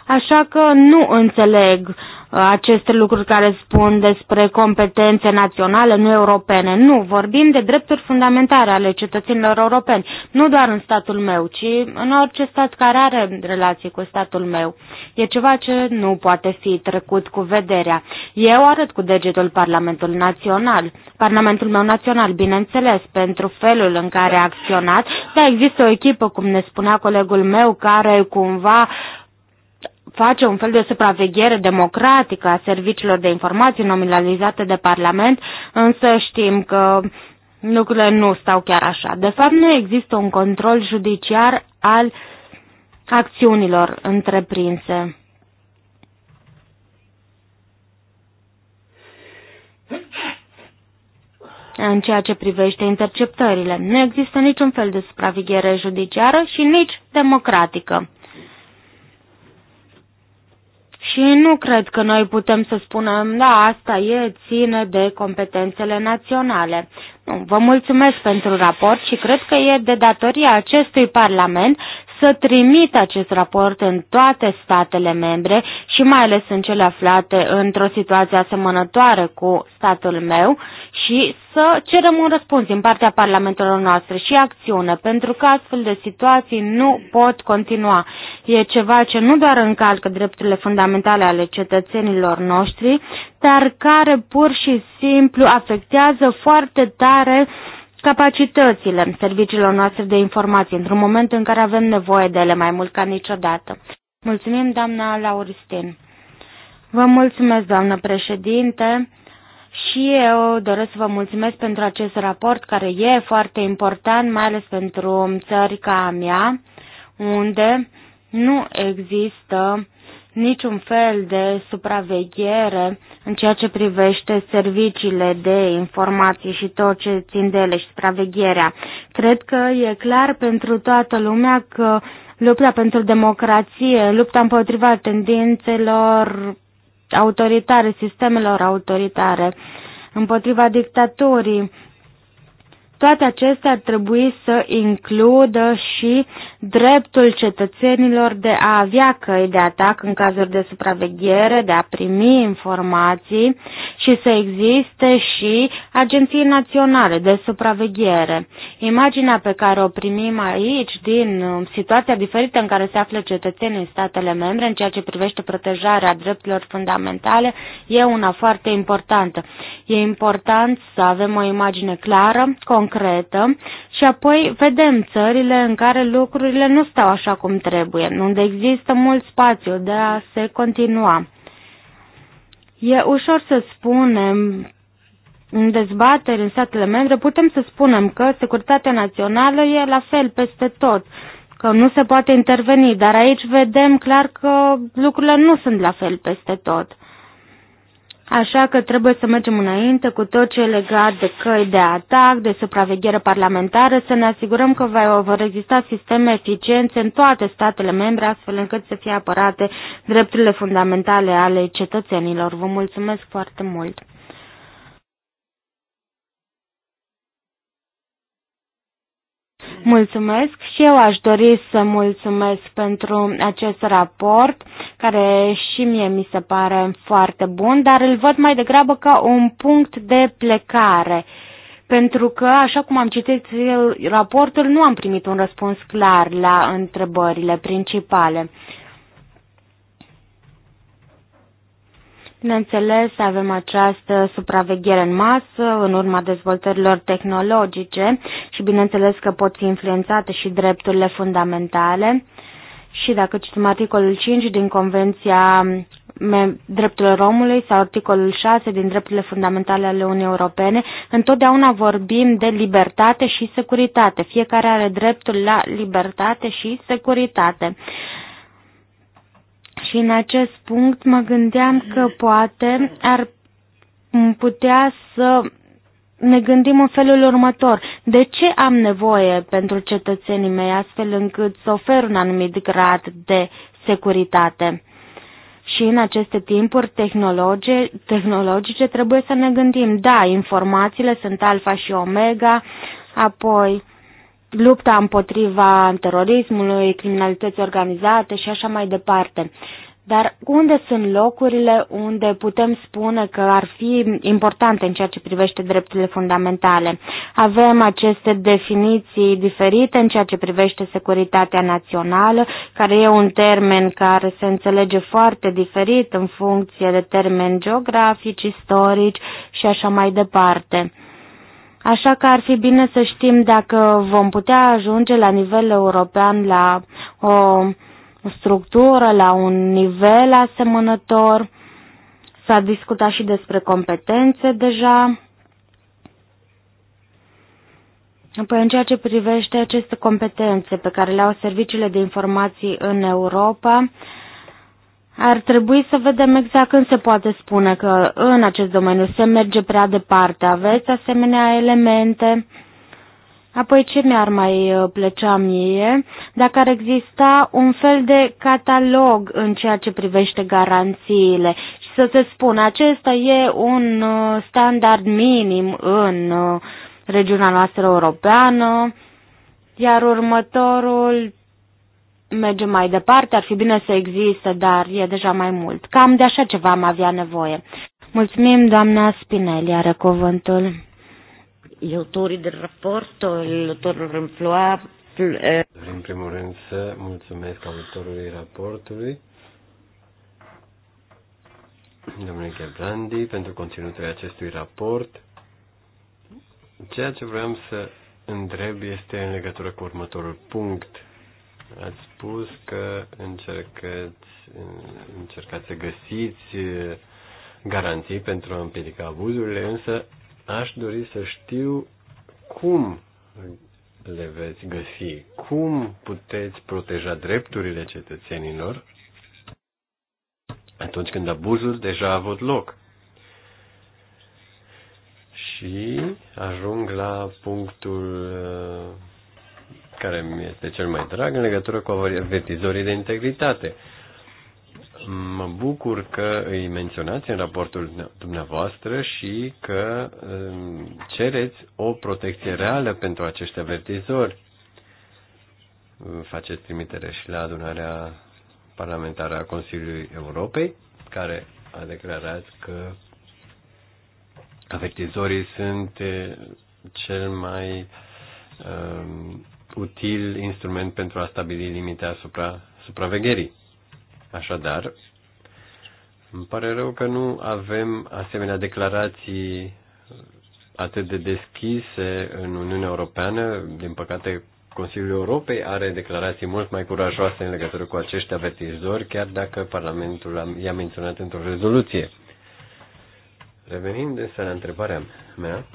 Așa că nu înțeleg uh, aceste lucruri care spun despre competențe naționale, nu europene. Nu, vorbim de drepturi fundamentale ale cetățenilor europeni, nu doar în statul meu, ci în orice stat care are relații cu statul meu. E ceva ce nu poate fi trecut cu vederea. Eu arăt cu degetul Parlamentul Național, Parlamentul meu național, bineînțeles, pentru felul în care a acționat, dar există o echipă, cum ne spunea colegul meu, care cumva uh, face un fel de supraveghere democratică a serviciilor de informații nominalizate de Parlament, însă știm că lucrurile nu stau chiar așa. De fapt, nu există un control judiciar al acțiunilor întreprinse. În ceea ce privește interceptările, nu există niciun fel de supraveghere judiciară și nici democratică. Și nu cred că noi putem să spunem, da, asta e, ține de competențele naționale. Nu, vă mulțumesc pentru raport și cred că e de datoria acestui Parlament să trimit acest raport în toate statele membre și mai ales în cele aflate într-o situație asemănătoare cu statul meu și să cerem un răspuns din partea parlamentelor noastre și acțiune, pentru că astfel de situații nu pot continua. E ceva ce nu doar încalcă drepturile fundamentale ale cetățenilor noștri, dar care pur și simplu afectează foarte tare capacitățile serviciilor noastre de informații într-un moment în care avem nevoie de ele mai mult ca niciodată. Mulțumim, doamna Lauristin. Vă mulțumesc, doamnă președinte și eu doresc să vă mulțumesc pentru acest raport care e foarte important, mai ales pentru țări ca a mea, unde nu există niciun fel de supraveghere în ceea ce privește serviciile de informații și tot ce țin de ele și supravegherea. Cred că e clar pentru toată lumea că lupta pentru democrație, lupta împotriva tendințelor autoritare, sistemelor autoritare, împotriva dictatorii. Toate acestea ar trebui să includă și dreptul cetățenilor de a avea căi de atac în cazuri de supraveghere, de a primi informații și să existe și agenții naționale de supraveghere. Imaginea pe care o primim aici din um, situația diferită în care se află cetățenii în statele membre în ceea ce privește protejarea drepturilor fundamentale e una foarte importantă. E important să avem o imagine clară, concretă, și apoi vedem țările în care lucrurile nu stau așa cum trebuie, unde există mult spațiu de a se continua. E ușor să spunem în dezbateri în statele membre, putem să spunem că securitatea națională e la fel peste tot, că nu se poate interveni, dar aici vedem clar că lucrurile nu sunt la fel peste tot. Așa că trebuie să mergem înainte cu tot ce e legat de căi de atac, de supraveghere parlamentară, să ne asigurăm că vor exista sisteme eficiențe în toate statele membre, astfel încât să fie apărate drepturile fundamentale ale cetățenilor. Vă mulțumesc foarte mult! Mulțumesc și eu aș dori să mulțumesc pentru acest raport, care și mie mi se pare foarte bun, dar îl văd mai degrabă ca un punct de plecare pentru că, așa cum am citit raportul, nu am primit un răspuns clar la întrebările principale. Bineînțeles, avem această supraveghere în masă în urma dezvoltărilor tehnologice și bineînțeles că pot fi influențate și drepturile fundamentale. Și dacă citim articolul 5 din Convenția drepturilor omului sau articolul 6 din drepturile fundamentale ale Uniunii Europene, întotdeauna vorbim de libertate și securitate. Fiecare are dreptul la libertate și securitate. Și în acest punct mă gândeam că poate ar putea să ne gândim în felul următor. De ce am nevoie pentru cetățenii mei astfel încât să ofer un anumit grad de securitate? Și în aceste timpuri tehnologice, tehnologice trebuie să ne gândim, da, informațiile sunt alfa și omega, apoi lupta împotriva terorismului, criminalității organizate și așa mai departe. Dar unde sunt locurile unde putem spune că ar fi importante în ceea ce privește drepturile fundamentale? Avem aceste definiții diferite în ceea ce privește securitatea națională, care e un termen care se înțelege foarte diferit în funcție de termeni geografici, istorici și așa mai departe. Așa că ar fi bine să știm dacă vom putea ajunge la nivel european la o structură, la un nivel asemănător. S-a discutat și despre competențe deja. Păi în ceea ce privește aceste competențe pe care le au serviciile de informații în Europa, ar trebui să vedem exact când se poate spune că în acest domeniu se merge prea departe. Aveți asemenea elemente? Apoi ce mi-ar mai uh, plăcea mie? Dacă ar exista un fel de catalog în ceea ce privește garanțiile și să se spună acesta e un uh, standard minim în uh, regiunea noastră europeană, iar următorul mergem mai departe, ar fi bine să existe, dar e deja mai mult. Cam de așa ceva am avea nevoie. Mulțumim, doamna Spinelli, are cuvântul. Autorii de raport, autorul Râmploa... În primul rând să mulțumesc autorului raportului, domnule Gebrandi, pentru conținutul acestui raport. Ceea ce vreau să întreb este în legătură cu următorul punct Ați spus că încercați, încercați să găsiți uh, garanții pentru a împiedica abuzurile, însă aș dori să știu cum le veți găsi, cum puteți proteja drepturile cetățenilor atunci când abuzul deja a avut loc. Și ajung la punctul uh, care mi este cel mai drag în legătură cu avertizorii de integritate. Mă bucur că îi menționați în raportul dumneavoastră și că um, cereți o protecție reală pentru acești avertizori. Faceți trimitere și la adunarea parlamentară a Consiliului Europei, care a declarat că avertizorii sunt eh, cel mai um, util instrument pentru a stabili limite asupra supravegherii. Așadar, îmi pare rău că nu avem asemenea declarații atât de deschise în Uniunea Europeană. Din păcate, Consiliul Europei are declarații mult mai curajoase în legătură cu acești avertizori, chiar dacă Parlamentul i-a menționat într-o rezoluție. Revenind însă la întrebarea mea,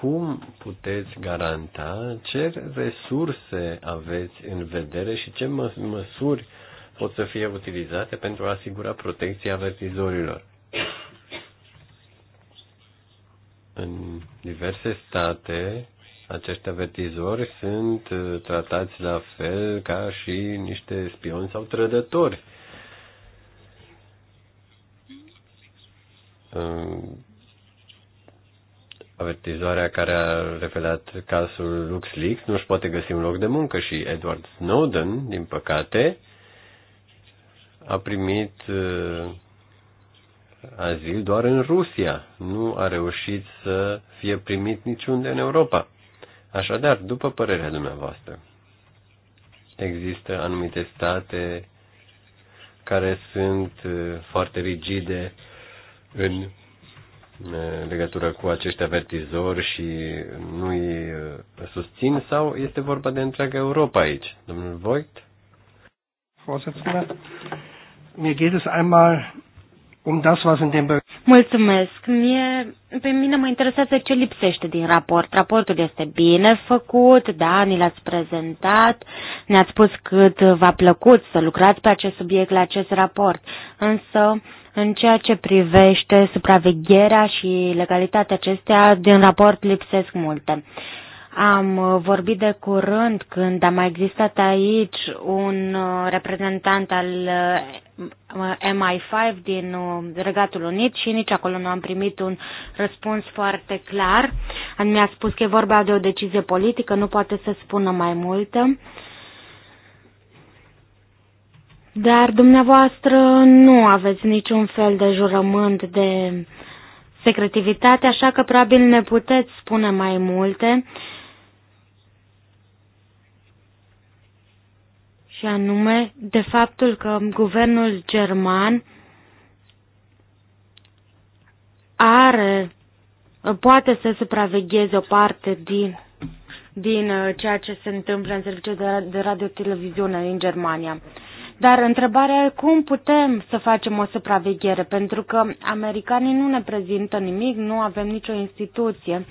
cum puteți garanta ce resurse aveți în vedere și ce mă- măsuri pot să fie utilizate pentru a asigura protecția avertizorilor. În diverse state, acești avertizori sunt uh, tratați la fel ca și niște spioni sau trădători uh, avertizoarea care a revelat cazul LuxLeaks nu își poate găsi un loc de muncă și Edward Snowden, din păcate, a primit uh, azil doar în Rusia. Nu a reușit să fie primit niciunde în Europa. Așadar, după părerea dumneavoastră, există anumite state care sunt uh, foarte rigide în legătură cu acești avertizori și nu îi uh, susțin sau este vorba de întreaga Europa aici? Domnul Voigt? Vorsitzender, mir geht es einmal um das, was in dem Mulțumesc. Mie, pe mine mă interesează ce lipsește din raport. Raportul este bine făcut, da, ni l-ați prezentat, ne-ați spus cât v-a plăcut să lucrați pe acest subiect la acest raport. Însă, în ceea ce privește supravegherea și legalitatea acestea, din raport lipsesc multe. Am uh, vorbit de curând când a mai existat aici un uh, reprezentant al uh, MI5 din Regatul Unit și nici acolo nu am primit un răspuns foarte clar. Mi-a spus că e vorba de o decizie politică, nu poate să spună mai multe. Uh, dar dumneavoastră nu aveți niciun fel de jurământ de secretivitate, așa că probabil ne puteți spune mai multe. Și anume de faptul că guvernul german are, poate să supravegheze o parte din, din uh, ceea ce se întâmplă în serviciul de, de radio-televiziune în Germania. Dar întrebarea e cum putem să facem o supraveghere, pentru că americanii nu ne prezintă nimic, nu avem nicio instituție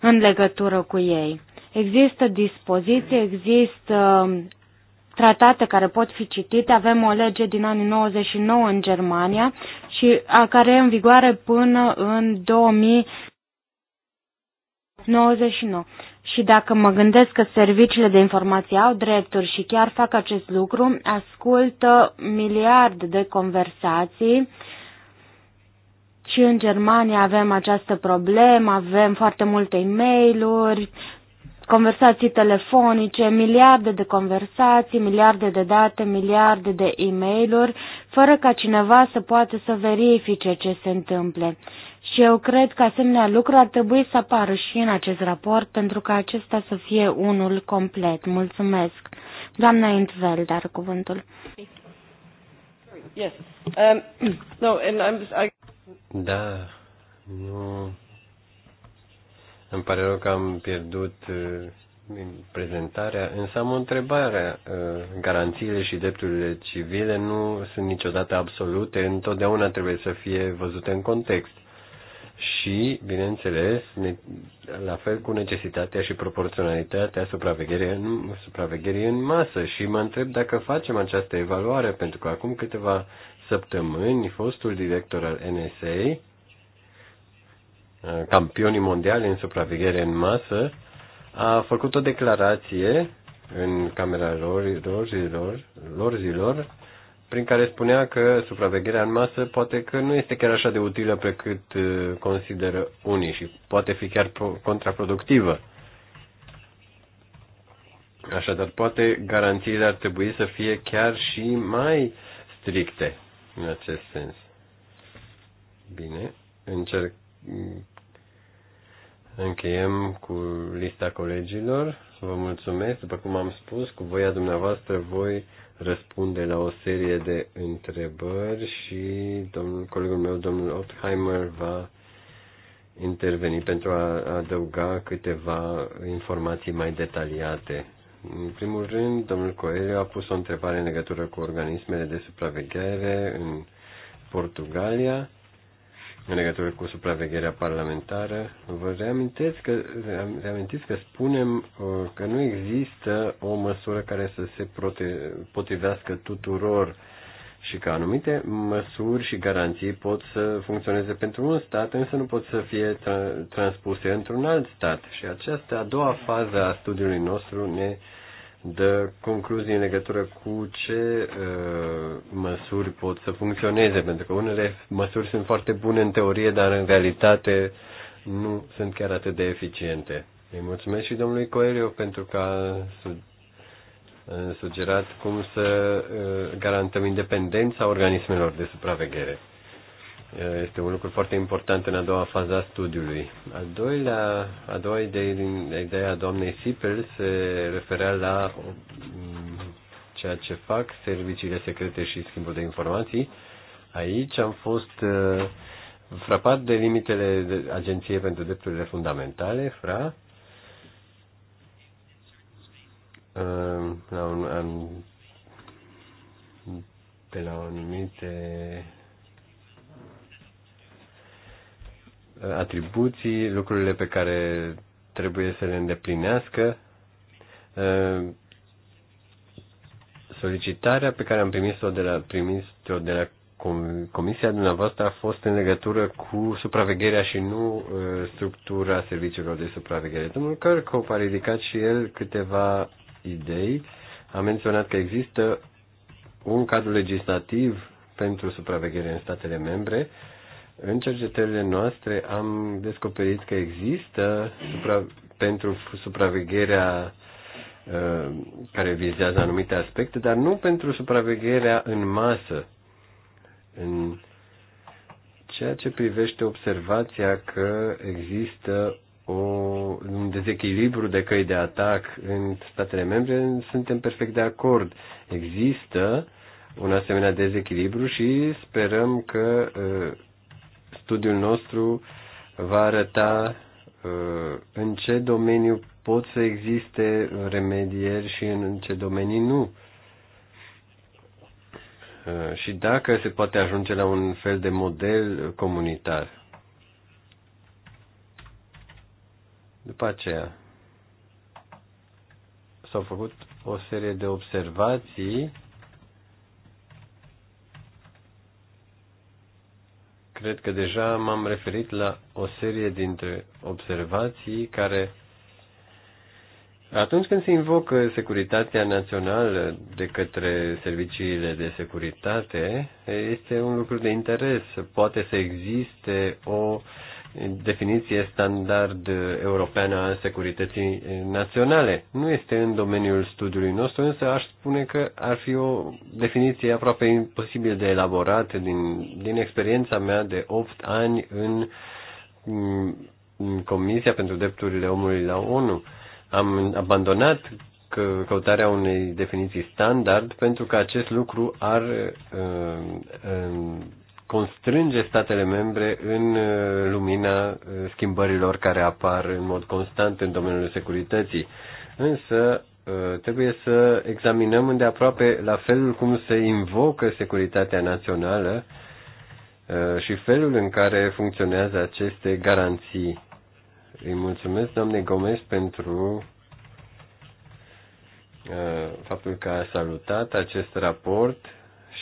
în legătură cu ei. Există dispoziții, există um, tratate care pot fi citite. Avem o lege din anii 99 în Germania și a care e în vigoare până în 2099. Și dacă mă gândesc că serviciile de informație au drepturi și chiar fac acest lucru, ascultă miliarde de conversații și în Germania avem această problemă, avem foarte multe e-mail-uri, conversații telefonice, miliarde de conversații, miliarde de date, miliarde de e-mail-uri, fără ca cineva să poată să verifice ce se întâmple. Deci eu cred că asemenea lucru ar trebui să apară și în acest raport pentru ca acesta să fie unul complet. Mulțumesc. Doamna Intvel, dar cuvântul. Yes. Um, no, and I'm just, I... Da, nu... Îmi pare rău că am pierdut uh, prezentarea, însă am o întrebare. Uh, garanțiile și drepturile civile nu sunt niciodată absolute, întotdeauna trebuie să fie văzute în context și, bineînțeles, ne, la fel cu necesitatea și proporționalitatea supravegherii în, supravegherii în masă. Și mă întreb dacă facem această evaluare, pentru că acum câteva săptămâni, fostul director al NSA, campionii mondiali în supraveghere în masă, a făcut o declarație în camera lor, lor, lor, lor lor prin care spunea că supravegherea în masă poate că nu este chiar așa de utilă pe cât uh, consideră unii și poate fi chiar contraproductivă. Așadar, poate garanțiile ar trebui să fie chiar și mai stricte în acest sens. Bine, încerc. Încheiem cu lista colegilor. Vă mulțumesc. După cum am spus, cu voia dumneavoastră voi răspunde la o serie de întrebări și domnul, colegul meu, domnul Oppenheimer, va interveni pentru a adăuga câteva informații mai detaliate. În primul rând, domnul Coelho a pus o întrebare în legătură cu organismele de supraveghere în Portugalia în legătură cu supravegherea parlamentară. Vă reamintesc că, reamintesc că spunem uh, că nu există o măsură care să se prote, potrivească tuturor și că anumite măsuri și garanții pot să funcționeze pentru un stat, însă nu pot să fie tra- transpuse într-un alt stat. Și această a doua fază a studiului nostru ne dă concluzii în legătură cu ce uh, măsuri pot să funcționeze, pentru că unele măsuri sunt foarte bune în teorie, dar în realitate nu sunt chiar atât de eficiente. Îi mulțumesc și domnului Coelho pentru că a sugerat cum să uh, garantăm independența organismelor de supraveghere este un lucru foarte important în a doua fază a studiului. A, doilea, a doua idee din ideea doamnei Sipel se referea la mm, ceea ce fac serviciile secrete și schimbul de informații. Aici am fost uh, frapat de limitele Agenției pentru Drepturile Fundamentale, FRA, uh, la un, am, pe la anumite atribuții, lucrurile pe care trebuie să le îndeplinească. Uh, solicitarea pe care am primit-o de la, primit-o de la comisia dumneavoastră a fost în legătură cu supravegherea și nu uh, structura serviciilor de supraveghere. Domnul Kirchhoff a ridicat și el câteva idei. A menționat că există un cadru legislativ pentru supraveghere în statele membre, uh, în cercetările noastre am descoperit că există supra, pentru supravegherea uh, care vizează anumite aspecte, dar nu pentru supravegherea în masă. În ceea ce privește observația că există o, un dezechilibru de căi de atac în statele membre, suntem perfect de acord. Există un asemenea dezechilibru și sperăm că uh, studiul nostru va arăta uh, în ce domeniu pot să existe remedieri și în ce domenii nu. Uh, și dacă se poate ajunge la un fel de model comunitar. După aceea, s-au făcut o serie de observații Cred că deja m-am referit la o serie dintre observații care atunci când se invocă securitatea națională de către serviciile de securitate, este un lucru de interes. Poate să existe o uh, definiție standard europeană a securității naționale. Nu este în domeniul studiului nostru, însă aș spune că ar fi o definiție aproape imposibil de elaborat din, din experiența mea de 8 ani în, în Comisia pentru Drepturile Omului la ONU. Am abandonat că, căutarea unei definiții standard pentru că acest lucru ar uh, uh, constrânge statele membre în uh, lumina uh, schimbărilor care apar în mod constant în domeniul securității. Însă uh, trebuie să examinăm îndeaproape la felul cum se invocă securitatea națională și felul în care funcționează aceste garanții. Îi mulțumesc, doamne Gomez, pentru faptul că a salutat acest raport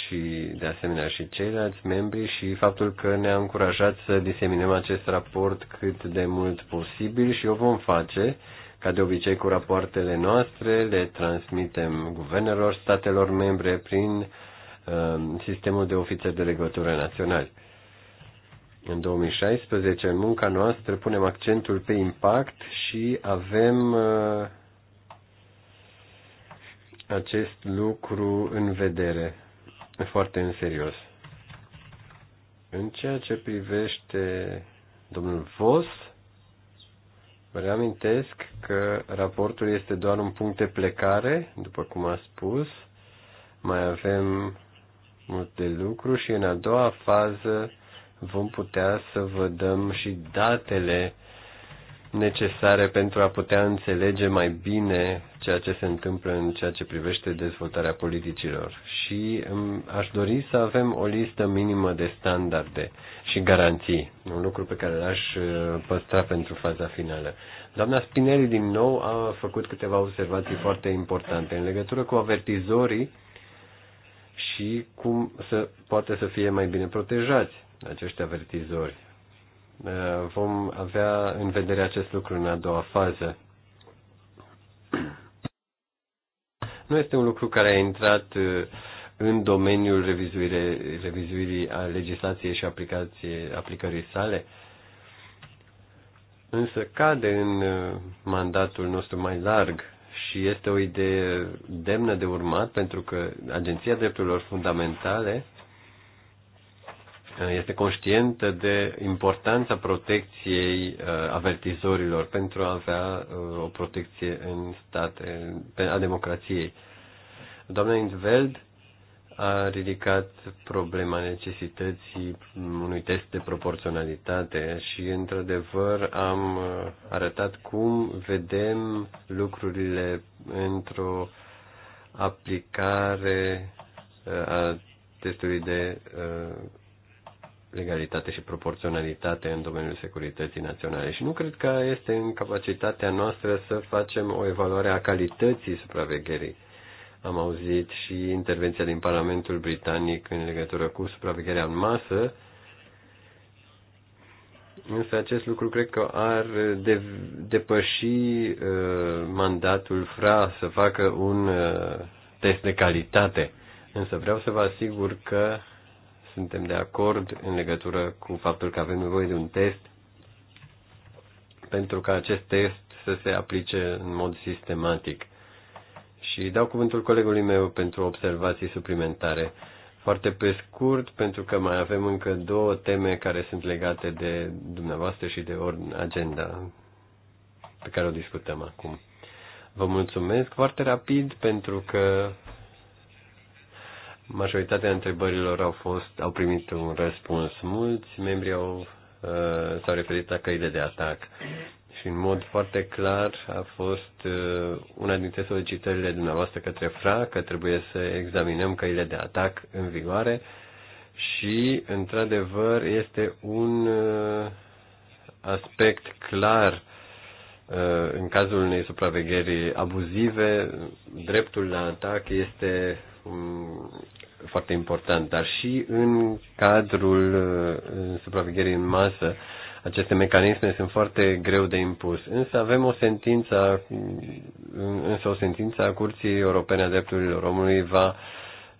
și de asemenea și ceilalți membri și faptul că ne-a încurajat să diseminăm acest raport cât de mult posibil și o vom face. Ca de obicei cu rapoartele noastre le transmitem guvernelor statelor membre prin uh, sistemul de ofițeri de legătură naționali. În 2016, în munca noastră, punem accentul pe impact și avem uh, acest lucru în vedere foarte în serios. În ceea ce privește domnul Vos, vă reamintesc că raportul este doar un punct de plecare, după cum a spus. Mai avem mult de lucru și în a doua fază vom putea să vă dăm și datele necesare pentru a putea înțelege mai bine ceea ce se întâmplă în ceea ce privește dezvoltarea politicilor și um, aș dori să avem o listă minimă de standarde și garanții, un lucru pe care l-aș uh, păstra pentru faza finală. Doamna Spinelli din nou a făcut câteva observații foarte importante în legătură cu avertizorii și cum să poate să fie mai bine protejați acești avertizori. Uh, vom avea în vedere acest lucru în a doua fază. Nu este un lucru care a intrat uh, în domeniul revizuirii a legislației și aplicării sale, însă cade în uh, mandatul nostru mai larg și este o idee demnă de urmat pentru că Agenția Drepturilor Fundamentale este conștientă de importanța protecției uh, avertizorilor pentru a avea uh, o protecție în state, a democrației. Doamna Intveld a ridicat problema necesității unui test de proporționalitate și, într-adevăr, am uh, arătat cum vedem lucrurile într-o aplicare a testului de legalitate și proporționalitate în domeniul securității naționale și nu cred că este în capacitatea noastră să facem o evaluare a calității supravegherii. Am auzit și intervenția din Parlamentul Britanic în legătură cu supravegherea în masă, însă acest lucru cred că ar de- depăși uh, mandatul FRA să facă un uh, test de calitate. Însă vreau să vă asigur că suntem de acord în legătură cu faptul că avem nevoie de un test pentru ca acest test să se aplice în mod sistematic. Și dau cuvântul colegului meu pentru observații suplimentare. Foarte pe scurt, pentru că mai avem încă două teme care sunt legate de dumneavoastră și de agenda pe care o discutăm acum. Vă mulțumesc foarte rapid pentru că Majoritatea întrebărilor au fost, au primit un răspuns. Mulți membri au, uh, s-au referit la căile de atac și în mod foarte clar a fost uh, una dintre solicitările dumneavoastră către FRA că trebuie să examinăm căile de atac în vigoare și, într-adevăr, este un uh, aspect clar în cazul unei supravegheri abuzive, dreptul la atac este Mm, foarte important, dar și în cadrul uh, supravegherii în masă, aceste mecanisme sunt foarte greu de impus. Însă avem o sentință, mm, însă o sentință a Curții Europene a Drepturilor Omului va,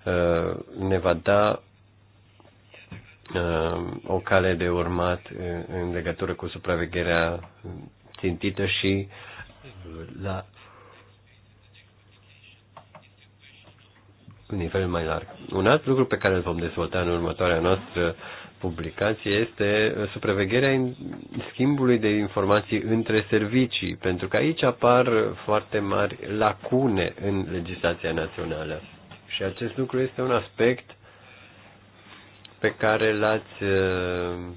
uh, ne va da uh, o cale de urmat în legătură cu supravegherea țintită și la nivel mai larg. Un alt lucru pe care îl vom dezvolta în următoarea noastră publicație este uh, supravegherea schimbului de informații între servicii, pentru că aici apar foarte mari lacune în legislația națională. Și acest lucru este un aspect pe care l-ați uh,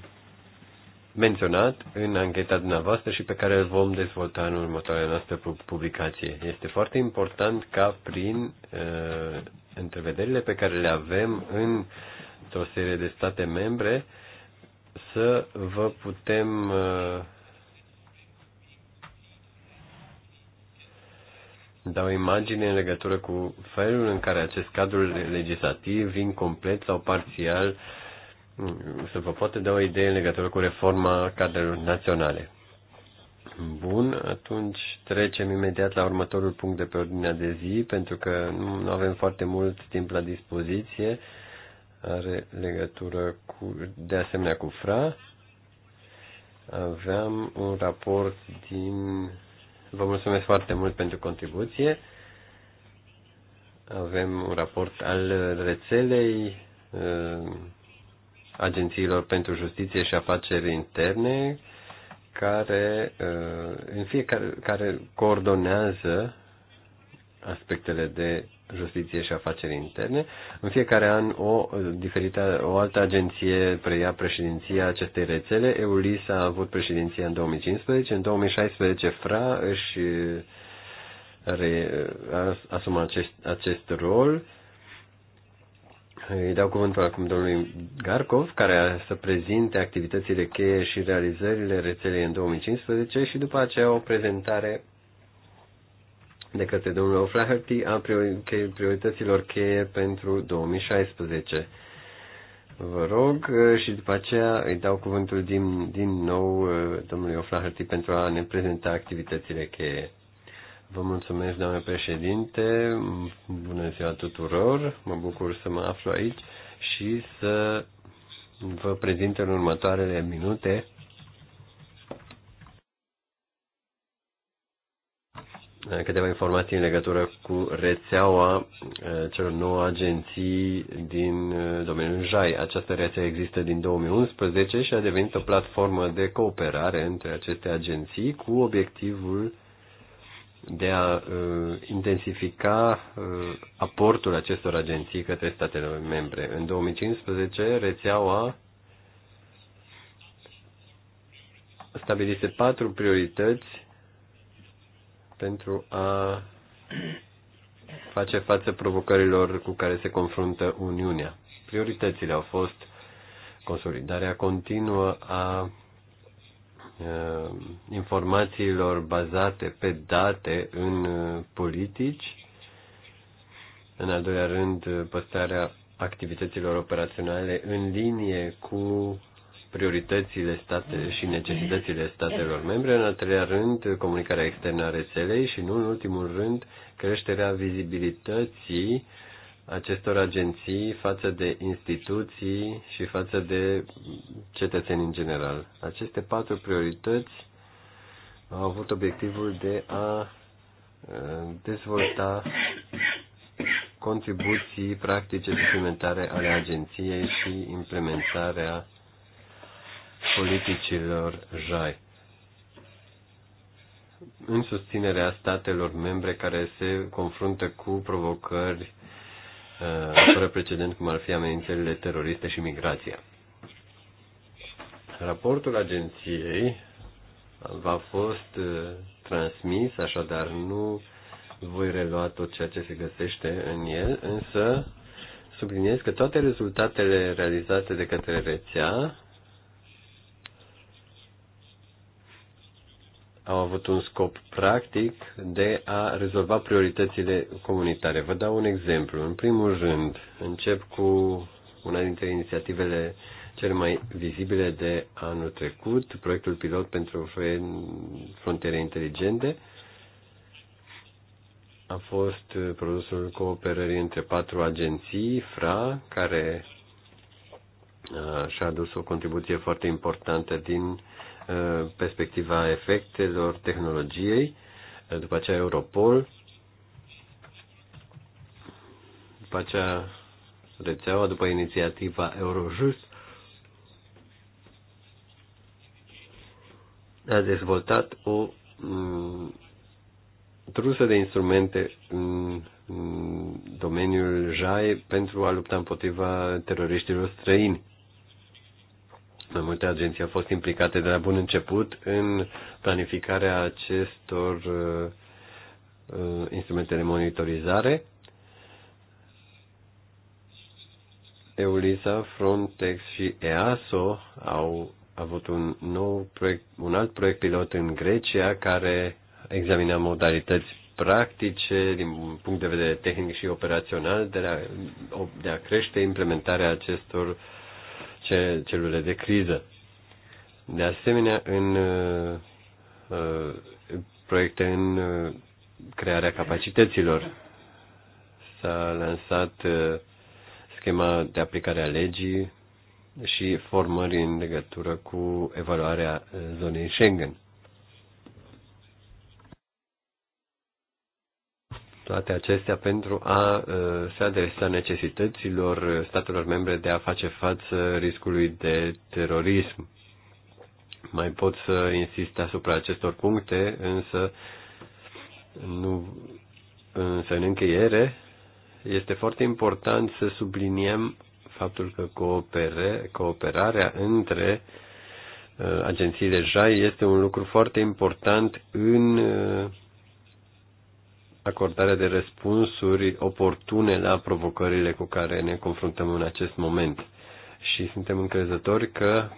menționat în ancheta dumneavoastră și pe care îl vom dezvolta în următoarea noastră publicație. Este foarte important ca prin uh, întrevederile pe care le avem în o serie de state membre să vă putem uh, da o imagine în legătură cu felul în care acest cadru legislativ, incomplet sau parțial, uh, să vă poate da o idee în legătură cu reforma cadrelor naționale. Bun, atunci trecem imediat la următorul punct de pe ordinea de zi, pentru că nu avem foarte mult timp la dispoziție. Are legătură cu, de asemenea cu FRA. Aveam un raport din... Vă mulțumesc foarte mult pentru contribuție. Avem un raport al rețelei agențiilor pentru justiție și afaceri interne, care, uh, în fiecare, care coordonează aspectele de justiție și afaceri interne. În fiecare an o, diferită, o altă agenție preia președinția acestei rețele. EULIS a avut președinția în 2015. În 2016 FRA își re, a, asumă acest, acest rol îi dau cuvântul acum domnului Garkov, care să prezinte activitățile cheie și realizările rețelei în 2015 și după aceea o prezentare de către domnul O'Flaherty a priorităților cheie pentru 2016. Vă rog și după aceea îi dau cuvântul din, din nou domnului O'Flaherty pentru a ne prezenta activitățile cheie. Vă mulțumesc, doamne președinte, bună ziua tuturor, mă bucur să mă aflu aici și să vă prezint în următoarele minute câteva informații în legătură cu rețeaua eh, celor nouă agenții din eh, domeniul JAI. Această rețea există din 2011 și a devenit o platformă de cooperare între aceste agenții cu obiectivul de a uh, intensifica uh, aportul acestor agenții către statele membre. În 2015, rețeaua stabilise patru priorități pentru a face față provocărilor cu care se confruntă Uniunea. Prioritățile au fost consolidarea continuă a Uh, informațiilor bazate pe date în uh, politici. În al doilea rând, uh, păstrarea activităților operaționale în linie cu prioritățile state și necesitățile statelor membre, în al treilea rând comunicarea externă a rețelei și nu în ultimul rând creșterea vizibilității uh, acestor agenții față de instituții și față de cetățeni în general. Aceste patru priorități au avut obiectivul de a uh, dezvolta contribuții practice suplimentare ale agenției și implementarea politicilor JAI în susținerea statelor membre care se confruntă cu provocări uh, Uh, fără precedent, cum ar fi amenințările teroriste și migrația. Raportul agenției v-a fost uh, transmis, așadar nu voi relua tot ceea ce se găsește în el, însă subliniez că toate rezultatele realizate de către rețea au avut un scop practic de a rezolva prioritățile comunitare. Vă dau un exemplu. În primul rând, încep cu una dintre inițiativele cele mai vizibile de anul trecut, proiectul pilot pentru frontiere inteligente. A fost produsul cooperării între patru agenții, FRA, care uh, și-a adus o contribuție foarte importantă din Uh, perspectiva efectelor tehnologiei, uh, după aceea Europol, după aceea rețeaua, după inițiativa Eurojust, a dezvoltat o mm, trusă de instrumente în domeniul JAE pentru a lupta împotriva teroriștilor străini. Mai multe agenții au fost implicate de la bun început în planificarea acestor uh, uh instrumente de monitorizare. EULISA, Frontex și EASO au avut un nou proiect, un alt proiect pilot în Grecia care examina modalități practice, din punct de vedere tehnic și operațional, de a, de a crește implementarea acestor celule de criză. De asemenea, în uh, uh, proiecte în uh, crearea capacităților s-a lansat uh, schema de aplicare a legii și formări în legătură cu evaluarea uh, zonei Schengen. toate acestea pentru a uh, se adresa necesităților statelor membre de a face față riscului de terorism. Mai pot să insist asupra acestor puncte, însă, nu, însă în încheiere este foarte important să subliniem faptul că coopere, cooperarea între uh, agențiile JAI este un lucru foarte important în uh, acordarea de răspunsuri oportune la provocările cu care ne confruntăm în acest moment. Și suntem încrezători că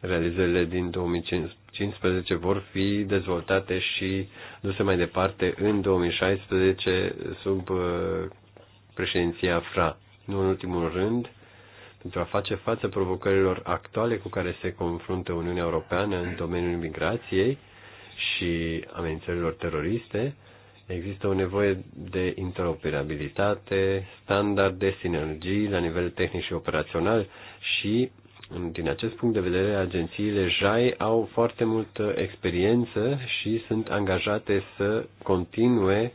realizările din 2015 vor fi dezvoltate și duse mai departe în 2016 sub uh, președinția FRA. Nu în ultimul rând, pentru a face față provocărilor actuale cu care se confruntă Uniunea Europeană în domeniul migrației, și amenințărilor teroriste, există o nevoie de interoperabilitate, standarde, sinergii la nivel tehnic și operațional și, din acest punct de vedere, agențiile JAI au foarte multă experiență și sunt angajate să continue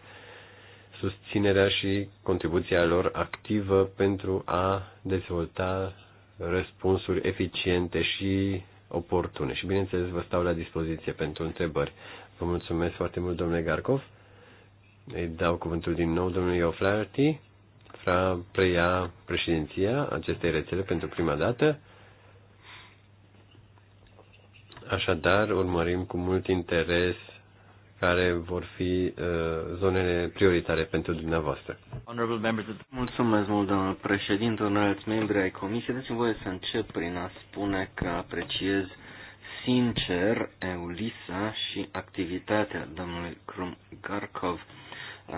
susținerea și contribuția lor activă pentru a dezvolta răspunsuri eficiente și oportune. Și bineînțeles, vă stau la dispoziție pentru întrebări. Vă mulțumesc foarte mult, domnule Garkov. Îi dau cuvântul din nou domnului O'Flaherty. Fra preia președinția acestei rețele pentru prima dată. Așadar, urmărim cu mult interes care vor fi uh, zonele prioritare pentru dumneavoastră. Members, Mulțumesc mult, domnul președinte, onorați membri ai comisiei. Deci voi să încep prin a spune că apreciez sincer Eulisa și activitatea domnului Krum Garkov. Uh,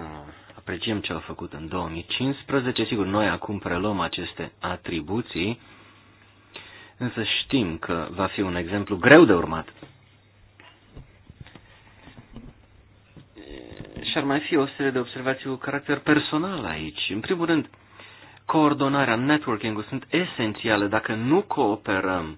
apreciem ce a făcut în 2015. Sigur, noi acum preluăm aceste atribuții, însă știm că va fi un exemplu greu de urmat Și ar mai fi o serie de observații cu caracter personal aici. În primul rând, coordonarea, networking-ul sunt esențiale. Dacă nu cooperăm,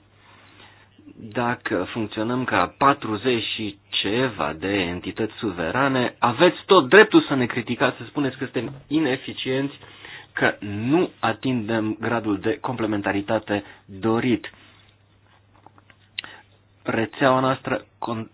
dacă funcționăm ca 40 și ceva de entități suverane, aveți tot dreptul să ne criticați, să spuneți că suntem ineficienți, că nu atingem gradul de complementaritate dorit. Rețeaua noastră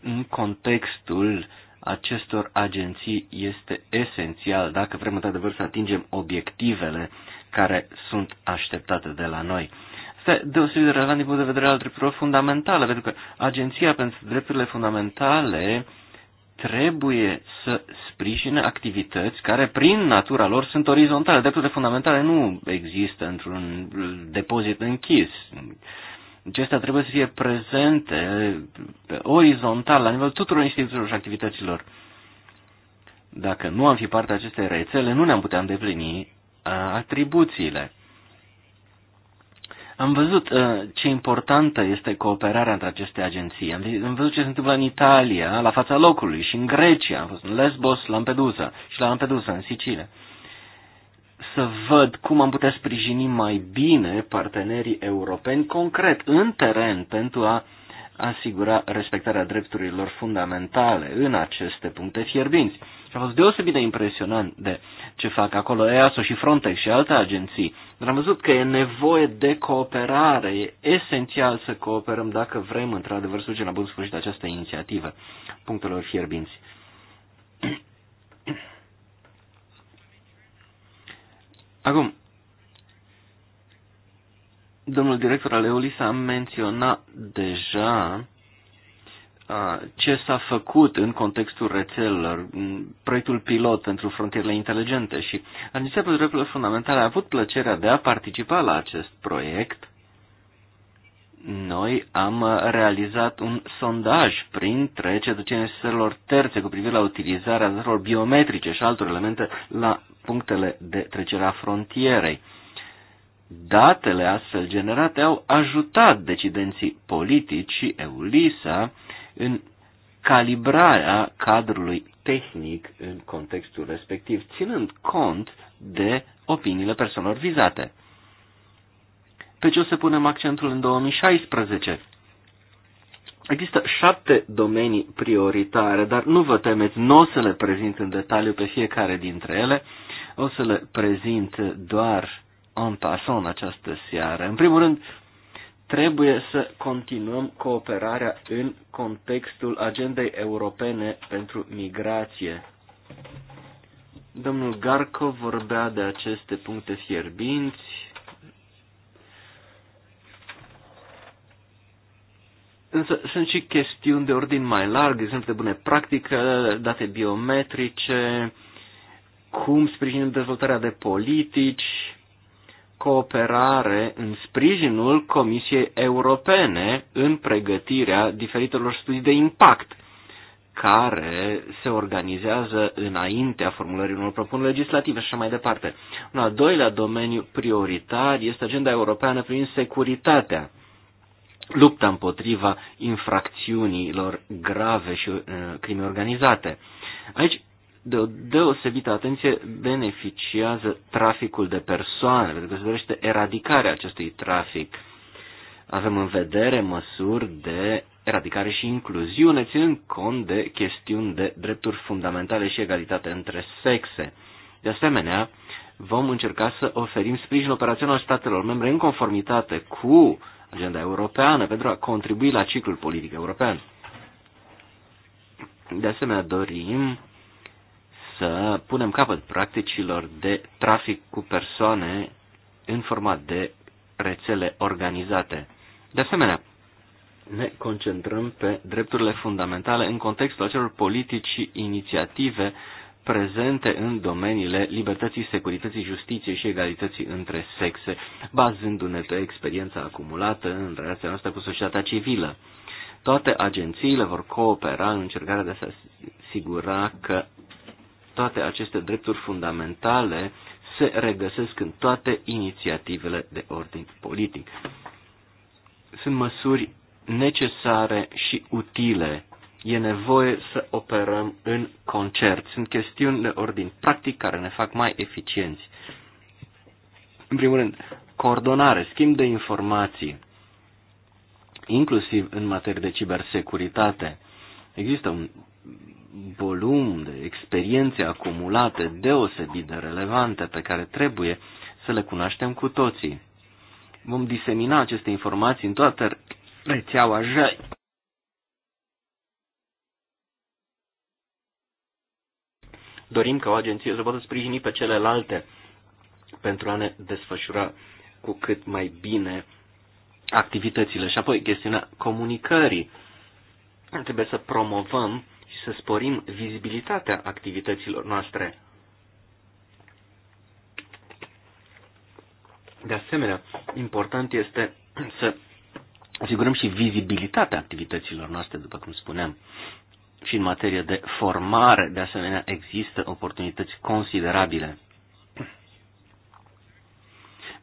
în contextul acestor agenții este esențial dacă vrem într-adevăr să atingem obiectivele care sunt așteptate de la noi. Este deosebit de relevant din punct de vedere al drepturilor fundamentale, pentru că Agenția pentru Drepturile Fundamentale trebuie să sprijine activități care, prin natura lor, sunt orizontale. Drepturile fundamentale nu există într-un depozit închis. Deci acestea trebuie să fie prezente pe orizontal la nivelul tuturor instituțiilor și activităților. Dacă nu am fi parte acestei rețele, nu ne-am putea îndeplini atribuțiile. Am văzut uh, ce importantă este cooperarea între aceste agenții. Am, am văzut ce se întâmplă în Italia, la fața locului, și în Grecia. Am fost în Lesbos, Lampedusa și la Lampedusa, în Sicilia. Uh, să văd cum am putea sprijini mai bine partenerii europeni concret în teren pentru a asigura respectarea drepturilor fundamentale în aceste puncte fierbinți. Și a fost deosebit de impresionant de ce fac acolo EASO și Frontex și alte agenții. Dar am văzut că e nevoie de cooperare, e esențial să cooperăm dacă vrem într-adevăr să la bun sfârșit această inițiativă punctelor fierbinți. Acum, domnul director al EULIS a menționat deja ce s-a făcut în contextul rețelelor, proiectul pilot pentru frontierele inteligente și Agenția pentru Drepturile Fundamentale a avut plăcerea de a participa la acest proiect noi am uh, realizat un sondaj printre cetățenii țărilor terțe cu privire la utilizarea datelor biometrice și altor elemente la punctele de trecere a frontierei. Datele astfel generate au ajutat decidenții politici și EULISA în calibrarea cadrului tehnic în contextul respectiv, ținând cont de opiniile persoanelor vizate pe ce o să punem accentul în 2016. Există șapte domenii prioritare, dar nu vă temeți, nu o să le prezint în detaliu pe fiecare dintre ele, o să le prezint doar în passant în această seară. În primul rând, trebuie să continuăm cooperarea în contextul agendei europene pentru migrație. Domnul Garco vorbea de aceste puncte fierbinți, Însă sunt și chestiuni de ordin mai larg, exemple de bune practică, date biometrice, cum sprijinim dezvoltarea de politici, cooperare în sprijinul Comisiei Europene în pregătirea diferitelor studii de impact care se organizează înaintea formulării unor propuneri legislative și așa mai departe. Un al doilea domeniu prioritar este agenda europeană privind securitatea lupta împotriva infracțiunilor grave și uh, crime organizate. Aici, de o deosebită atenție, beneficiază traficul de persoane, pentru că se dorește eradicarea acestui trafic. Avem în vedere măsuri de eradicare și incluziune, ținând cont de chestiuni de drepturi fundamentale și egalitate între sexe. De asemenea, vom încerca să oferim sprijin operațional statelor membre în conformitate cu uh, agenda europeană, pentru a contribui la ciclul politic european. De asemenea, dorim să punem capăt practicilor de trafic cu persoane în format de rețele organizate. De asemenea, ne concentrăm pe drepturile fundamentale în contextul acelor politici și inițiative prezente în domeniile libertății, securității, justiției și egalității între sexe, bazându-ne pe experiența acumulată în relația noastră cu societatea civilă. Toate agențiile vor coopera în încercarea de a se asigura că toate aceste drepturi fundamentale se regăsesc în toate inițiativele de ordin politic. Sunt măsuri necesare și utile e nevoie să operăm în concert. Sunt chestiuni de ordin practic care ne fac mai eficienți. În primul rând, coordonare, schimb de informații, inclusiv în materie de cibersecuritate. Există un volum de experiențe acumulate deosebit de relevante pe care trebuie să le cunoaștem cu toții. Vom disemina aceste informații în toată rețeaua JAI dorim ca o agenție să poată sprijini pe celelalte pentru a ne desfășura cu cât mai bine activitățile. Și apoi chestiunea comunicării. Trebuie să promovăm și să sporim vizibilitatea activităților noastre. De asemenea, important este să asigurăm și vizibilitatea activităților noastre, după cum spuneam și în materie de formare, de asemenea, există oportunități considerabile.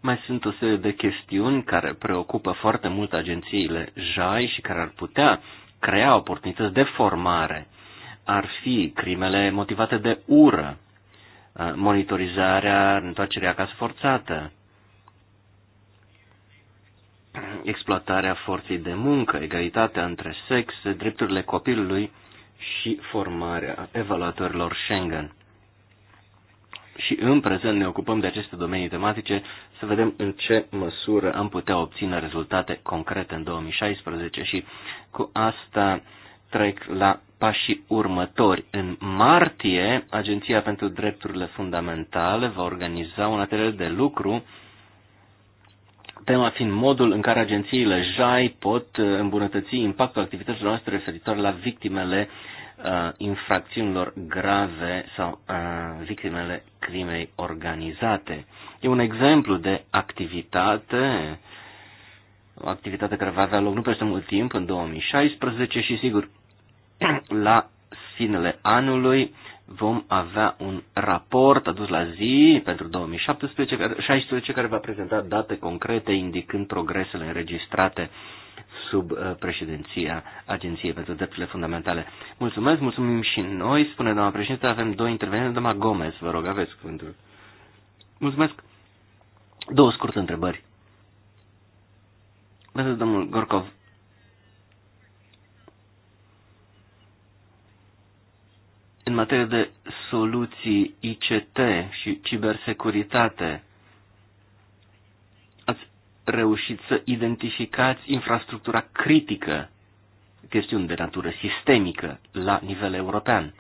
Mai sunt o serie de chestiuni care preocupă foarte mult agențiile JAI și care ar putea crea oportunități de formare. Ar fi crimele motivate de ură, monitorizarea întoarcerea acasă forțată, exploatarea forței de muncă, egalitatea între sexe, drepturile copilului și formarea evaluatorilor Schengen. Și în prezent ne ocupăm de aceste domenii tematice să vedem în ce măsură am putea obține rezultate concrete în 2016 și cu asta trec la pașii următori. În martie, Agenția pentru Drepturile Fundamentale va organiza un atelier de lucru, tema fiind modul în care agențiile JAI pot uh, îmbunătăți impactul activităților noastre referitoare la victimele uh, uh, infracțiunilor grave sau uh, victimele crimei organizate. E un exemplu de activitate, o activitate care va avea loc nu peste mult timp, în 2016 și sigur *clears throat* la finele anului vom avea un raport adus la zi pentru 2017, 16 care va prezenta date concrete indicând progresele înregistrate uh, sub uh, președinția Agenției pentru Drepturile Fundamentale. Mulțumesc, mulțumim și noi, spune doamna președinte, avem două intervenții, doamna Gomez, vă rog, aveți cuvântul. Mulțumesc. Două scurte întrebări. Vedeți, domnul Gorkov, în materie de soluții ICT și cibersecuritate, reușit să identificați infrastructura critică, chestiuni de natură sistemică, la nivel european.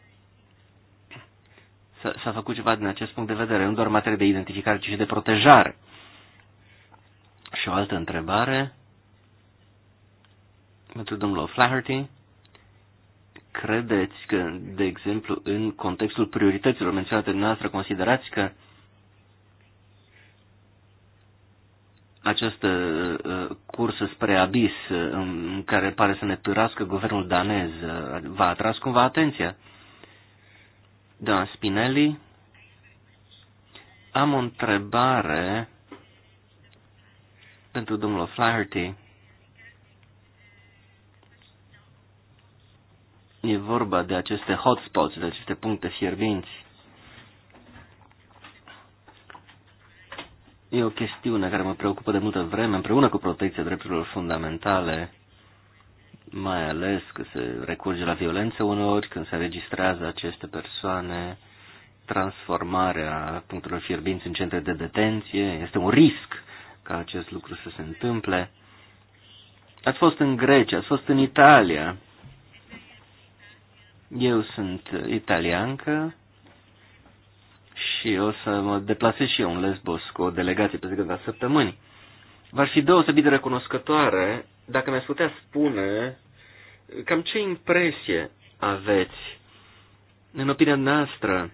S-a făcut ceva din acest punct de vedere, nu doar materie de identificare, ci și de protejare. Și o altă întrebare pentru domnul Flaherty. Credeți că, de exemplu, în contextul priorităților menționate de noastră, considerați că această uh, cursă spre abis uh, în care pare să ne târască guvernul danez uh, v-a atras cumva atenția? Da, Spinelli, am o întrebare pentru domnul Flaherty. E vorba de aceste hotspots, de aceste puncte fierbinți. E o chestiune care mă preocupă de multă vreme, împreună cu protecția drepturilor fundamentale, mai ales că se recurge la violență uneori, când se registrează aceste persoane, transformarea punctelor fierbinți în centre de detenție, este un risc ca acest lucru să se întâmple. Ați fost în Grecia, ați fost în Italia. Eu sunt italiancă, și o să mă deplasez și eu în Lesbos cu o delegație pe câteva săptămâni. V-ar fi deosebit de recunoscătoare dacă mi-ați putea spune cam ce impresie aveți în opinia noastră,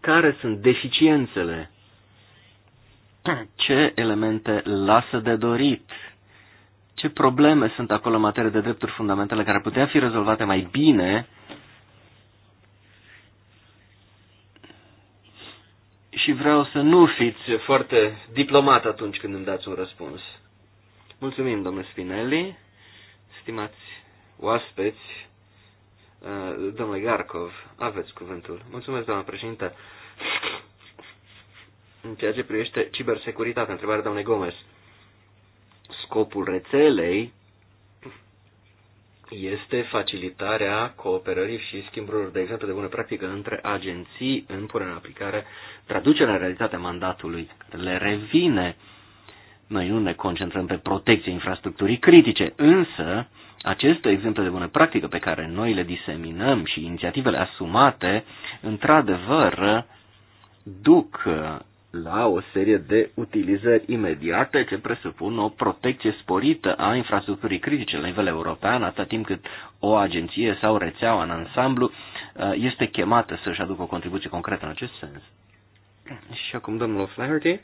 care sunt deficiențele, ce elemente lasă de dorit, ce probleme sunt acolo în materie de drepturi fundamentale care ar putea fi rezolvate mai bine și vreau să nu fiți foarte diplomat atunci când îmi dați un răspuns. Mulțumim, domnule Spinelli, stimați oaspeți, uh, domnule Garkov, aveți cuvântul. Mulțumesc, doamna președinte. În ceea ce privește cibersecuritatea, întrebarea doamnei Gomez, scopul rețelei este facilitarea cooperării și schimburilor, de exemplu, de bună practică între agenții în punerea în aplicare, traducerea în realitate mandatului le revine. Noi nu ne concentrăm pe protecția infrastructurii critice, însă aceste exemple de bună practică pe care noi le diseminăm și inițiativele asumate, într-adevăr, duc la o serie de utilizări imediate ce presupun o protecție sporită a infrastructurii critice la nivel european, atât timp cât o agenție sau rețeaua în ansamblu uh, este chemată să-și aducă o contribuție concretă în acest sens. Și acum, domnul Flaherty,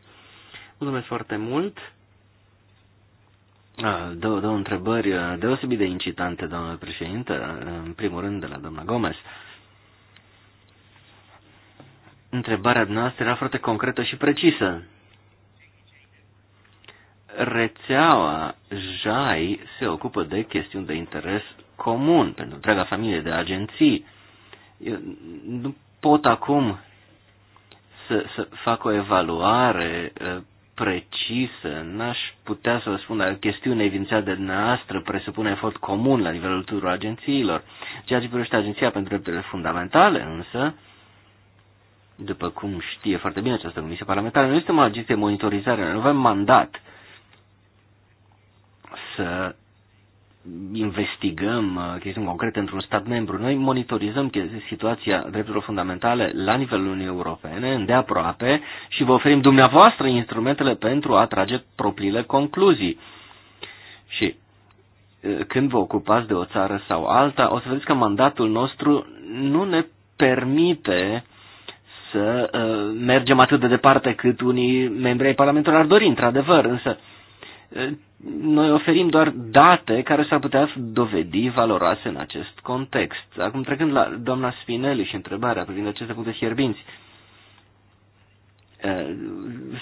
mulțumesc foarte mult. Uh, două, două întrebări uh, deosebit de incitante, domnule președinte, în primul rând de la doamna Gomez. Uh, Întrebarea noastră era foarte concretă și precisă. Rețeaua JAI se ocupă de chestiuni de interes comun pentru întreaga familie de agenții. Eu nu pot acum să, să fac o evaluare uh, precisă, n-aș putea să vă spun, dar chestiunea evidențiată de noastră presupune efort comun la nivelul tuturor agențiilor. Ceea ce privește Agenția pentru Drepturile Fundamentale, însă, după cum știe foarte bine această comisie parlamentară, nu este o agenție de monitorizare, nu avem mandat să investigăm uh, chestiuni concrete într-un stat membru. Noi monitorizăm situația drepturilor fundamentale la nivelul Uniunii Europene, îndeaproape, și vă oferim dumneavoastră instrumentele pentru a trage propriile concluzii. Și uh, când vă ocupați de o țară sau alta, o să vedeți că mandatul nostru nu ne permite să uh, mergem atât de departe cât unii membri ai Parlamentului ar dori, într-adevăr, însă uh, noi oferim doar date care s-ar putea dovedi valoroase în acest context. Acum trecând la doamna Spinelli și întrebarea privind aceste puncte fierbinți, uh,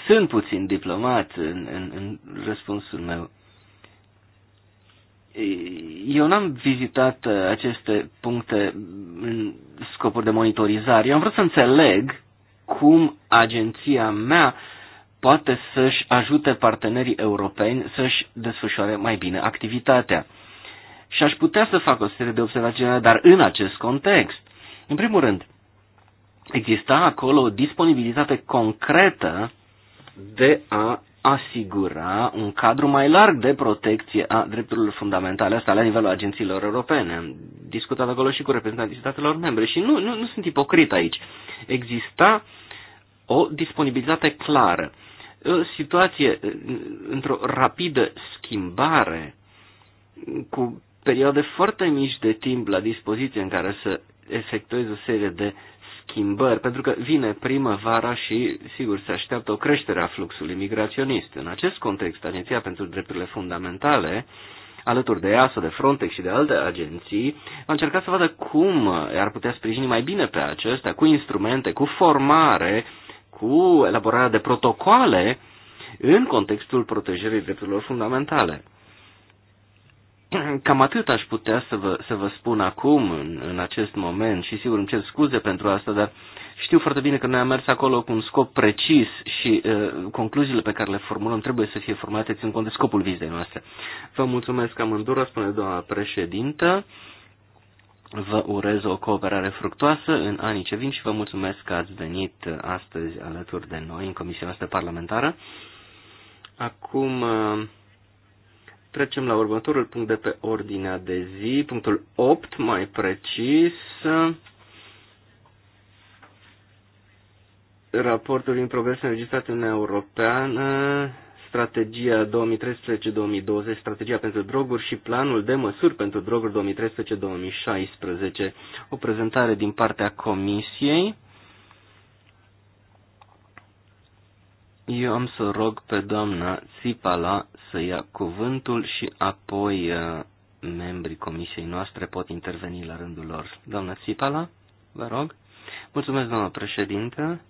sunt puțin diplomat în, în, în răspunsul meu eu n-am vizitat uh, aceste puncte în scopuri de monitorizare. Eu am vrut să înțeleg cum agenția mea poate să-și ajute partenerii europeni să-și desfășoare mai bine activitatea. Și aș putea să fac o serie de observații, dar în acest context. În primul rând, exista acolo o disponibilitate concretă de a asigura un cadru mai larg de protecție a drepturilor fundamentale, asta la nivelul agențiilor europene. Am discutat acolo și cu reprezentanții statelor membre și nu, nu, nu sunt ipocrit aici. Exista o disponibilitate clară. O situație într-o rapidă schimbare cu perioade foarte mici de timp la dispoziție în care să efectueze o serie de schimbări, pentru că vine primăvara și, sigur, se așteaptă o creștere a fluxului migraționist. În acest context, Agenția pentru Drepturile Fundamentale, alături de EASO, de Frontex și de alte agenții, a încercat să vadă cum ar putea sprijini mai bine pe acestea, cu instrumente, cu formare, cu elaborarea de protocoale în contextul protejării drepturilor fundamentale. *clears throat* Cam atât aș putea să vă, să vă spun acum, în, în acest moment, și sigur îmi cer scuze pentru asta, dar știu foarte bine că noi am mers acolo cu un scop precis și uh, concluziile pe care le formulăm trebuie să fie formate ținând cont de scopul vizei noastre. Vă mulțumesc amândură, spune doamna președintă. Vă urez o cooperare fructoasă în anii ce vin și vă mulțumesc că ați venit astăzi alături de noi în Comisia noastră parlamentară. Acum... Uh, Trecem la următorul punct de pe ordinea de zi, punctul 8 mai precis. Raportul din progres înregistrat în Europeană, strategia 2013-2020, strategia pentru droguri și planul de măsuri pentru droguri 2013-2016. O prezentare din partea Comisiei. Eu am să rog pe doamna Țipala să ia cuvântul și apoi uh, membrii comisiei noastre pot interveni la rândul lor. Doamna Țipala, vă rog. Mulțumesc, doamna președintă.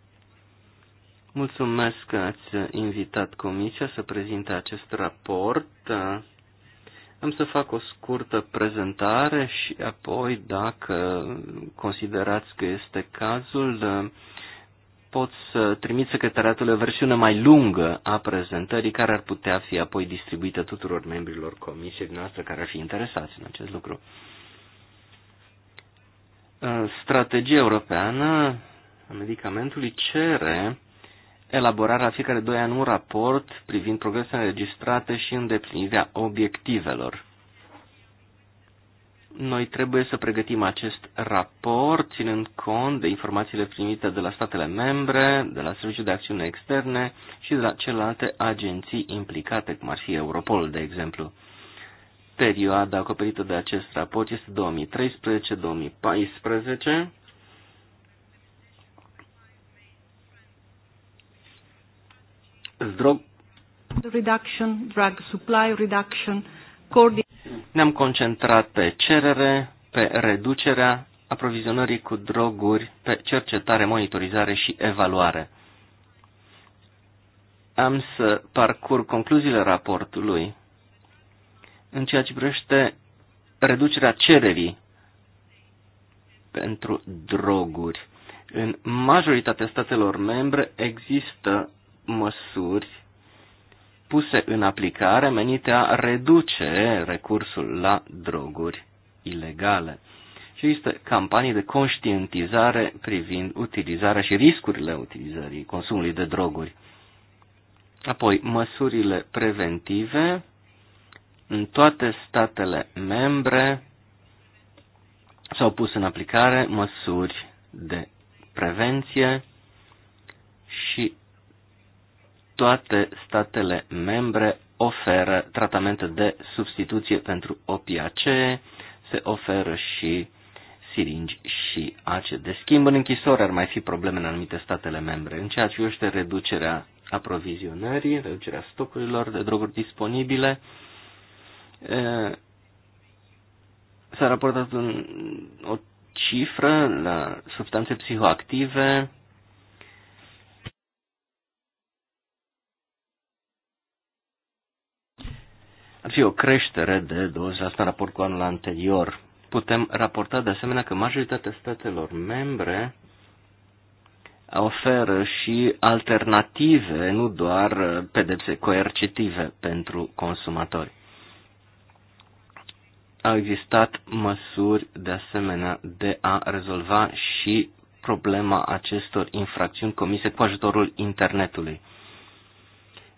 Mulțumesc că ați invitat comisia să prezinte acest raport. Uh, am să fac o scurtă prezentare și apoi, dacă considerați că este cazul, uh, pot să trimit secretariatului o versiune mai lungă a prezentării care ar putea fi apoi distribuită tuturor membrilor comisiei noastre care ar fi interesați în acest lucru. Ă, strategia europeană a medicamentului cere elaborarea fiecare doi ani un raport privind progresele înregistrate și îndeplinirea obiectivelor. Noi trebuie să pregătim acest raport ținând cont de informațiile primite de la statele membre, de la Serviciul de Acțiune Externe și de la celelalte agenții implicate, cum ar fi Europol, de exemplu. Perioada acoperită de acest raport este 2013-2014. drug reduction, drug supply reduction, coordination ne-am concentrat pe cerere, pe reducerea aprovizionării cu droguri, pe cercetare, monitorizare și evaluare. Am să parcurg concluziile raportului în ceea ce privește reducerea cererii pentru droguri. În majoritatea statelor membre există măsuri puse în aplicare menite a reduce recursul la droguri ilegale. Și există campanii de conștientizare privind utilizarea și riscurile utilizării consumului de droguri. Apoi, măsurile preventive în toate statele membre s-au pus în aplicare măsuri de prevenție și toate statele membre oferă tratamente de substituție pentru opiacee, se oferă și siringi și ace. De schimb, în închisori ar mai fi probleme în anumite statele membre. În ceea ce este reducerea aprovizionării, reducerea stocurilor de droguri disponibile, s-a raportat un, o cifră la substanțe psihoactive, ar fi o creștere de 20% în raport cu anul anterior. Putem raporta de asemenea că majoritatea statelor membre oferă și alternative, nu doar pedepse coercitive pentru consumatori. Au existat măsuri de asemenea de a rezolva și problema acestor infracțiuni comise cu ajutorul internetului.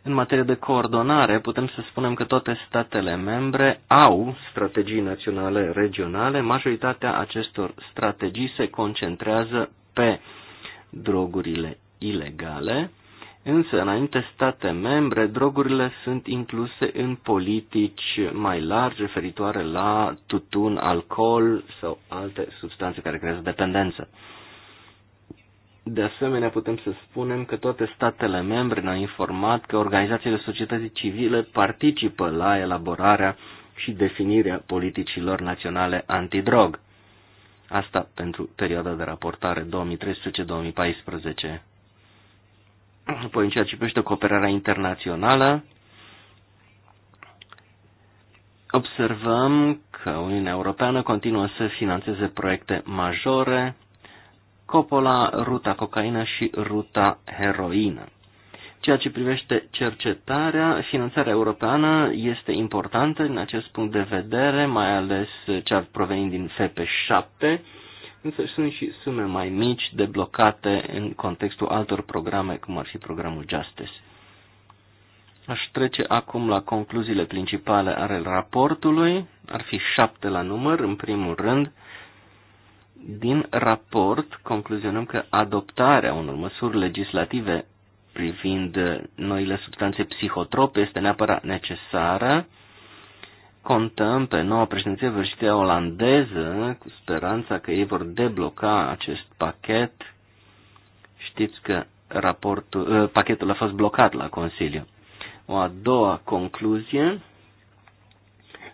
În materie de coordonare, putem să spunem că toate statele membre au strategii naționale regionale. Majoritatea acestor strategii se concentrează pe drogurile ilegale, însă înainte state membre drogurile sunt incluse în politici mai largi referitoare la tutun, alcool sau alte substanțe care creează dependență. De asemenea, putem să spunem că toate statele membre ne-au informat că organizațiile societății civile participă la elaborarea și definirea politicilor naționale antidrog. Asta pentru perioada de raportare 2013-2014. Apoi, în ceea ce privește cooperarea internațională, observăm că Uniunea Europeană continuă să financeze proiecte majore Coppola, ruta cocaină și ruta heroină. Ceea ce privește cercetarea, finanțarea europeană este importantă din acest punct de vedere, mai ales cea provenind din FP7, însă sunt și sume mai mici deblocate în contextul altor programe, cum ar fi programul Justice. Aș trece acum la concluziile principale ale raportului, ar fi șapte la număr, în primul rând, din raport concluzionăm că adoptarea unor măsuri legislative privind noile substanțe psihotrope este neapărat necesară. Contăm pe noua președinție vârșită olandeză cu speranța că ei vor debloca acest pachet. Știți că raportul, ă, pachetul a fost blocat la Consiliu. O a doua concluzie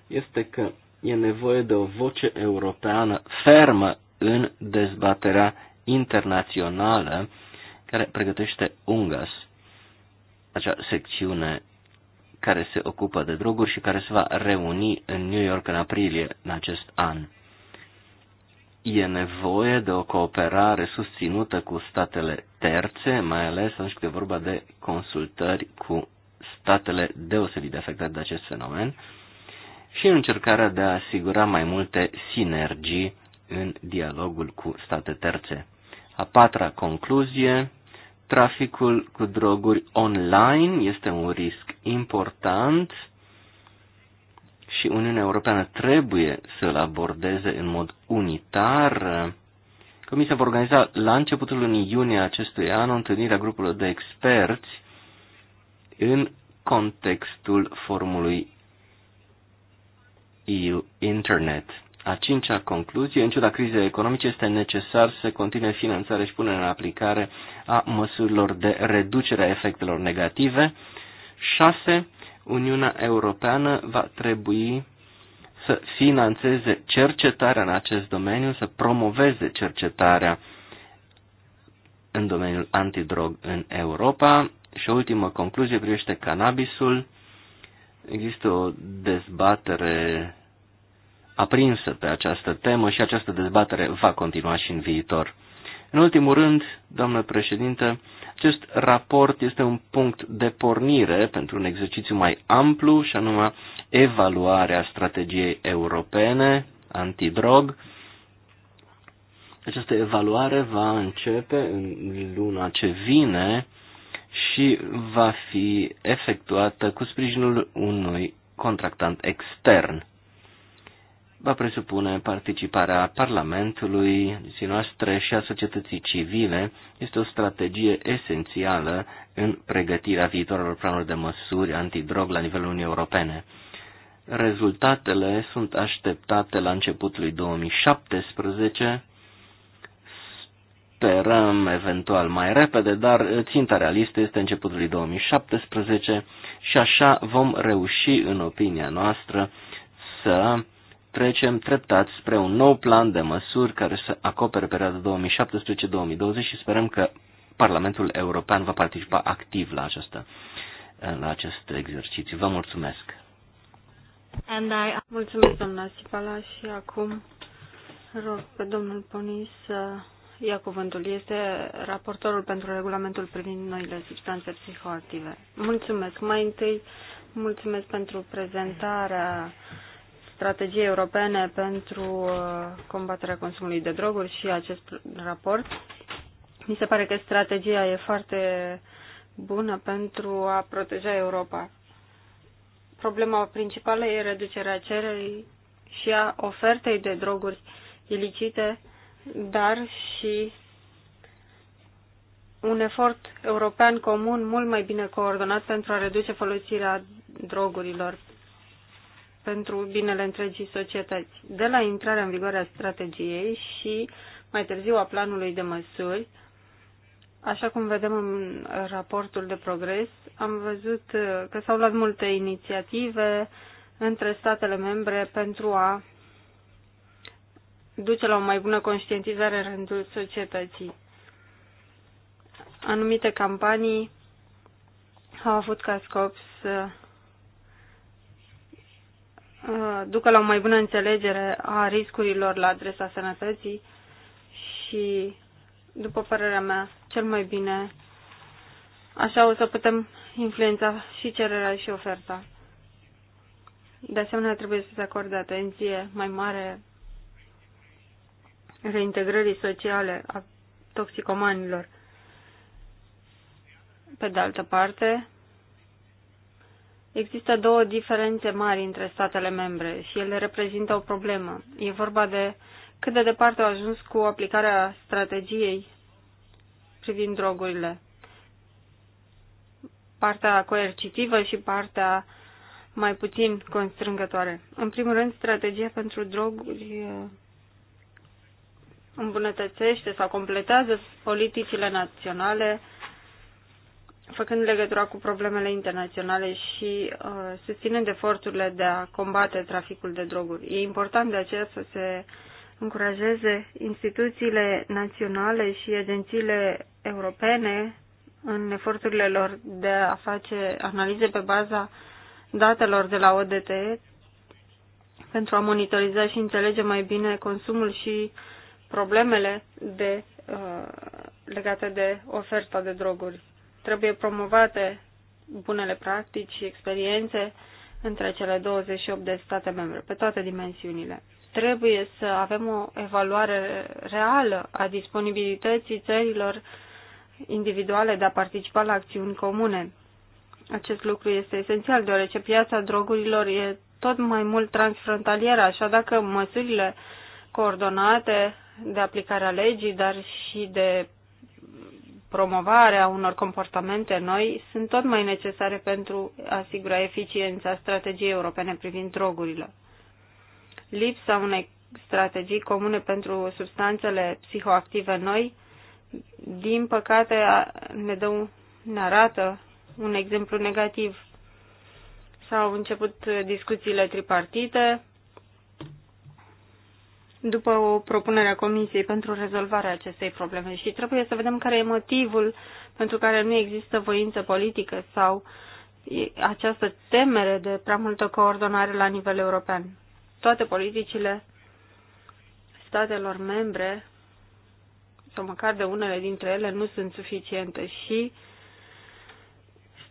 este că e nevoie de o voce europeană fermă în dezbaterea internațională care pregătește UNGAS, acea secțiune care se ocupă de droguri și care se va reuni în New York în aprilie în acest an. E nevoie de o cooperare susținută cu statele terțe, mai ales atunci când e vorba de consultări cu statele deosebit de afectate de acest fenomen și încercarea de a asigura mai multe sinergii în dialogul cu state terțe. A patra concluzie, traficul cu droguri online este un risc important și Uniunea Europeană trebuie să-l abordeze în mod unitar. Comisia va organiza la începutul lunii iunie acestui an o întâlnire a grupului de experți în contextul formului EU Internet. A cincea concluzie, în ciuda crizei economice, este necesar să continue finanțarea și punerea în aplicare a măsurilor de reducere a efectelor negative. 6. Uniunea Europeană va trebui să financeze cercetarea în acest domeniu, să promoveze cercetarea în domeniul antidrog în Europa. Și o ultimă concluzie privește cannabisul. Există o dezbatere aprinsă pe această temă și această dezbatere va continua și în viitor. În ultimul rând, doamnă președintă, acest raport este un punct de pornire pentru un exercițiu mai amplu, și anume evaluarea strategiei europene antidrog. Această evaluare va începe în luna ce vine și va fi efectuată cu sprijinul unui contractant extern va presupune participarea Parlamentului, și noastre și a societății civile, este o strategie esențială în pregătirea viitorilor planuri de măsuri antidrog la nivelul Uniunii Europene. Rezultatele sunt așteptate la începutul lui 2017. Sperăm eventual mai repede, dar ținta realistă este începutul lui 2017 și așa vom reuși, în opinia noastră, să trecem treptat spre un nou plan de măsuri care să acopere perioada 2017-2020 și sperăm că Parlamentul European va participa activ la, această, la acest exercițiu. Vă mulțumesc! And I... Mulțumesc, doamna Sipala, și acum rog pe domnul Poni să ia cuvântul. Este raportorul pentru regulamentul privind noile substanțe psihoactive. Mulțumesc. Mai întâi, mulțumesc pentru prezentarea uh, strategiei europene pentru uh, combaterea consumului de droguri și acest raport. Mi se pare că strategia e foarte bună pentru a proteja Europa. Problema principală e reducerea cererii și a ofertei de droguri ilicite, dar și un efort european comun mult mai bine coordonat pentru a reduce folosirea drogurilor pentru binele întregii societăți. De la intrarea în vigoare a strategiei și mai târziu a planului de măsuri, așa cum vedem în raportul de progres, am văzut uh, că s-au luat multe inițiative între statele membre pentru a duce la o mai bună conștientizare în rândul societății. Anumite campanii au avut ca scop să Uh, ducă la o mai bună înțelegere a riscurilor la adresa sănătății și, după părerea mea, cel mai bine așa o să putem influența și cererea și oferta. De asemenea, trebuie să se acorde atenție mai mare reintegrării sociale a toxicomanilor. Pe de altă parte, Există două diferențe mari între statele membre și ele reprezintă o problemă. E vorba de cât de departe au ajuns cu aplicarea strategiei privind drogurile. Partea coercitivă și partea mai puțin constrângătoare. În primul rând, strategia pentru droguri îmbunătățește sau completează politicile naționale făcând legătura cu problemele internaționale și uh, susținând eforturile de a combate traficul de droguri. E important de aceea să se încurajeze instituțiile naționale și agențiile europene în eforturile lor de a face analize pe baza datelor de la ODT pentru a monitoriza și înțelege mai bine consumul și problemele de, uh, legate de oferta de droguri Trebuie promovate bunele practici și experiențe între cele 28 de state membre, pe toate dimensiunile. Trebuie să avem o evaluare reală a disponibilității țărilor individuale de a participa la acțiuni comune. Acest lucru este esențial, deoarece piața drogurilor e tot mai mult transfrontalieră, așa dacă măsurile coordonate de aplicarea legii, dar și de promovarea unor comportamente noi sunt tot mai necesare pentru a asigura eficiența strategiei europene privind drogurile. Lipsa unei strategii comune pentru substanțele psihoactive noi, din păcate, ne, dă, ne arată un exemplu negativ. S-au început discuțiile tripartite, după o propunere a Comisiei pentru rezolvarea acestei probleme și trebuie să vedem care e motivul pentru care nu există voință politică sau această temere de prea multă coordonare la nivel european. Toate politicile statelor membre, sau măcar de unele dintre ele, nu sunt suficiente și uh,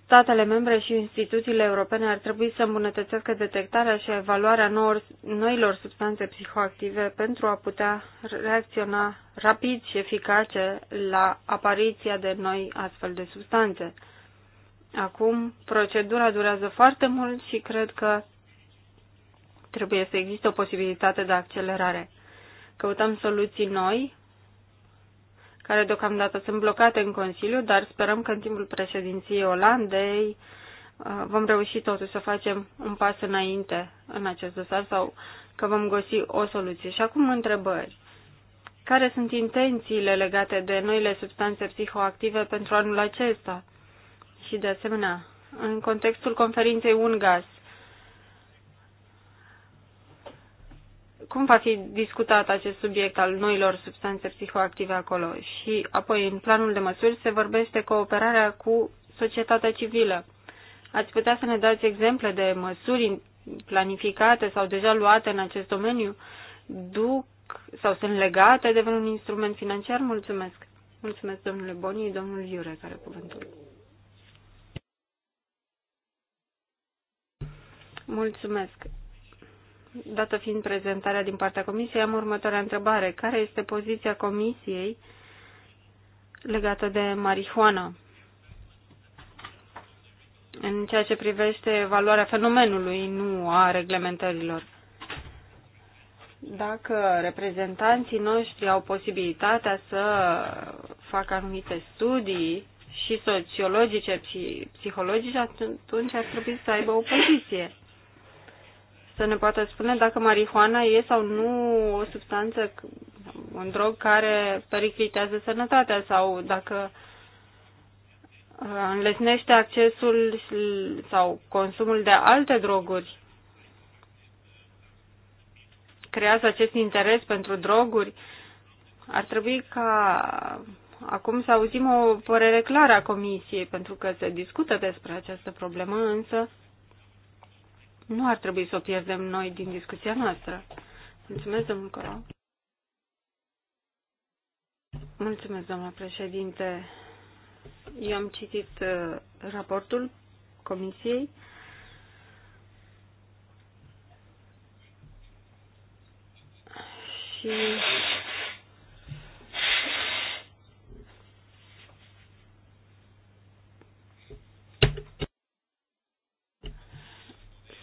statele membre și instituțiile europene ar trebui să îmbunătățească detectarea și evaluarea noor, noilor substanțe psihoactive pentru a putea reacționa rapid și eficace la apariția de noi astfel de substanțe. Acum, procedura durează foarte mult și cred că trebuie să existe o posibilitate de accelerare. Căutăm soluții noi care deocamdată sunt blocate în Consiliu, dar sperăm că în timpul președinției Olandei uh, vom reuși totuși să facem un pas înainte în acest dosar sau că vom găsi o soluție. Și acum întrebări. Care sunt intențiile legate de noile substanțe psihoactive pentru anul acesta? Și de asemenea, în contextul conferinței UNGAS, cum va fi discutat acest subiect al noilor substanțe psihoactive acolo? Și apoi, în planul de măsuri, se vorbește cooperarea cu societatea civilă. Ați putea să ne dați exemple de măsuri planificate sau deja luate în acest domeniu? Duc sau sunt legate de un instrument financiar? Mulțumesc! Mulțumesc, domnule Boni, domnul Iure, care cuvântul. Mulțumesc! dată fiind prezentarea din partea Comisiei, am următoarea întrebare. Care este poziția Comisiei legată de marihuana? În ceea ce privește valoarea fenomenului, nu a reglementărilor. Dacă reprezentanții noștri au posibilitatea să facă anumite studii și sociologice și psihologice, atunci ar trebui să aibă o poziție să ne poată spune dacă marihuana e sau nu o substanță, un drog care periclitează sănătatea sau dacă uh, înlesnește accesul sau consumul de alte droguri, creează acest interes pentru droguri, ar trebui ca acum să auzim o părere clară a Comisiei, pentru că se discută despre această problemă, însă nu ar trebui să o pierdem noi din discuția noastră. Mulțumesc, domnul Coro. Mulțumesc, doamna președinte. Eu am citit uh, raportul comisiei. Și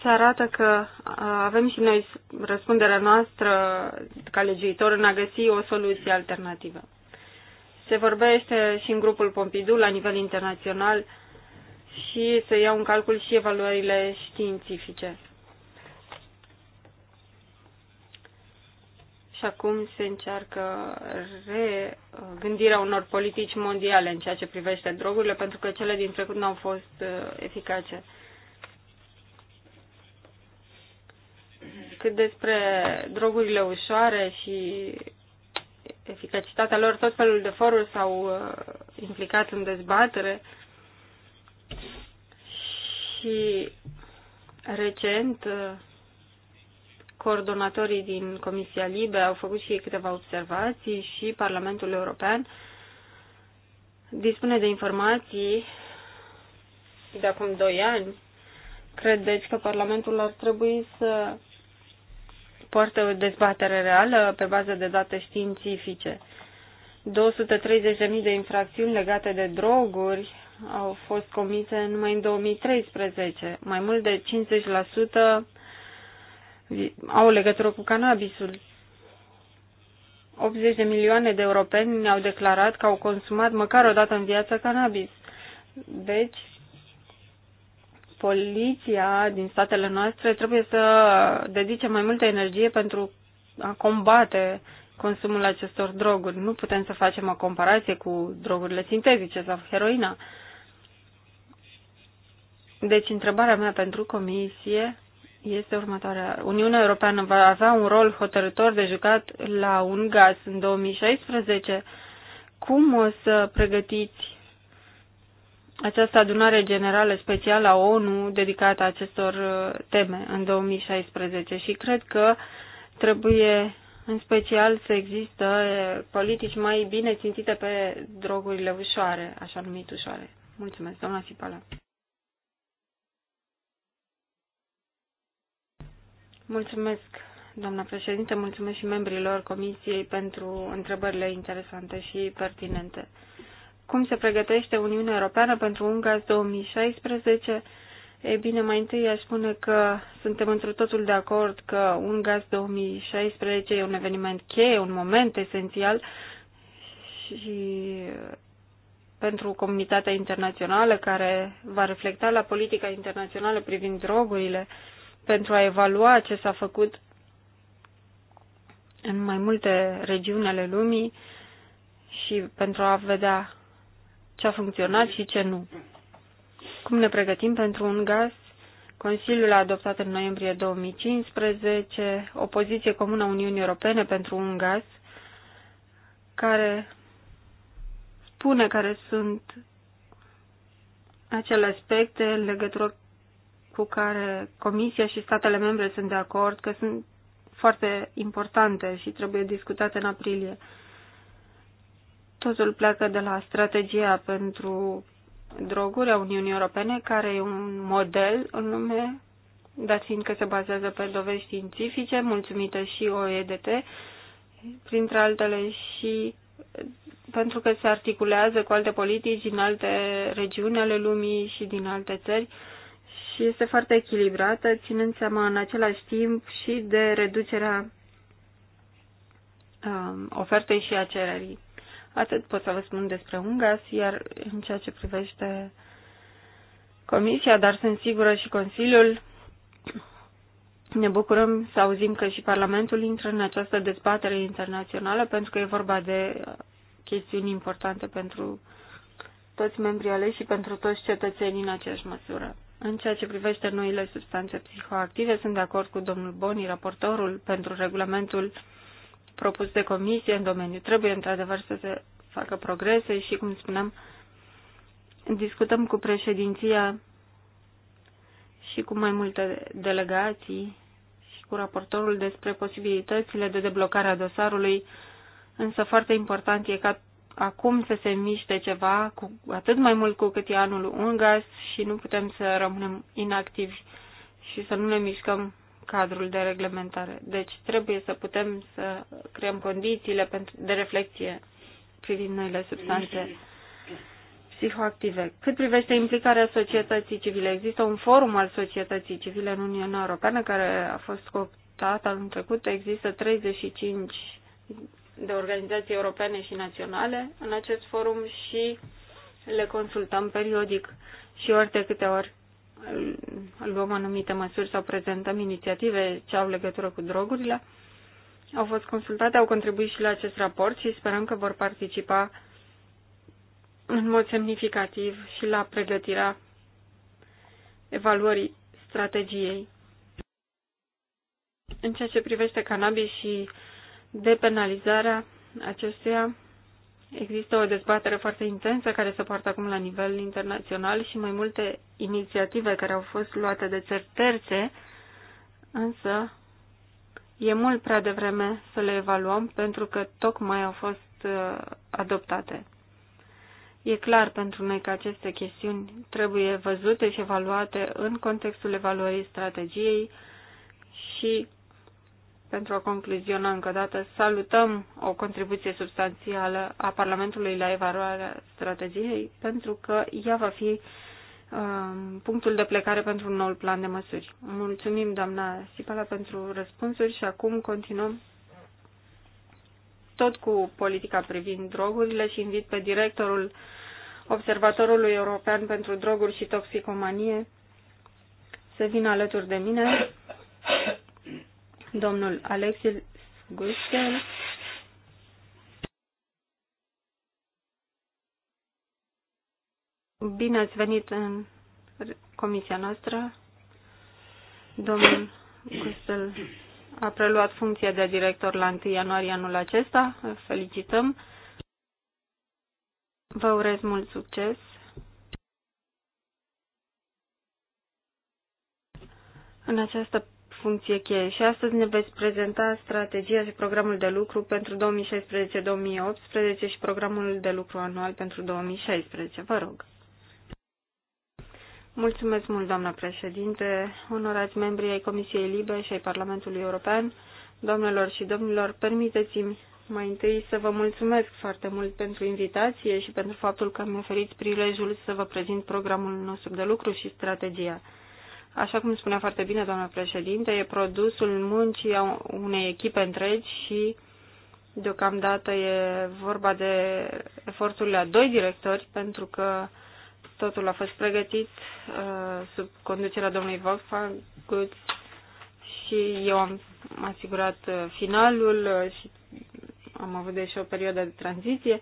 se arată că avem și noi răspunderea noastră ca legiuitor în a găsi o soluție alternativă. Se vorbește și în grupul Pompidou la nivel internațional și se iau în calcul și evaluările științifice. Și acum se încearcă regândirea unor politici mondiale în ceea ce privește drogurile, pentru că cele din trecut nu au fost uh, eficace cât despre drogurile ușoare și eficacitatea lor, tot felul de foruri s-au uh, implicat în dezbatere și recent uh, coordonatorii din Comisia Libe au făcut și câteva observații și Parlamentul European dispune de informații de acum doi ani. Credeți că Parlamentul ar trebui să poartă o dezbatere reală pe bază de date științifice. 230.000 de infracțiuni legate de droguri au fost comise numai în 2013. Mai mult de 50% au legătură cu cannabisul. 80 de milioane de europeni au declarat că au consumat măcar o dată în viață cannabis. Deci, poliția din statele noastre trebuie să dedice mai multă energie pentru a combate consumul acestor droguri. Nu putem să facem o comparație cu drogurile sintetice sau heroina. Deci, întrebarea mea pentru comisie este următoarea. Uniunea Europeană va avea un rol hotărător de jucat la un gaz în 2016. Cum o să pregătiți această adunare generală specială a ONU dedicată acestor uh, teme în 2016 și cred că trebuie în special să există politici mai bine țintite pe drogurile ușoare, așa numit ușoare. Mulțumesc, doamna Sipala. Mulțumesc, doamna președinte, mulțumesc și membrilor Comisiei pentru întrebările interesante și pertinente cum se pregătește Uniunea Europeană pentru gaz 2016, e bine, mai întâi aș spune că suntem într totul de acord că gaz 2016 e un eveniment cheie, un moment esențial și pentru comunitatea internațională care va reflecta la politica internațională privind drogurile pentru a evalua ce s-a făcut în mai multe regiuni ale lumii și pentru a vedea ce a funcționat și ce nu. Cum ne pregătim pentru un gaz? Consiliul a adoptat în noiembrie 2015 o poziție comună a Uniunii Europene pentru un gaz care spune care sunt acele aspecte în legătură cu care Comisia și statele membre sunt de acord că sunt foarte importante și trebuie discutate în aprilie. Totul pleacă de la strategia pentru droguri a Uniunii Europene, care e un model în lume, dar fiindcă se bazează pe dovezi științifice, mulțumită și OEDT, printre altele și pentru că se articulează cu alte politici din alte regiuni ale lumii și din alte țări și este foarte echilibrată, ținând seama în același timp și de reducerea um, ofertei și a cererii. Atât pot să vă spun despre UNGAS, iar în ceea ce privește Comisia, dar sunt sigură și Consiliul, ne bucurăm să auzim că și Parlamentul intră în această dezbatere internațională pentru că e vorba de chestiuni importante pentru toți membrii aleși și pentru toți cetățenii în aceeași măsură. În ceea ce privește noile substanțe psihoactive, sunt de acord cu domnul Boni, raportorul pentru regulamentul propus de comisie în domeniu. Trebuie într-adevăr să se facă progrese și, cum spuneam, discutăm cu președinția și cu mai multe delegații și cu raportorul despre posibilitățile de deblocare a dosarului, însă foarte important e ca acum să se miște ceva, cu atât mai mult cu cât e anul UNGAS și nu putem să rămânem inactivi și să nu ne mișcăm cadrul de reglementare. Deci trebuie să putem să creăm condițiile pentru de reflexie privind noile substanțe psihoactive. Cât privește implicarea societății civile, există un forum al societății civile în Uniunea Europeană care a fost cooptat anul trecut. Există 35 de organizații europene și naționale în acest forum și le consultăm periodic și ori de câte ori luăm anumite măsuri sau prezentăm inițiative ce au legătură cu drogurile, au fost consultate, au contribuit și la acest raport și sperăm că vor participa în mod semnificativ și la pregătirea evaluării strategiei. În ceea ce privește cannabis și depenalizarea acestuia, Există o dezbatere foarte intensă care se poartă acum la nivel internațional și mai multe inițiative care au fost luate de țări terțe, însă e mult prea devreme să le evaluăm pentru că tocmai au fost uh, adoptate. E clar pentru noi că aceste chestiuni trebuie văzute și evaluate în contextul evaluării strategiei și pentru a concluziona încă o dată, salutăm o contribuție substanțială a Parlamentului la evaluarea strategiei, pentru că ea va fi um, punctul de plecare pentru un nou plan de măsuri. Mulțumim, doamna Sipala, pentru răspunsuri și acum continuăm tot cu politica privind drogurile și invit pe directorul Observatorului European pentru Droguri și Toxicomanie să vină alături de mine domnul Alexis Gustel, Bine ați venit în comisia noastră. Domnul Gustel a preluat funcția de director la 1 ianuarie anul acesta. Îl felicităm. Vă urez mult succes. În această funcție cheie și astăzi ne veți prezenta strategia și programul de lucru pentru 2016-2018 și programul de lucru anual pentru 2016. Vă rog. Mulțumesc mult, doamna președinte, onorați membri ai Comisiei Libe și ai Parlamentului European, doamnelor și domnilor, permiteți-mi mai întâi să vă mulțumesc foarte mult pentru invitație și pentru faptul că mi a oferit prilejul să vă prezint programul nostru de lucru și strategia așa cum spunea foarte bine doamna președinte, e produsul muncii a unei echipe întregi și deocamdată e vorba de eforturile a doi directori, pentru că totul a fost pregătit uh, sub conducerea domnului Wolfgang și eu am asigurat uh, finalul uh, și am avut deși o perioadă de tranziție.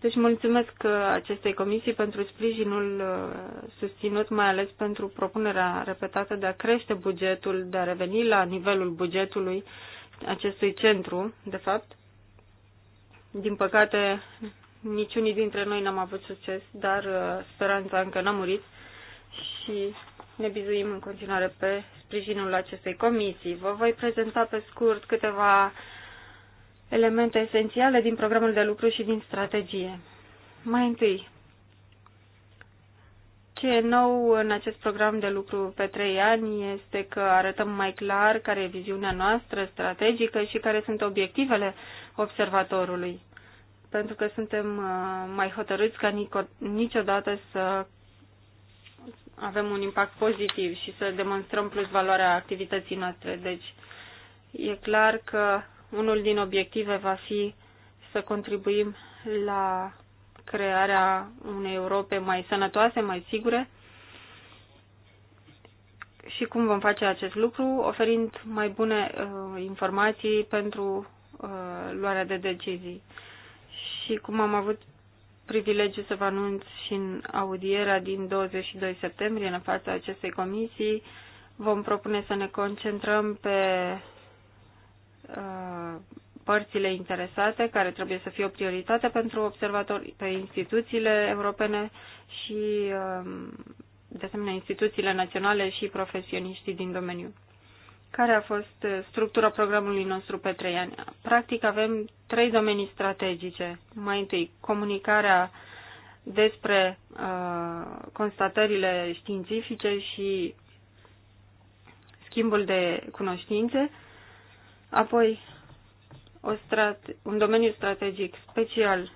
Deci mulțumesc uh, acestei comisii pentru sprijinul uh, susținut, mai ales pentru propunerea repetată de a crește bugetul, de a reveni la nivelul bugetului acestui centru, de fapt. Din păcate, niciunii dintre noi n-am avut succes, dar uh, speranța încă n-a murit și ne bizuim în continuare pe sprijinul acestei comisii. Vă voi prezenta pe scurt câteva elemente esențiale din programul de lucru și din strategie. Mai întâi, ce e nou în acest program de lucru pe trei ani este că arătăm mai clar care e viziunea noastră strategică și care sunt obiectivele observatorului. Pentru că suntem uh, mai hotărâți ca niciodată să avem un impact pozitiv și să demonstrăm plus valoarea activității noastre. Deci e clar că unul din obiective va fi să contribuim la crearea unei Europe mai sănătoase, mai sigure și cum vom face acest lucru, oferind mai bune uh, informații pentru uh, luarea de decizii. Și cum am avut privilegiu să vă anunț și în audierea din 22 septembrie în fața acestei comisii, vom propune să ne concentrăm pe Uh, părțile interesate, care trebuie să fie o prioritate pentru observatori, pe instituțiile europene și, um, de asemenea, instituțiile naționale și profesioniștii din domeniu. Care a fost structura programului nostru pe trei ani? Practic avem trei domenii strategice. Mai întâi, comunicarea despre uh, constatările științifice și schimbul de cunoștințe, uh, Apoi, o strate- un domeniu strategic special,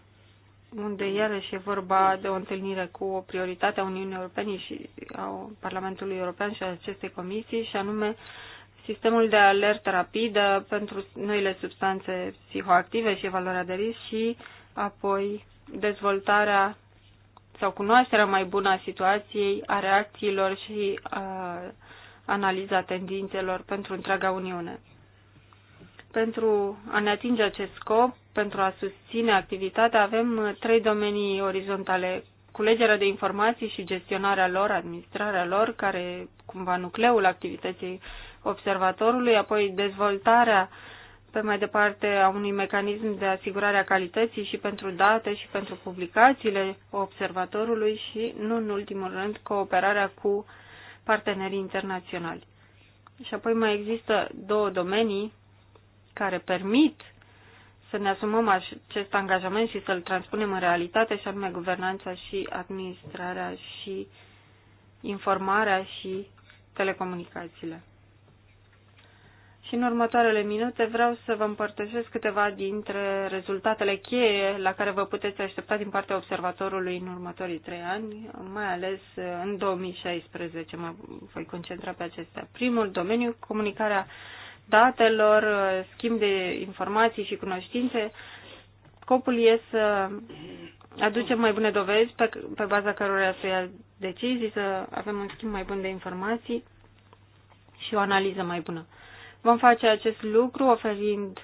unde iarăși e vorba de o întâlnire cu o prioritate a Uniunii Europene și a Parlamentului European și a acestei comisii, și anume sistemul de alertă rapidă pentru noile substanțe psihoactive și evaluarea de risc și apoi dezvoltarea sau cunoașterea mai bună a situației, a reacțiilor și a analiza tendințelor pentru întreaga Uniune. Pentru a ne atinge acest scop, pentru a susține activitatea, avem uh, trei domenii orizontale. Culegerea de informații și gestionarea lor, administrarea lor, care cumva nucleul activității observatorului, apoi dezvoltarea pe mai departe a unui mecanism de asigurare a calității și pentru date și pentru publicațiile observatorului și, nu în ultimul rând, cooperarea cu partenerii internaționali. Și apoi mai există două domenii care permit să ne asumăm acest angajament și să-l transpunem în realitate, și anume guvernanța și administrarea și informarea și telecomunicațiile. Și în următoarele minute vreau să vă împărtășesc câteva dintre rezultatele cheie la care vă puteți aștepta din partea observatorului în următorii trei ani, mai ales în 2016. Mă voi concentra pe acestea. Primul domeniu, comunicarea datelor, schimb de informații și cunoștințe. Scopul e să aducem mai bune dovezi pe, pe baza cărora să ia decizii, să avem un schimb mai bun de informații și o analiză mai bună. Vom face acest lucru oferind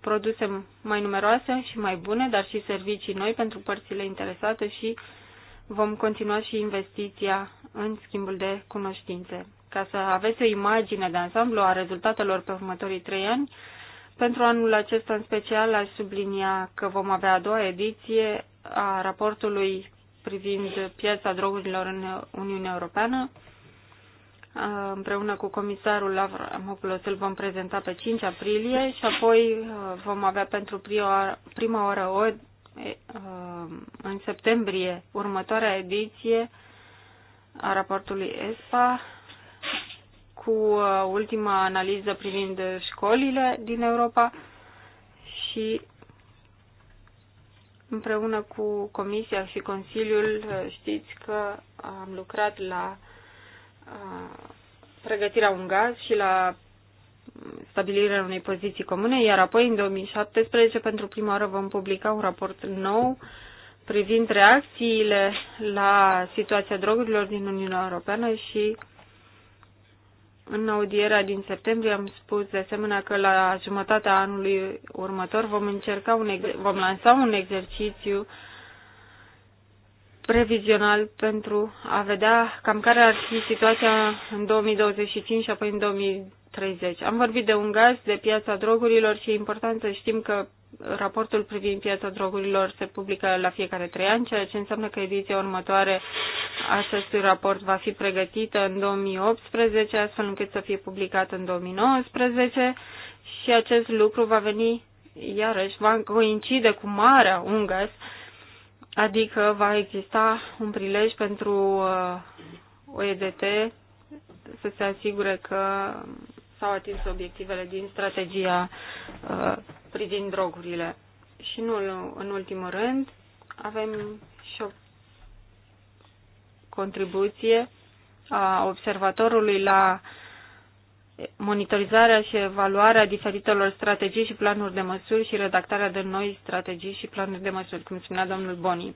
produse mai numeroase și mai bune, dar și servicii noi pentru părțile interesate și vom continua și investiția în schimbul de cunoștințe ca să aveți o imagine de ansamblu a rezultatelor pe următorii trei ani. Pentru anul acesta în special aș sublinia că vom avea a doua ediție a raportului privind piața drogurilor în Uniunea Europeană. Împreună cu comisarul Lavramopoulos îl vom prezenta pe 5 aprilie și apoi vom avea pentru prima oară o, în septembrie următoarea ediție a raportului ESPA cu uh, ultima analiză privind școlile din Europa și împreună cu Comisia și Consiliul uh, știți că am lucrat la uh, pregătirea un gaz și la stabilirea unei poziții comune, iar apoi în 2017 pentru prima oară vom publica un raport nou privind reacțiile la situația drogurilor din Uniunea Europeană și în audierea din septembrie am spus de asemenea că la jumătatea anului următor vom încerca un vom lansa un exercițiu previzional pentru a vedea cam care ar fi situația în 2025 și apoi în 2030. Am vorbit de un gaz, de piața drogurilor și e important să știm că raportul privind piața drogurilor se publică la fiecare trei ani, ceea ce înseamnă că ediția următoare a acestui raport va fi pregătită în 2018, astfel încât să fie publicată în 2019 și acest lucru va veni iarăși, va coincide cu Marea Ungas, adică va exista un prilej pentru uh, OEDT să se asigure că s-au atins obiectivele din strategia uh, privind drogurile. Și nu în ultimul rând, avem și o contribuție a observatorului la monitorizarea și evaluarea diferitelor strategii și planuri de măsuri și redactarea de noi strategii și planuri de măsuri, cum spunea domnul Boni.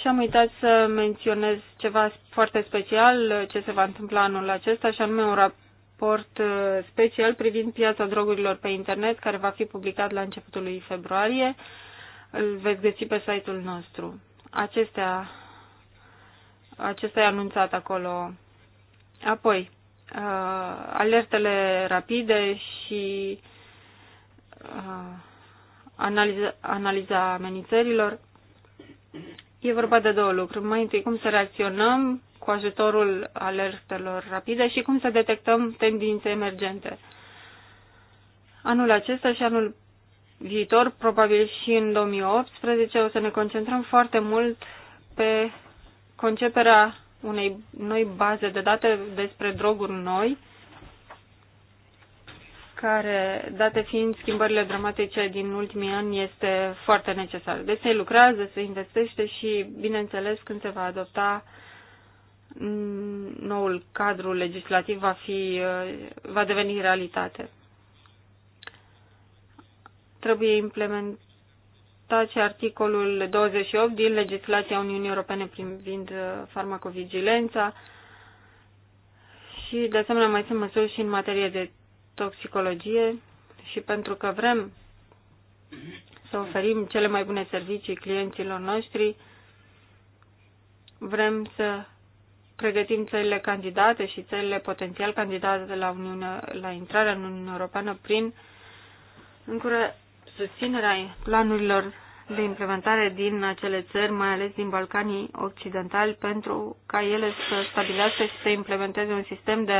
Și am uitat să menționez ceva foarte special ce se va întâmpla anul acesta, și anume un rap raport uh, special privind piața drogurilor pe internet, care va fi publicat la începutul lui februarie. Îl veți găsi pe site-ul nostru. Acestea, acesta e anunțat acolo. Apoi, uh, alertele rapide și uh, analiza, analiza amenințărilor. E vorba de două lucruri. Mai întâi, cum să reacționăm cu ajutorul alertelor rapide și cum să detectăm tendințe emergente. Anul acesta și anul viitor, probabil și în 2018, o să ne concentrăm foarte mult pe conceperea unei noi baze de date despre droguri noi care, date fiind schimbările dramatice din ultimii ani, este foarte necesară. Deci se lucrează, se investește și, bineînțeles, când se va adopta mm, noul cadru legislativ va, fi, uh, va deveni realitate. Trebuie implementat și articolul 28 din legislația Uniunii Europene privind uh, farmacovigilența și, de asemenea, mai sunt măsuri și în materie de toxicologie și pentru că vrem să oferim cele mai bune servicii clienților noștri, vrem să pregătim țările candidate și țările potențial candidate la, Uniunea, la intrarea în Uniunea Europeană prin încură susținerea planurilor de implementare din acele țări, mai ales din Balcanii Occidentali, pentru ca ele să stabilească și să implementeze un sistem de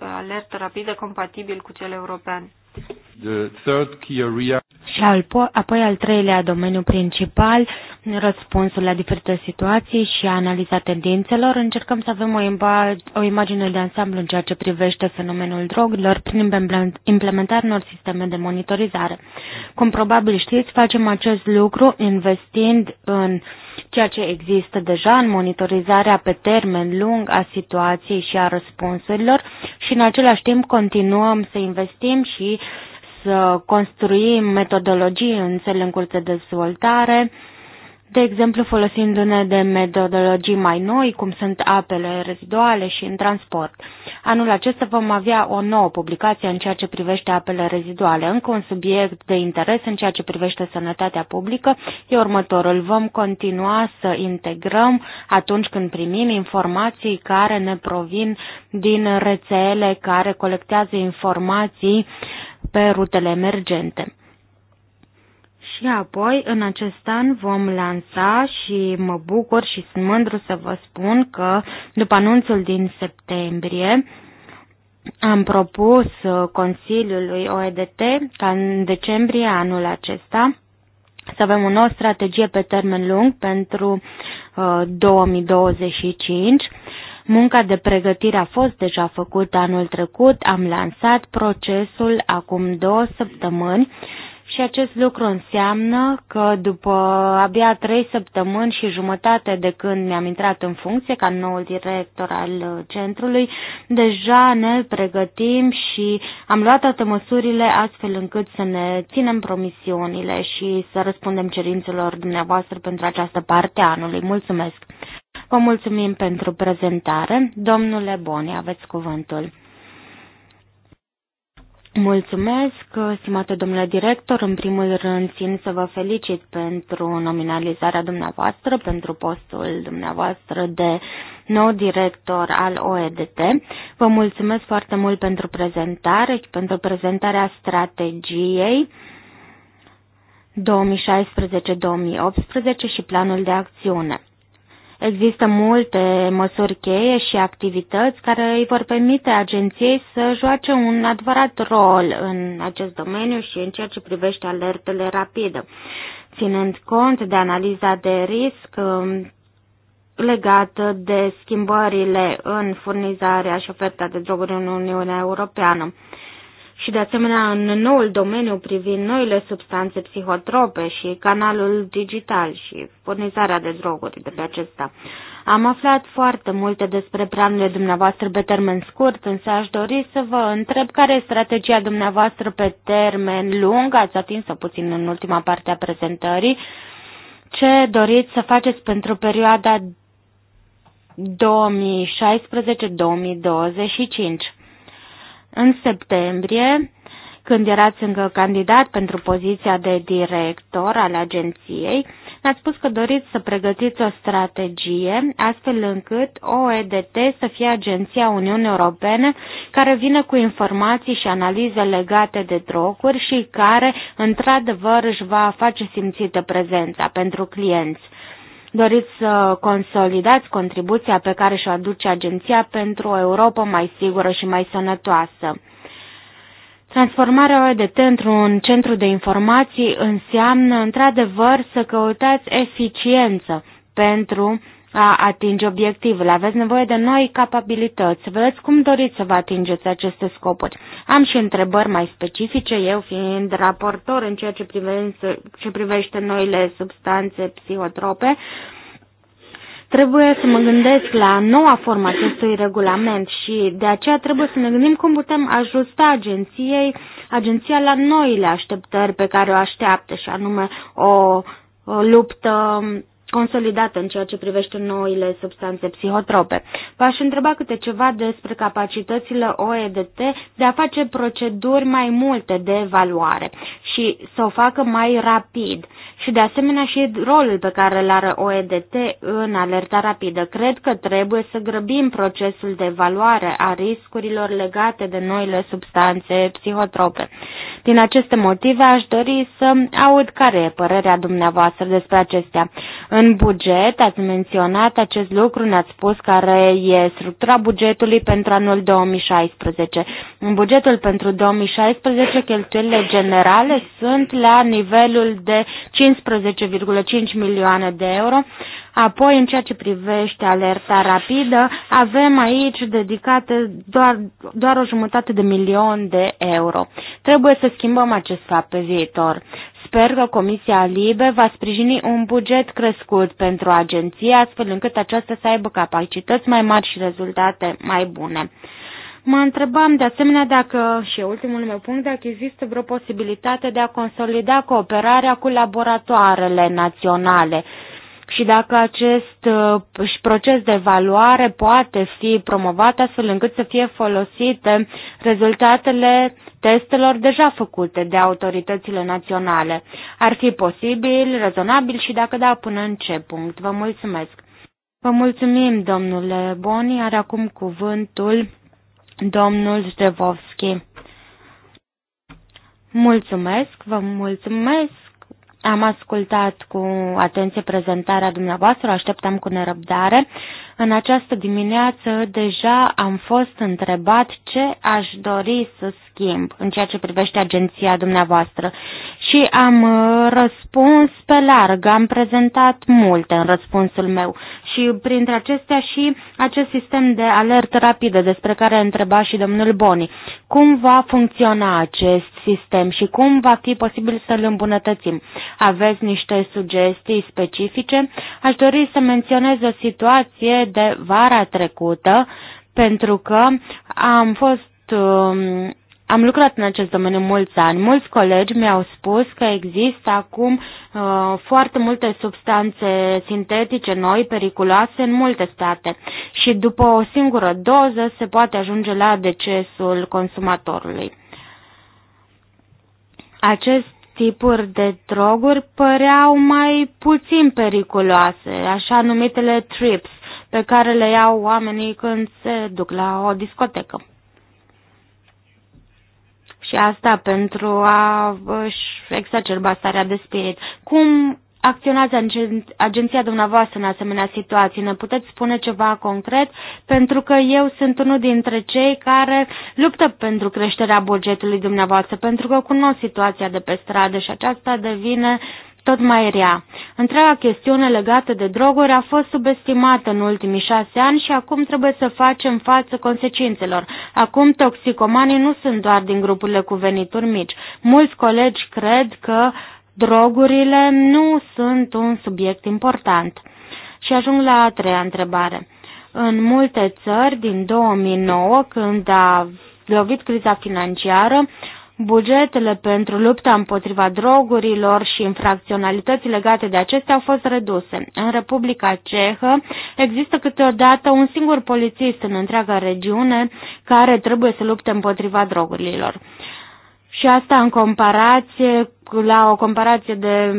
alertă rapidă compatibil cu cel european. Și apoi al treilea domeniu principal, răspunsul la diferite situații și analiza tendințelor. Încercăm să avem o, imba, o imagine de ansamblu în ceea ce privește fenomenul drogurilor prin implementarea unor sisteme de monitorizare. Cum probabil știți, facem acest lucru investind în uh, ceea ce există deja în monitorizarea pe termen lung a situației și a răspunsurilor și în același timp continuăm să investim și să construim metodologii în țările în curs de dezvoltare, de exemplu folosindu-ne de metodologii mai noi, cum sunt apele reziduale și în transport. Anul acesta vom avea o nouă publicație în ceea ce privește apele reziduale. Încă un subiect de interes în ceea ce privește sănătatea publică e următorul. Vom continua să integrăm atunci când primim informații care ne provin din rețele care colectează informații pe rutele emergente. Și apoi, în acest an, vom lansa și mă bucur și sunt mândru să vă spun că, după anunțul din septembrie, am propus uh, Consiliului OEDT ca în decembrie anul acesta să avem o nouă strategie pe termen lung pentru uh, 2025. Munca de pregătire a fost deja făcută anul trecut, am lansat procesul acum două săptămâni și acest lucru înseamnă că după abia trei săptămâni și jumătate de când mi-am intrat în funcție ca noul director al centrului, deja ne pregătim și am luat toate măsurile astfel încât să ne ținem promisiunile și să răspundem cerințelor dumneavoastră pentru această parte a anului. Mulțumesc! Vă mulțumim pentru prezentare. Domnule Boni, aveți cuvântul. Mulțumesc, stimate domnule director. În primul rând, țin să vă felicit pentru nominalizarea dumneavoastră, pentru postul dumneavoastră de nou director al OEDT. Vă mulțumesc foarte mult pentru prezentare și pentru prezentarea strategiei 2016-2018 și planul de acțiune. Există multe măsuri cheie și activități care îi vor permite agenției să joace un adevărat rol în acest domeniu și în ceea ce privește alertele rapide, ținând cont de analiza de risc um, legată de schimbările în furnizarea și oferta de droguri în Uniunea Europeană și de asemenea în noul domeniu privind noile substanțe psihotrope și canalul digital și furnizarea de droguri de pe acesta. Am aflat foarte multe despre planurile dumneavoastră pe termen scurt, însă aș dori să vă întreb care e strategia dumneavoastră pe termen lung, ați atins-o puțin în ultima parte a prezentării, ce doriți să faceți pentru perioada 2016-2025. În septembrie, când erați încă candidat pentru poziția de director al agenției, ați spus că doriți să pregătiți o strategie astfel încât OEDT să fie agenția Uniunii Europene care vine cu informații și analize legate de droguri și care, într-adevăr, își va face simțită prezența pentru clienți. Doriți să consolidați contribuția pe care și-o aduce Agenția pentru o Europa mai sigură și mai sănătoasă. Transformarea OEDT într-un centru de informații înseamnă, într-adevăr, să căutați eficiență pentru a atinge obiectivele. Aveți nevoie de noi capabilități. Vedeți cum doriți să vă atingeți aceste scopuri. Am și întrebări mai specifice, eu fiind raportor în ceea ce privește, ce privește noile substanțe psihotrope. Trebuie să mă gândesc la noua formă acestui regulament și de aceea trebuie să ne gândim cum putem ajusta agenției, agenția la noile așteptări pe care o așteaptă și anume o, o luptă consolidată în ceea ce privește noile substanțe psihotrope. V-aș întreba câte ceva despre capacitățile OEDT de a face proceduri mai multe de evaluare și să o facă mai rapid și de asemenea și rolul pe care îl are OEDT în alerta rapidă. Cred că trebuie să grăbim procesul de evaluare a riscurilor legate de noile substanțe psihotrope. Din aceste motive aș dori să aud care e părerea dumneavoastră despre acestea. În buget ați menționat acest lucru, ne-ați spus care e structura bugetului pentru anul 2016. În bugetul pentru 2016 cheltuielile generale sunt la nivelul de 15,5 milioane de euro. Apoi, în ceea ce privește alerta rapidă, avem aici dedicate doar, doar o jumătate de milion de euro. Trebuie să schimbăm acest fapt pe viitor. Sper că Comisia Libe va sprijini un buget crescut pentru agenție, astfel încât aceasta să aibă capacități mai mari și rezultate mai bune. Mă întrebam de asemenea dacă, și ultimul meu punct, dacă există vreo posibilitate de a consolida cooperarea cu laboratoarele naționale și dacă acest uh, proces de evaluare poate fi promovat astfel încât să fie folosite rezultatele testelor deja făcute de autoritățile naționale. Ar fi posibil, rezonabil și dacă da, până în ce punct? Vă mulțumesc! Vă mulțumim, domnule Boni, are acum cuvântul domnul Zdevovski. Mulțumesc, vă mulțumesc. Am ascultat cu atenție prezentarea dumneavoastră, așteptam cu nerăbdare. În această dimineață deja am fost întrebat ce aș dori să schimb în ceea ce privește agenția dumneavoastră și am uh, răspuns pe larg, am prezentat multe în răspunsul meu și printre acestea și acest sistem de alertă rapidă despre care întreba și domnul Boni. Cum va funcționa acest sistem și cum va fi posibil să l îmbunătățim? Aveți niște sugestii specifice? Aș dori să menționez o situație de vara trecută pentru că am fost um, am lucrat în acest domeniu mulți ani. Mulți colegi mi-au spus că există acum uh, foarte multe substanțe sintetice noi, periculoase, în multe state și după o singură doză se poate ajunge la decesul consumatorului. Acest tipuri de droguri păreau mai puțin periculoase, așa numitele trips, pe care le iau oamenii când se duc la o discotecă și asta pentru a își exacerba starea de spirit. Cum acționați agenția dumneavoastră în asemenea situații? Ne puteți spune ceva concret? Pentru că eu sunt unul dintre cei care luptă pentru creșterea bugetului dumneavoastră, pentru că cunosc situația de pe stradă și aceasta devine tot mai rea. Întreaga chestiune legată de droguri a fost subestimată în ultimii șase ani și acum trebuie să facem față consecințelor. Acum toxicomanii nu sunt doar din grupurile cu venituri mici. Mulți colegi cred că drogurile nu sunt un subiect important. Și ajung la a treia întrebare. În multe țări din 2009, când a lovit criza financiară, Bugetele pentru lupta împotriva drogurilor și infracționalității legate de acestea au fost reduse. În Republica Cehă există câteodată un singur polițist în întreaga regiune care trebuie să lupte împotriva drogurilor. Și asta în comparație la o comparație de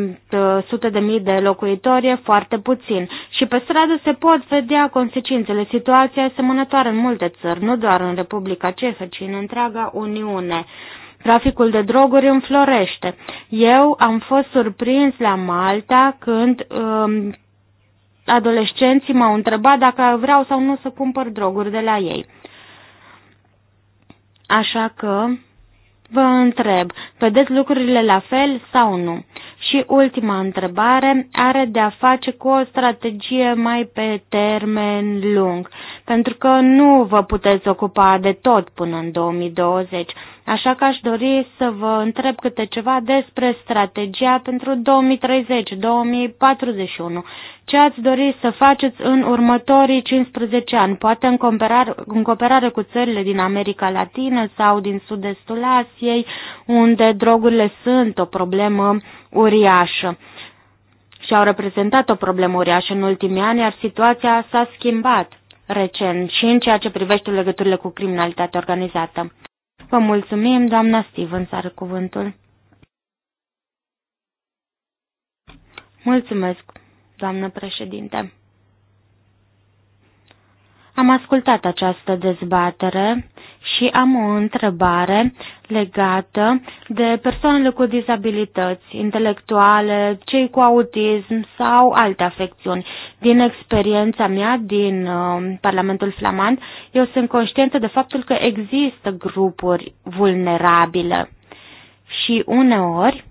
sute de mii de locuitori e foarte puțin. Și pe stradă se pot vedea consecințele. Situația asemănătoare în multe țări, nu doar în Republica Cehă, ci în întreaga Uniune. Traficul de droguri înflorește. Eu am fost surprins la Malta când um, adolescenții m-au întrebat dacă vreau sau nu să cumpăr droguri de la ei. Așa că vă întreb, vedeți lucrurile la fel sau nu? Și ultima întrebare are de a face cu o strategie mai pe termen lung pentru că nu vă puteți ocupa de tot până în 2020. Așa că aș dori să vă întreb câte ceva despre strategia pentru 2030-2041. Ce ați dori să faceți în următorii 15 ani, poate în cooperare, în cooperare cu țările din America Latină sau din sud-estul Asiei, unde drogurile sunt o problemă uriașă și au reprezentat o problemă uriașă în ultimii ani, iar situația s-a schimbat recent și în ceea ce privește legăturile cu criminalitatea organizată. Vă mulțumim, doamna Stevens are cuvântul. Mulțumesc, doamnă președinte. Am ascultat această dezbatere și am o întrebare legată de persoanele cu dizabilități intelectuale, cei cu autism sau alte afecțiuni. Din experiența mea din uh, Parlamentul Flamand, eu sunt conștientă de faptul că există grupuri vulnerabile și uneori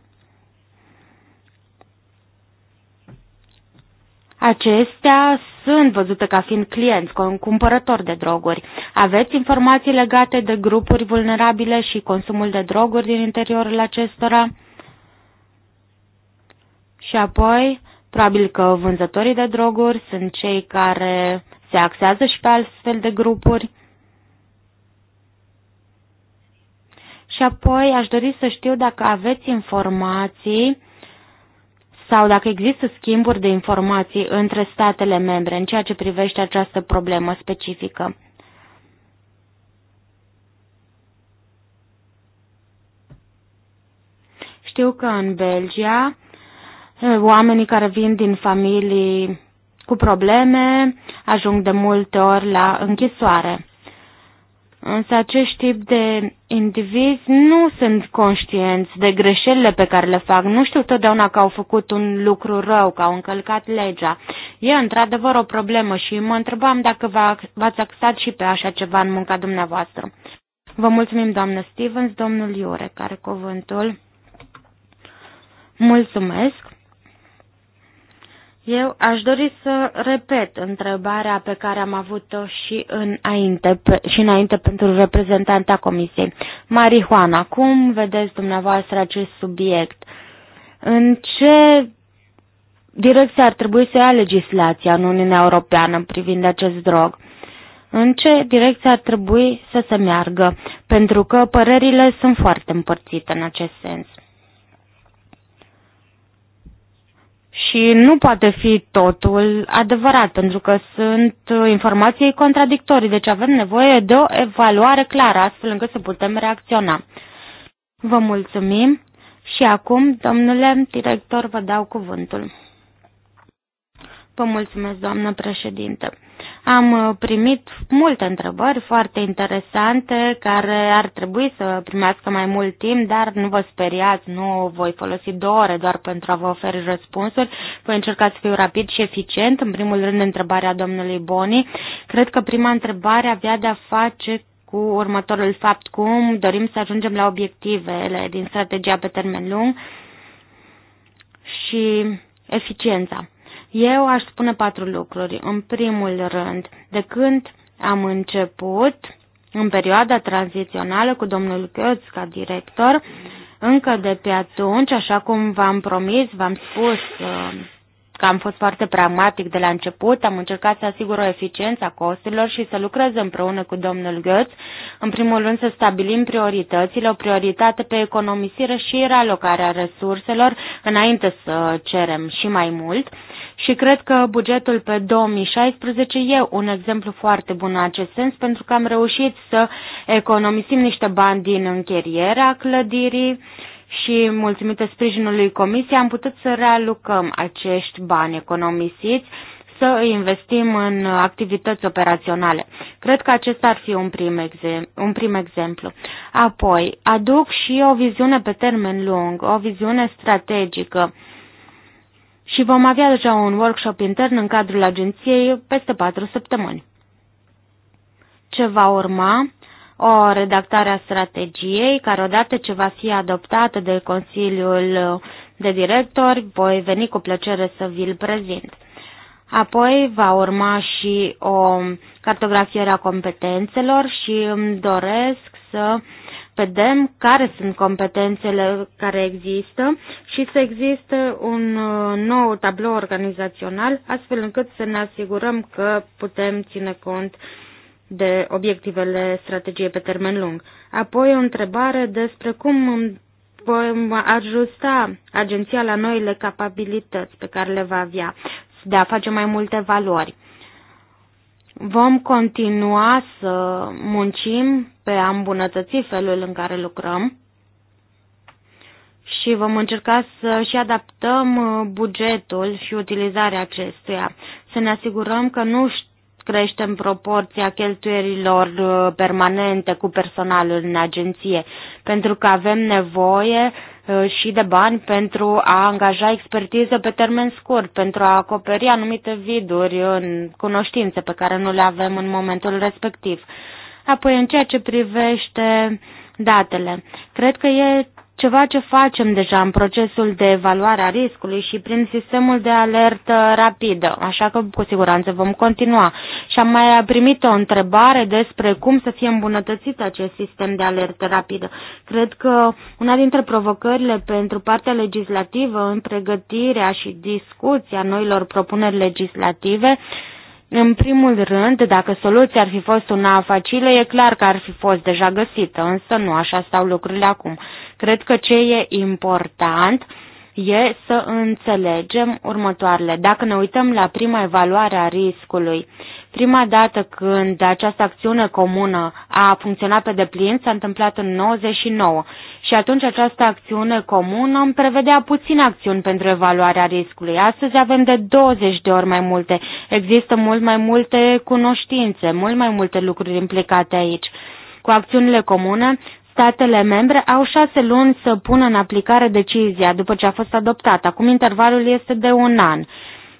Acestea sunt văzute ca fiind clienți, cumpărători de droguri. Aveți informații legate de grupuri vulnerabile și consumul de droguri din interiorul acestora? Și apoi, probabil că vânzătorii de droguri sunt cei care se axează și pe astfel de grupuri. Și apoi aș dori să știu dacă aveți informații sau dacă există schimburi de informații între statele membre în ceea ce privește această problemă specifică. Știu că în Belgia oamenii care vin din familii cu probleme ajung de multe ori la închisoare. Însă acești tip de indivizi nu sunt conștienți de greșelile pe care le fac. Nu știu totdeauna că au făcut un lucru rău, că au încălcat legea. E într-adevăr o problemă și mă întrebam dacă v-ați axat și pe așa ceva în munca dumneavoastră. Vă mulțumim, doamnă Stevens, domnul Iure, care cuvântul. Mulțumesc. Eu aș dori să repet întrebarea pe care am avut-o și înainte, pe, și înainte pentru reprezentanta Comisiei. Marihuana, cum vedeți dumneavoastră acest subiect? În ce direcție ar trebui să ia legislația în Uniunea Europeană privind acest drog? În ce direcție ar trebui să se meargă? Pentru că părerile sunt foarte împărțite în acest sens. și nu poate fi totul adevărat, pentru că sunt informații contradictorii, deci avem nevoie de o evaluare clară, astfel încât să putem reacționa. Vă mulțumim și acum, domnule director, vă dau cuvântul. Vă mulțumesc, doamnă președinte. Am uh, primit multe întrebări foarte interesante care ar trebui să primească mai mult timp, dar nu vă speriați, nu voi folosi două ore doar pentru a vă oferi răspunsuri. Voi încerca să fiu rapid și eficient. În primul rând, întrebarea domnului Boni. Cred că prima întrebare avea de a face cu următorul fapt, cum dorim să ajungem la obiectivele din strategia pe termen lung și eficiența. Eu aș spune patru lucruri. În primul rând, de când am început, în perioada tranzițională cu domnul Gheoț ca director, încă de pe atunci, așa cum v-am promis, v-am spus uh, că am fost foarte pragmatic de la început, am încercat să asigur o eficiență a costurilor și să lucrez împreună cu domnul Götz. în primul rând să stabilim prioritățile, o prioritate pe economisire și realocarea resurselor, înainte să cerem și mai mult. Și cred că bugetul pe 2016 e un exemplu foarte bun în acest sens, pentru că am reușit să economisim niște bani din închirierea clădirii și mulțumită sprijinului comisiei am putut să realucăm acești bani economisiți să investim în activități operaționale. Cred că acesta ar fi un prim, exemplu, un prim exemplu. Apoi, aduc și o viziune pe termen lung, o viziune strategică și vom avea deja un workshop intern în cadrul agenției peste patru săptămâni. Ce va urma? O redactare a strategiei, care odată ce va fi adoptată de Consiliul de Directori, voi veni cu plăcere să vi-l prezint. Apoi va urma și o cartografiere a competențelor și îmi doresc să uh, vedem care sunt competențele care există și să existe un uh, nou tablou organizațional, astfel încât să ne asigurăm că putem ține cont de obiectivele strategiei pe termen lung. Apoi o întrebare despre cum vom ajusta agenția la noile capabilități pe care le va avea de a face mai multe valori. Vom continua să muncim pe a îmbunătăți felul în care lucrăm și vom încerca să și adaptăm uh, bugetul și utilizarea acestuia, să ne asigurăm că nu creștem proporția cheltuierilor uh, permanente cu personalul în agenție, pentru că avem nevoie uh, și de bani pentru a angaja expertiză pe termen scurt, pentru a acoperi anumite viduri în cunoștințe pe care nu le avem în momentul respectiv. Apoi, în ceea ce privește datele, cred că e ceva ce facem deja în procesul de evaluare a riscului și prin sistemul de alertă rapidă, așa că cu siguranță vom continua. Și am mai primit o întrebare despre cum să fie îmbunătățit acest sistem de alertă rapidă. Cred că una dintre provocările pentru partea legislativă în pregătirea și discuția noilor propuneri legislative în primul rând, dacă soluția ar fi fost una facilă, e clar că ar fi fost deja găsită, însă nu așa stau lucrurile acum. Cred că ce e important e să înțelegem următoarele. Dacă ne uităm la prima evaluare a riscului, prima dată când această acțiune comună a funcționat pe deplin s-a întâmplat în 99 și atunci această acțiune comună prevedea puține acțiuni pentru evaluarea riscului. Astăzi avem de 20 de ori mai multe. Există mult mai multe cunoștințe, mult mai multe lucruri implicate aici. Cu acțiunile comune, statele membre au șase luni să pună în aplicare decizia după ce a fost adoptată. Acum intervalul este de un an.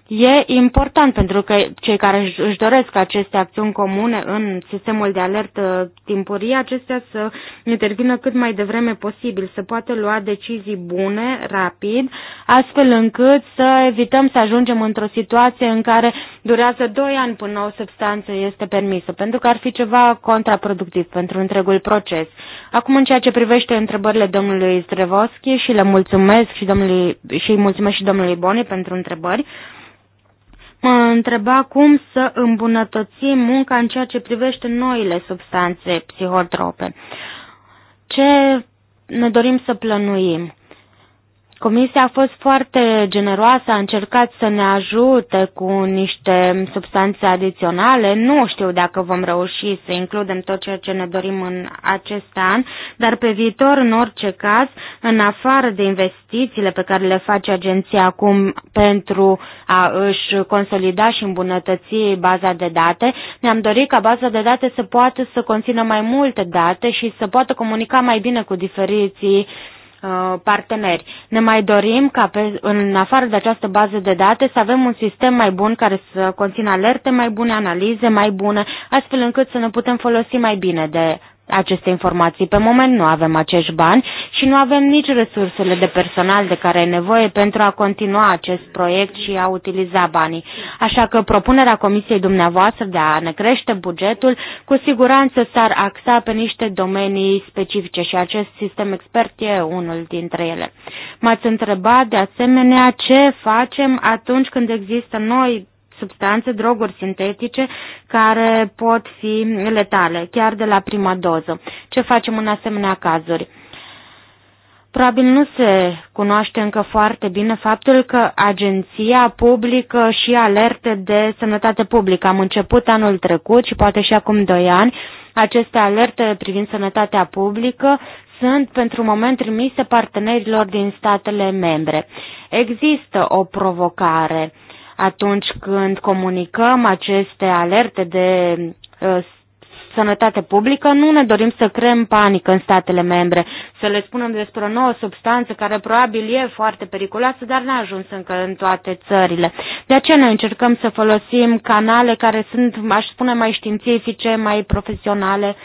E important pentru că cei care își doresc aceste acțiuni comune în sistemul de alertă timpurie, acestea să intervină cât mai devreme posibil, să poată lua decizii bune, rapid, astfel încât să evităm să ajungem într-o situație în care durează 2 ani până o substanță este permisă, pentru că ar fi ceva contraproductiv pentru întregul proces. Acum, în ceea ce privește întrebările domnului Strevoschi și le mulțumesc și, domnului, și mulțumesc și domnului Boni pentru întrebări, Mă întreba cum să îmbunătățim munca în ceea ce privește noile substanțe psihotrope. Ce ne dorim să plănuim? Comisia a fost foarte generoasă, a încercat să ne ajute cu niște substanțe adiționale. Nu știu dacă vom reuși să includem tot ceea ce ne dorim în acest an, dar pe viitor, în orice caz, în afară de investițiile pe care le face agenția acum pentru a își consolida și îmbunătăți baza de date, ne-am dorit ca baza de date să poată să conțină mai multe date și să poată comunica mai bine cu diferiții uh, Uh, parteneri. Ne mai dorim ca pe, în afară de această bază de date să avem un sistem mai bun care să conțină alerte mai bune, analize mai bune, astfel încât să ne putem folosi mai bine de aceste informații. Pe moment nu avem acești bani și nu avem nici resursele de personal de care e nevoie pentru a continua acest proiect și a utiliza banii. Așa că propunerea Comisiei dumneavoastră de a ne crește bugetul cu siguranță s-ar axa pe niște domenii specifice și acest sistem expert e unul dintre ele. M-ați întrebat de asemenea ce facem atunci când există noi substanțe, droguri sintetice care pot fi letale, chiar de la prima doză. Ce facem în asemenea cazuri? Probabil nu se cunoaște încă foarte bine faptul că agenția publică și alerte de sănătate publică. Am început anul trecut și poate și acum doi ani aceste alerte privind sănătatea publică sunt pentru moment trimise partenerilor din statele membre. Există o provocare atunci când comunicăm aceste alerte de uh, sănătate publică, nu ne dorim să creăm panică în statele membre, să le spunem despre o nouă substanță care probabil e foarte periculoasă, dar n-a ajuns încă în toate țările. De aceea noi încercăm să folosim canale care sunt, aș spune, mai științifice, mai profesionale,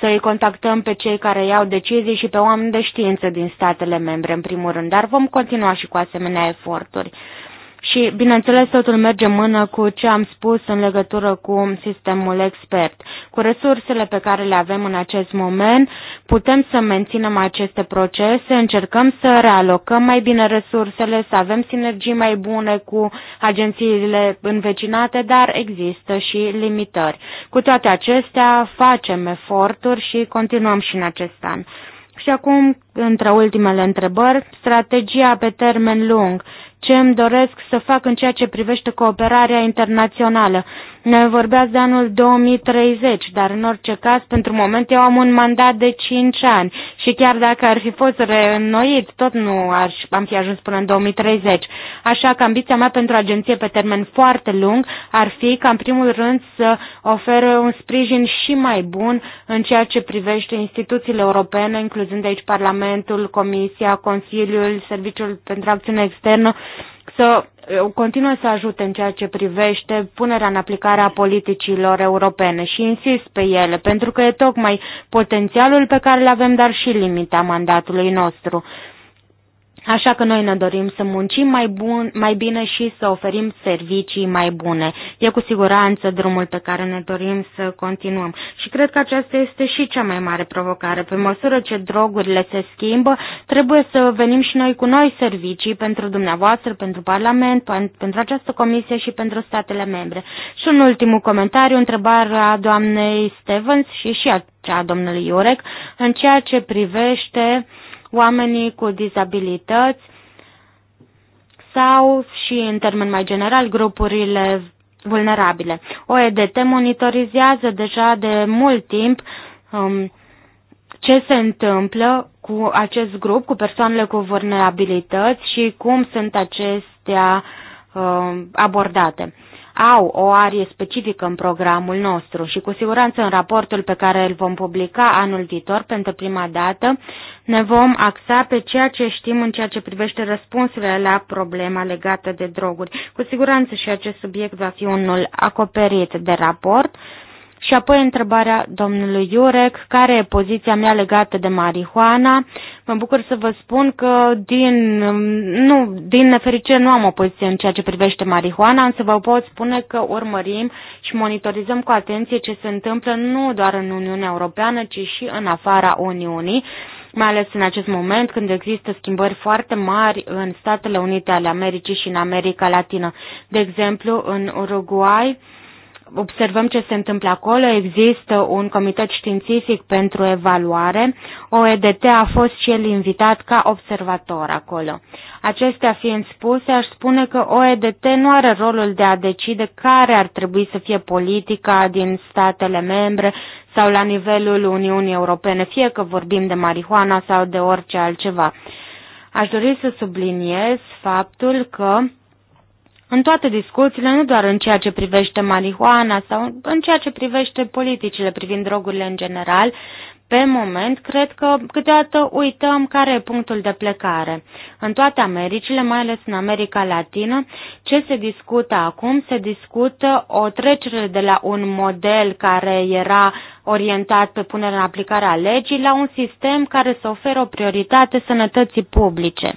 să îi contactăm pe cei care iau decizii și pe oameni de știință din statele membre, în primul rând, dar vom continua și cu asemenea eforturi. Și, bineînțeles, totul merge mână cu ce am spus în legătură cu sistemul expert. Cu resursele pe care le avem în acest moment, putem să menținem aceste procese, încercăm să realocăm mai bine resursele, să avem sinergii mai bune cu agențiile învecinate, dar există și limitări. Cu toate acestea, facem eforturi și continuăm și în acest an. Și acum, între ultimele întrebări, strategia pe termen lung ce îmi doresc să fac în ceea ce privește cooperarea internațională. Ne vorbeați de anul 2030, dar în orice caz, pentru moment, eu am un mandat de 5 ani și chiar dacă ar fi fost reînnoit, tot nu ar, am fi ajuns până în 2030. Așa că ambiția mea pentru agenție pe termen foarte lung ar fi ca în primul rând să ofere un sprijin și mai bun în ceea ce privește instituțiile europene, incluzând aici Parlamentul, Comisia, Consiliul, Serviciul pentru Acțiune Externă să uh, continuă să ajute în ceea ce privește punerea în aplicare a politicilor europene și insist pe ele, pentru că e tocmai potențialul pe care îl avem, dar și limita mandatului nostru. Așa că noi ne dorim să muncim mai, bun, mai bine și să oferim servicii mai bune. E cu siguranță drumul pe care ne dorim să continuăm. Și cred că aceasta este și cea mai mare provocare. Pe măsură ce drogurile se schimbă, trebuie să venim și noi cu noi servicii pentru dumneavoastră, pentru Parlament, pentru această comisie și pentru statele membre. Și un ultimul comentariu, întrebarea doamnei Stevens și și a cea a domnului Iurec, în ceea ce privește oamenii cu dizabilități sau și în termen mai general grupurile vulnerabile. OEDT monitorizează deja de mult timp um, ce se întâmplă cu acest grup, cu persoanele cu vulnerabilități și cum sunt acestea um, abordate au o arie specifică în programul nostru și cu siguranță în raportul pe care îl vom publica anul viitor pentru prima dată ne vom axa pe ceea ce știm în ceea ce privește răspunsurile la problema legată de droguri. Cu siguranță și acest subiect va fi unul acoperit de raport. Și apoi întrebarea domnului Iurec, care e poziția mea legată de marihuana. Mă bucur să vă spun că din, um, nu, din nefericire nu am o poziție în ceea ce privește marihuana, însă vă pot spune că urmărim și monitorizăm cu atenție ce se întâmplă nu doar în Uniunea Europeană, ci și în afara Uniunii mai ales în acest moment când există schimbări foarte mari în Statele Unite ale Americii și în America Latină. De exemplu, în Uruguay, uh, observăm ce se întâmplă acolo. Există un comitet științific pentru evaluare. OEDT a fost și el invitat ca observator acolo. Acestea fiind spuse, aș spune că OEDT nu are rolul de a decide care ar trebui să fie politica din statele membre sau la nivelul Uniunii Europene, fie că vorbim de marihuana sau de orice altceva. Aș dori să subliniez faptul că în toate discuțiile, nu doar în ceea ce privește marihuana sau în ceea ce privește politicile privind drogurile în general, pe moment, cred că câteodată uităm care e punctul de plecare. În toate Americile, mai ales în America Latină, ce se discută acum? Se discută o trecere de la un model care era orientat pe punerea în aplicare a legii la un sistem care să oferă o prioritate sănătății publice.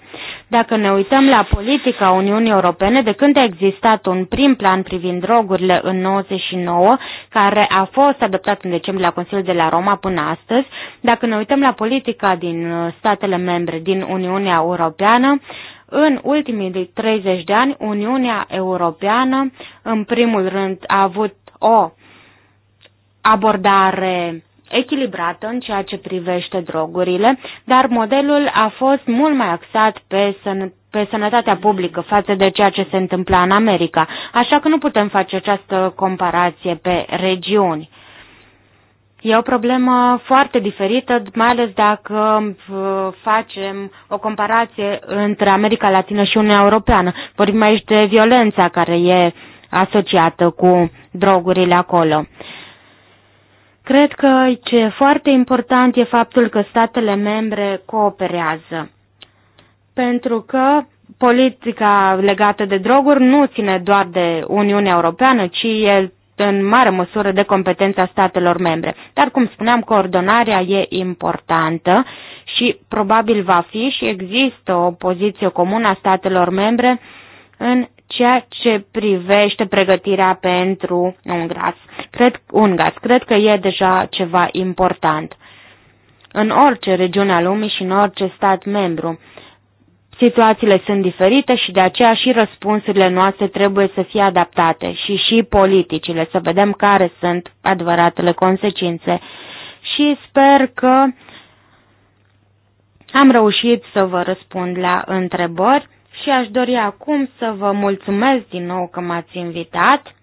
Dacă ne uităm la politica Uniunii Europene, de când a existat un prim plan privind drogurile în 99, care a fost adoptat în decembrie la Consiliul de la Roma până astăzi, dacă ne uităm la politica din uh, statele membre din Uniunea Europeană, în ultimii 30 de ani, Uniunea Europeană, în primul rând, a avut o abordare echilibrată în ceea ce privește drogurile, dar modelul a fost mult mai axat pe, sănătate pe sănătatea publică față de ceea ce se întâmpla în America, așa că nu putem face această comparație pe regiuni. E o problemă foarte diferită, mai ales dacă uh, facem o comparație între America Latină și Uniunea Europeană. Vorbim aici de violența care e asociată cu drogurile acolo. Uh, Cred că ce e foarte important e faptul că statele membre cooperează. Pentru că politica legată de droguri nu ține doar de Uniunea Europeană, ci e în mare măsură de competența statelor membre. Dar, cum spuneam, coordonarea e importantă și probabil va fi și există o poziție comună a statelor membre în ceea ce privește pregătirea pentru un gras. Cred, un gaz, cred că e deja ceva important. În orice regiune a lumii și în orice stat membru, situațiile sunt diferite și de aceea și răspunsurile noastre trebuie să fie adaptate și și politicile, să vedem care sunt adevăratele consecințe. Și sper că am reușit să vă răspund la întrebări și aș dori acum să vă mulțumesc din nou că m-ați invitat.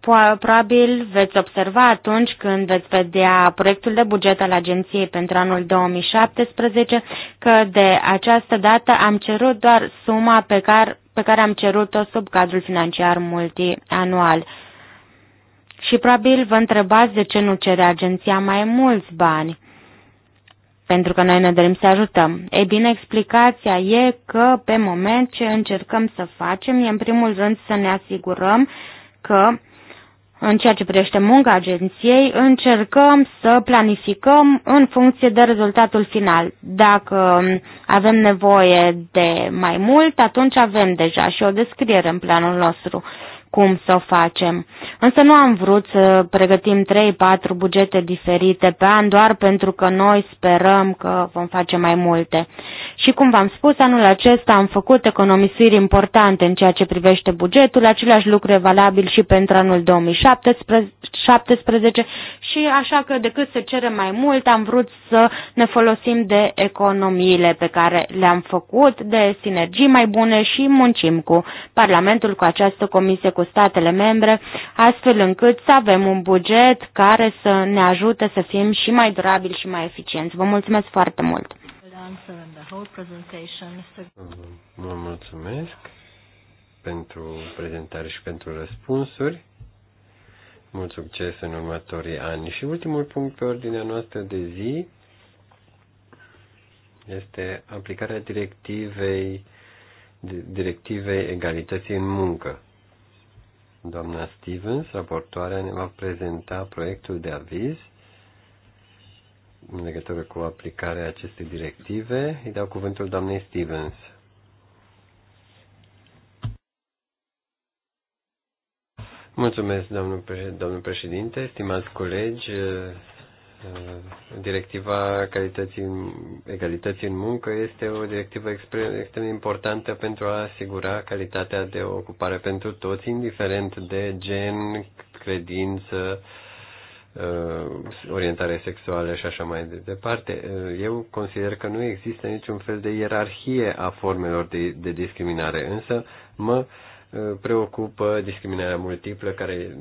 Probabil veți observa atunci când veți vedea proiectul de buget al agenției pentru anul 2017 că de această dată am cerut doar suma pe care, pe care am cerut-o sub cadrul financiar multianual. Și probabil vă întrebați de ce nu cere agenția mai mulți bani pentru că noi ne dorim să ajutăm. Ei bine, explicația e că pe moment ce încercăm să facem e în primul rând să ne asigurăm că în ceea ce privește munca agenției, încercăm să planificăm în funcție de rezultatul final. Dacă avem nevoie de mai mult, atunci avem deja și o descriere în planul nostru cum să o facem. Însă nu am vrut să pregătim 3-4 bugete diferite pe an doar pentru că noi sperăm că vom face mai multe. Și cum v-am spus, anul acesta am făcut economisiri importante în ceea ce privește bugetul, același lucru e valabil și pentru anul 2017, 2017 și așa că decât să cerem mai mult am vrut să ne folosim de economiile pe care le-am făcut, de sinergii mai bune și muncim cu Parlamentul, cu această comisie, cu statele membre, astfel încât să avem un buget care să ne ajute să fim și mai durabili și mai eficienți. Vă mulțumesc foarte mult! Vă mulțumesc pentru prezentare și pentru răspunsuri mult succes în următorii ani. Și ultimul punct pe ordinea noastră de zi este aplicarea directivei, directivei egalității în muncă. Doamna Stevens, raportoarea, ne va prezenta proiectul de aviz în legătură cu aplicarea acestei directive. Îi dau cuvântul doamnei Stevens. Mulțumesc, domnul președinte, stimați colegi. Uh, directiva calității, egalității în muncă este o directivă extrem de importantă pentru a asigura calitatea de ocupare pentru toți, indiferent de gen, credință, uh, orientare sexuală și așa mai departe. Uh, eu consider că nu există niciun fel de ierarhie a formelor de, de discriminare, însă mă uh, preocupă discriminarea multiplă care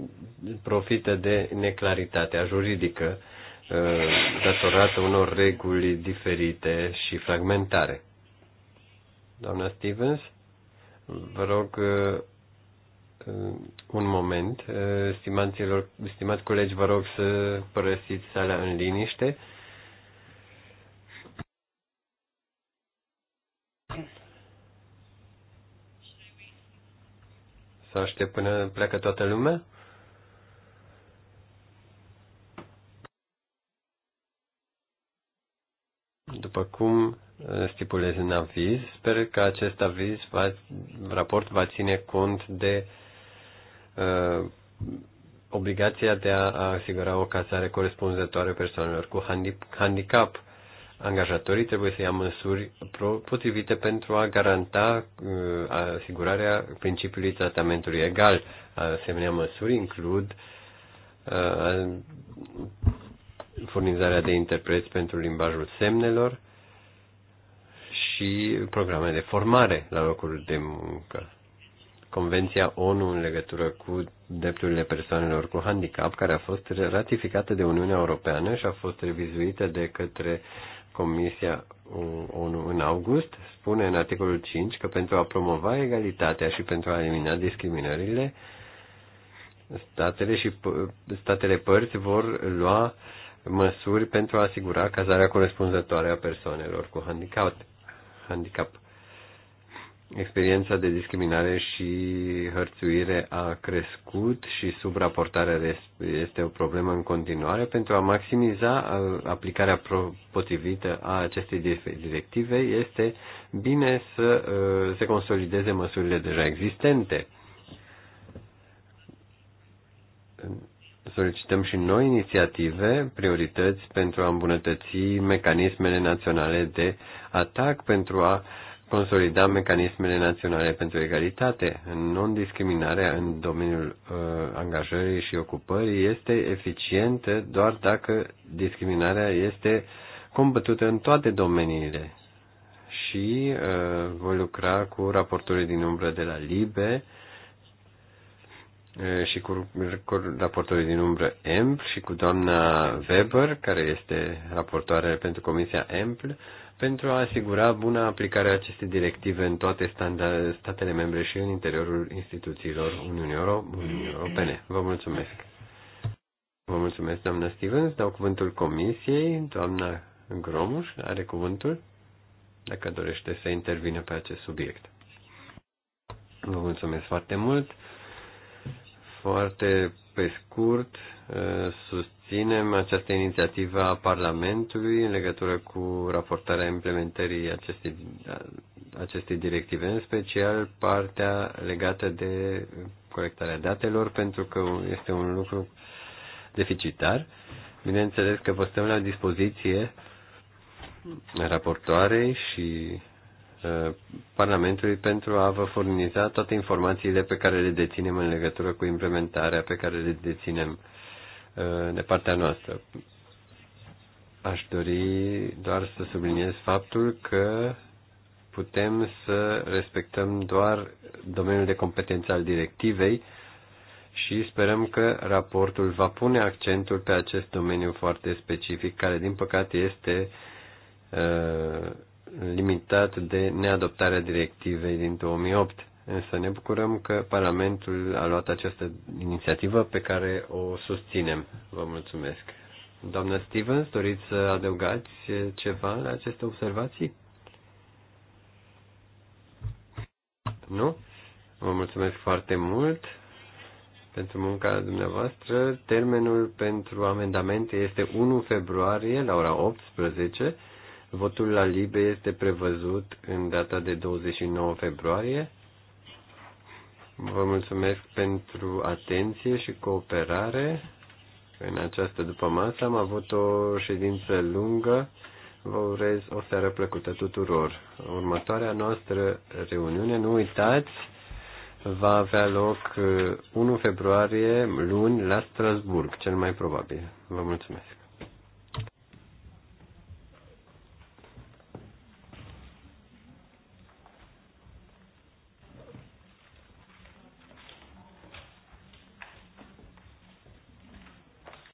profită de neclaritatea juridică uh, datorată unor reguli diferite și fragmentare. Doamna Stevens, vă rog uh, uh, un moment. Stimaților, stimați colegi, vă rog să părăsiți sala în liniște. să aștept până pleacă toată lumea? După cum uh, stipulez în aviz, sper că acest aviz, va, raport va ține cont de uh, obligația de a asigura o casare corespunzătoare persoanelor cu handicap angajatorii trebuie să ia măsuri potrivite pentru a garanta uh, asigurarea principiului tratamentului egal. Asemenea măsuri includ uh, furnizarea de interpreți pentru limbajul semnelor și programe de formare la locul de muncă. Convenția ONU în legătură cu drepturile persoanelor cu handicap, care a fost ratificată de Uniunea Europeană și a fost revizuită de către uh, Comisia ONU uh, în august spune în articolul 5 că pentru a promova egalitatea și pentru a elimina discriminările, statele și statele părți vor lua măsuri pentru a asigura cazarea corespunzătoare a persoanelor cu handicap. handicap experiența de discriminare și hărțuire a crescut și subraportarea este o problemă în continuare. Pentru a maximiza aplicarea potrivită a acestei directive, este bine să se consolideze măsurile deja existente. Solicităm și noi inițiative, priorități pentru a îmbunătăți mecanismele naționale de atac, pentru a uh, consolida mecanismele naționale pentru egalitate. Non-discriminarea în domeniul uh, angajării și ocupării este eficientă doar dacă discriminarea este combătută în toate domeniile. Și uh, voi lucra cu raporturile din umbră de la LIBE uh, și cu, cu raportorii din umbră EMPL și cu doamna Weber, care este raportoare pentru Comisia EMPL, uh, pentru a asigura buna aplicare a acestei directive în toate statele membre și în interiorul instituțiilor Uniunii, Euro- Uniunii Europene. Vă mulțumesc. Vă mulțumesc, doamna Stevens. Dau cuvântul comisiei. Doamna Gromuș are cuvântul dacă dorește să intervină pe acest subiect. Vă mulțumesc foarte mult. Foarte pe scurt, ă, sus, susținem această inițiativă a Parlamentului în legătură cu raportarea implementării acestei, acestei directive, în special partea legată de colectarea datelor, pentru că este un lucru deficitar. Bineînțeles că vă stăm la dispoziție raportoarei și ă, Parlamentului pentru a vă furniza toate informațiile pe care le deținem în legătură cu implementarea pe care le deținem Uh, de partea noastră. Aș dori doar să subliniez faptul că putem să respectăm doar domeniul de competență al directivei și sperăm că raportul va pune accentul pe acest domeniu foarte specific, care din păcate este uh, limitat de neadoptarea directivei din 2008 să ne bucurăm că Parlamentul a luat această inițiativă pe care o susținem. Vă mulțumesc. Doamna Stevens, doriți să adăugați ceva la aceste observații? Nu? Vă mulțumesc foarte mult pentru munca dumneavoastră. Termenul pentru amendamente este 1 februarie la ora 18. Votul la LIBE este prevăzut în data de 29 februarie Vă mulțumesc pentru atenție și cooperare. În această dupa-masă am avut o ședință lungă. Vă urez o seară plăcută tuturor. Următoarea noastră reuniune, nu uitați, va avea loc 1 uh, februarie, luni, la Strasburg, cel mai probabil. Vă mulțumesc.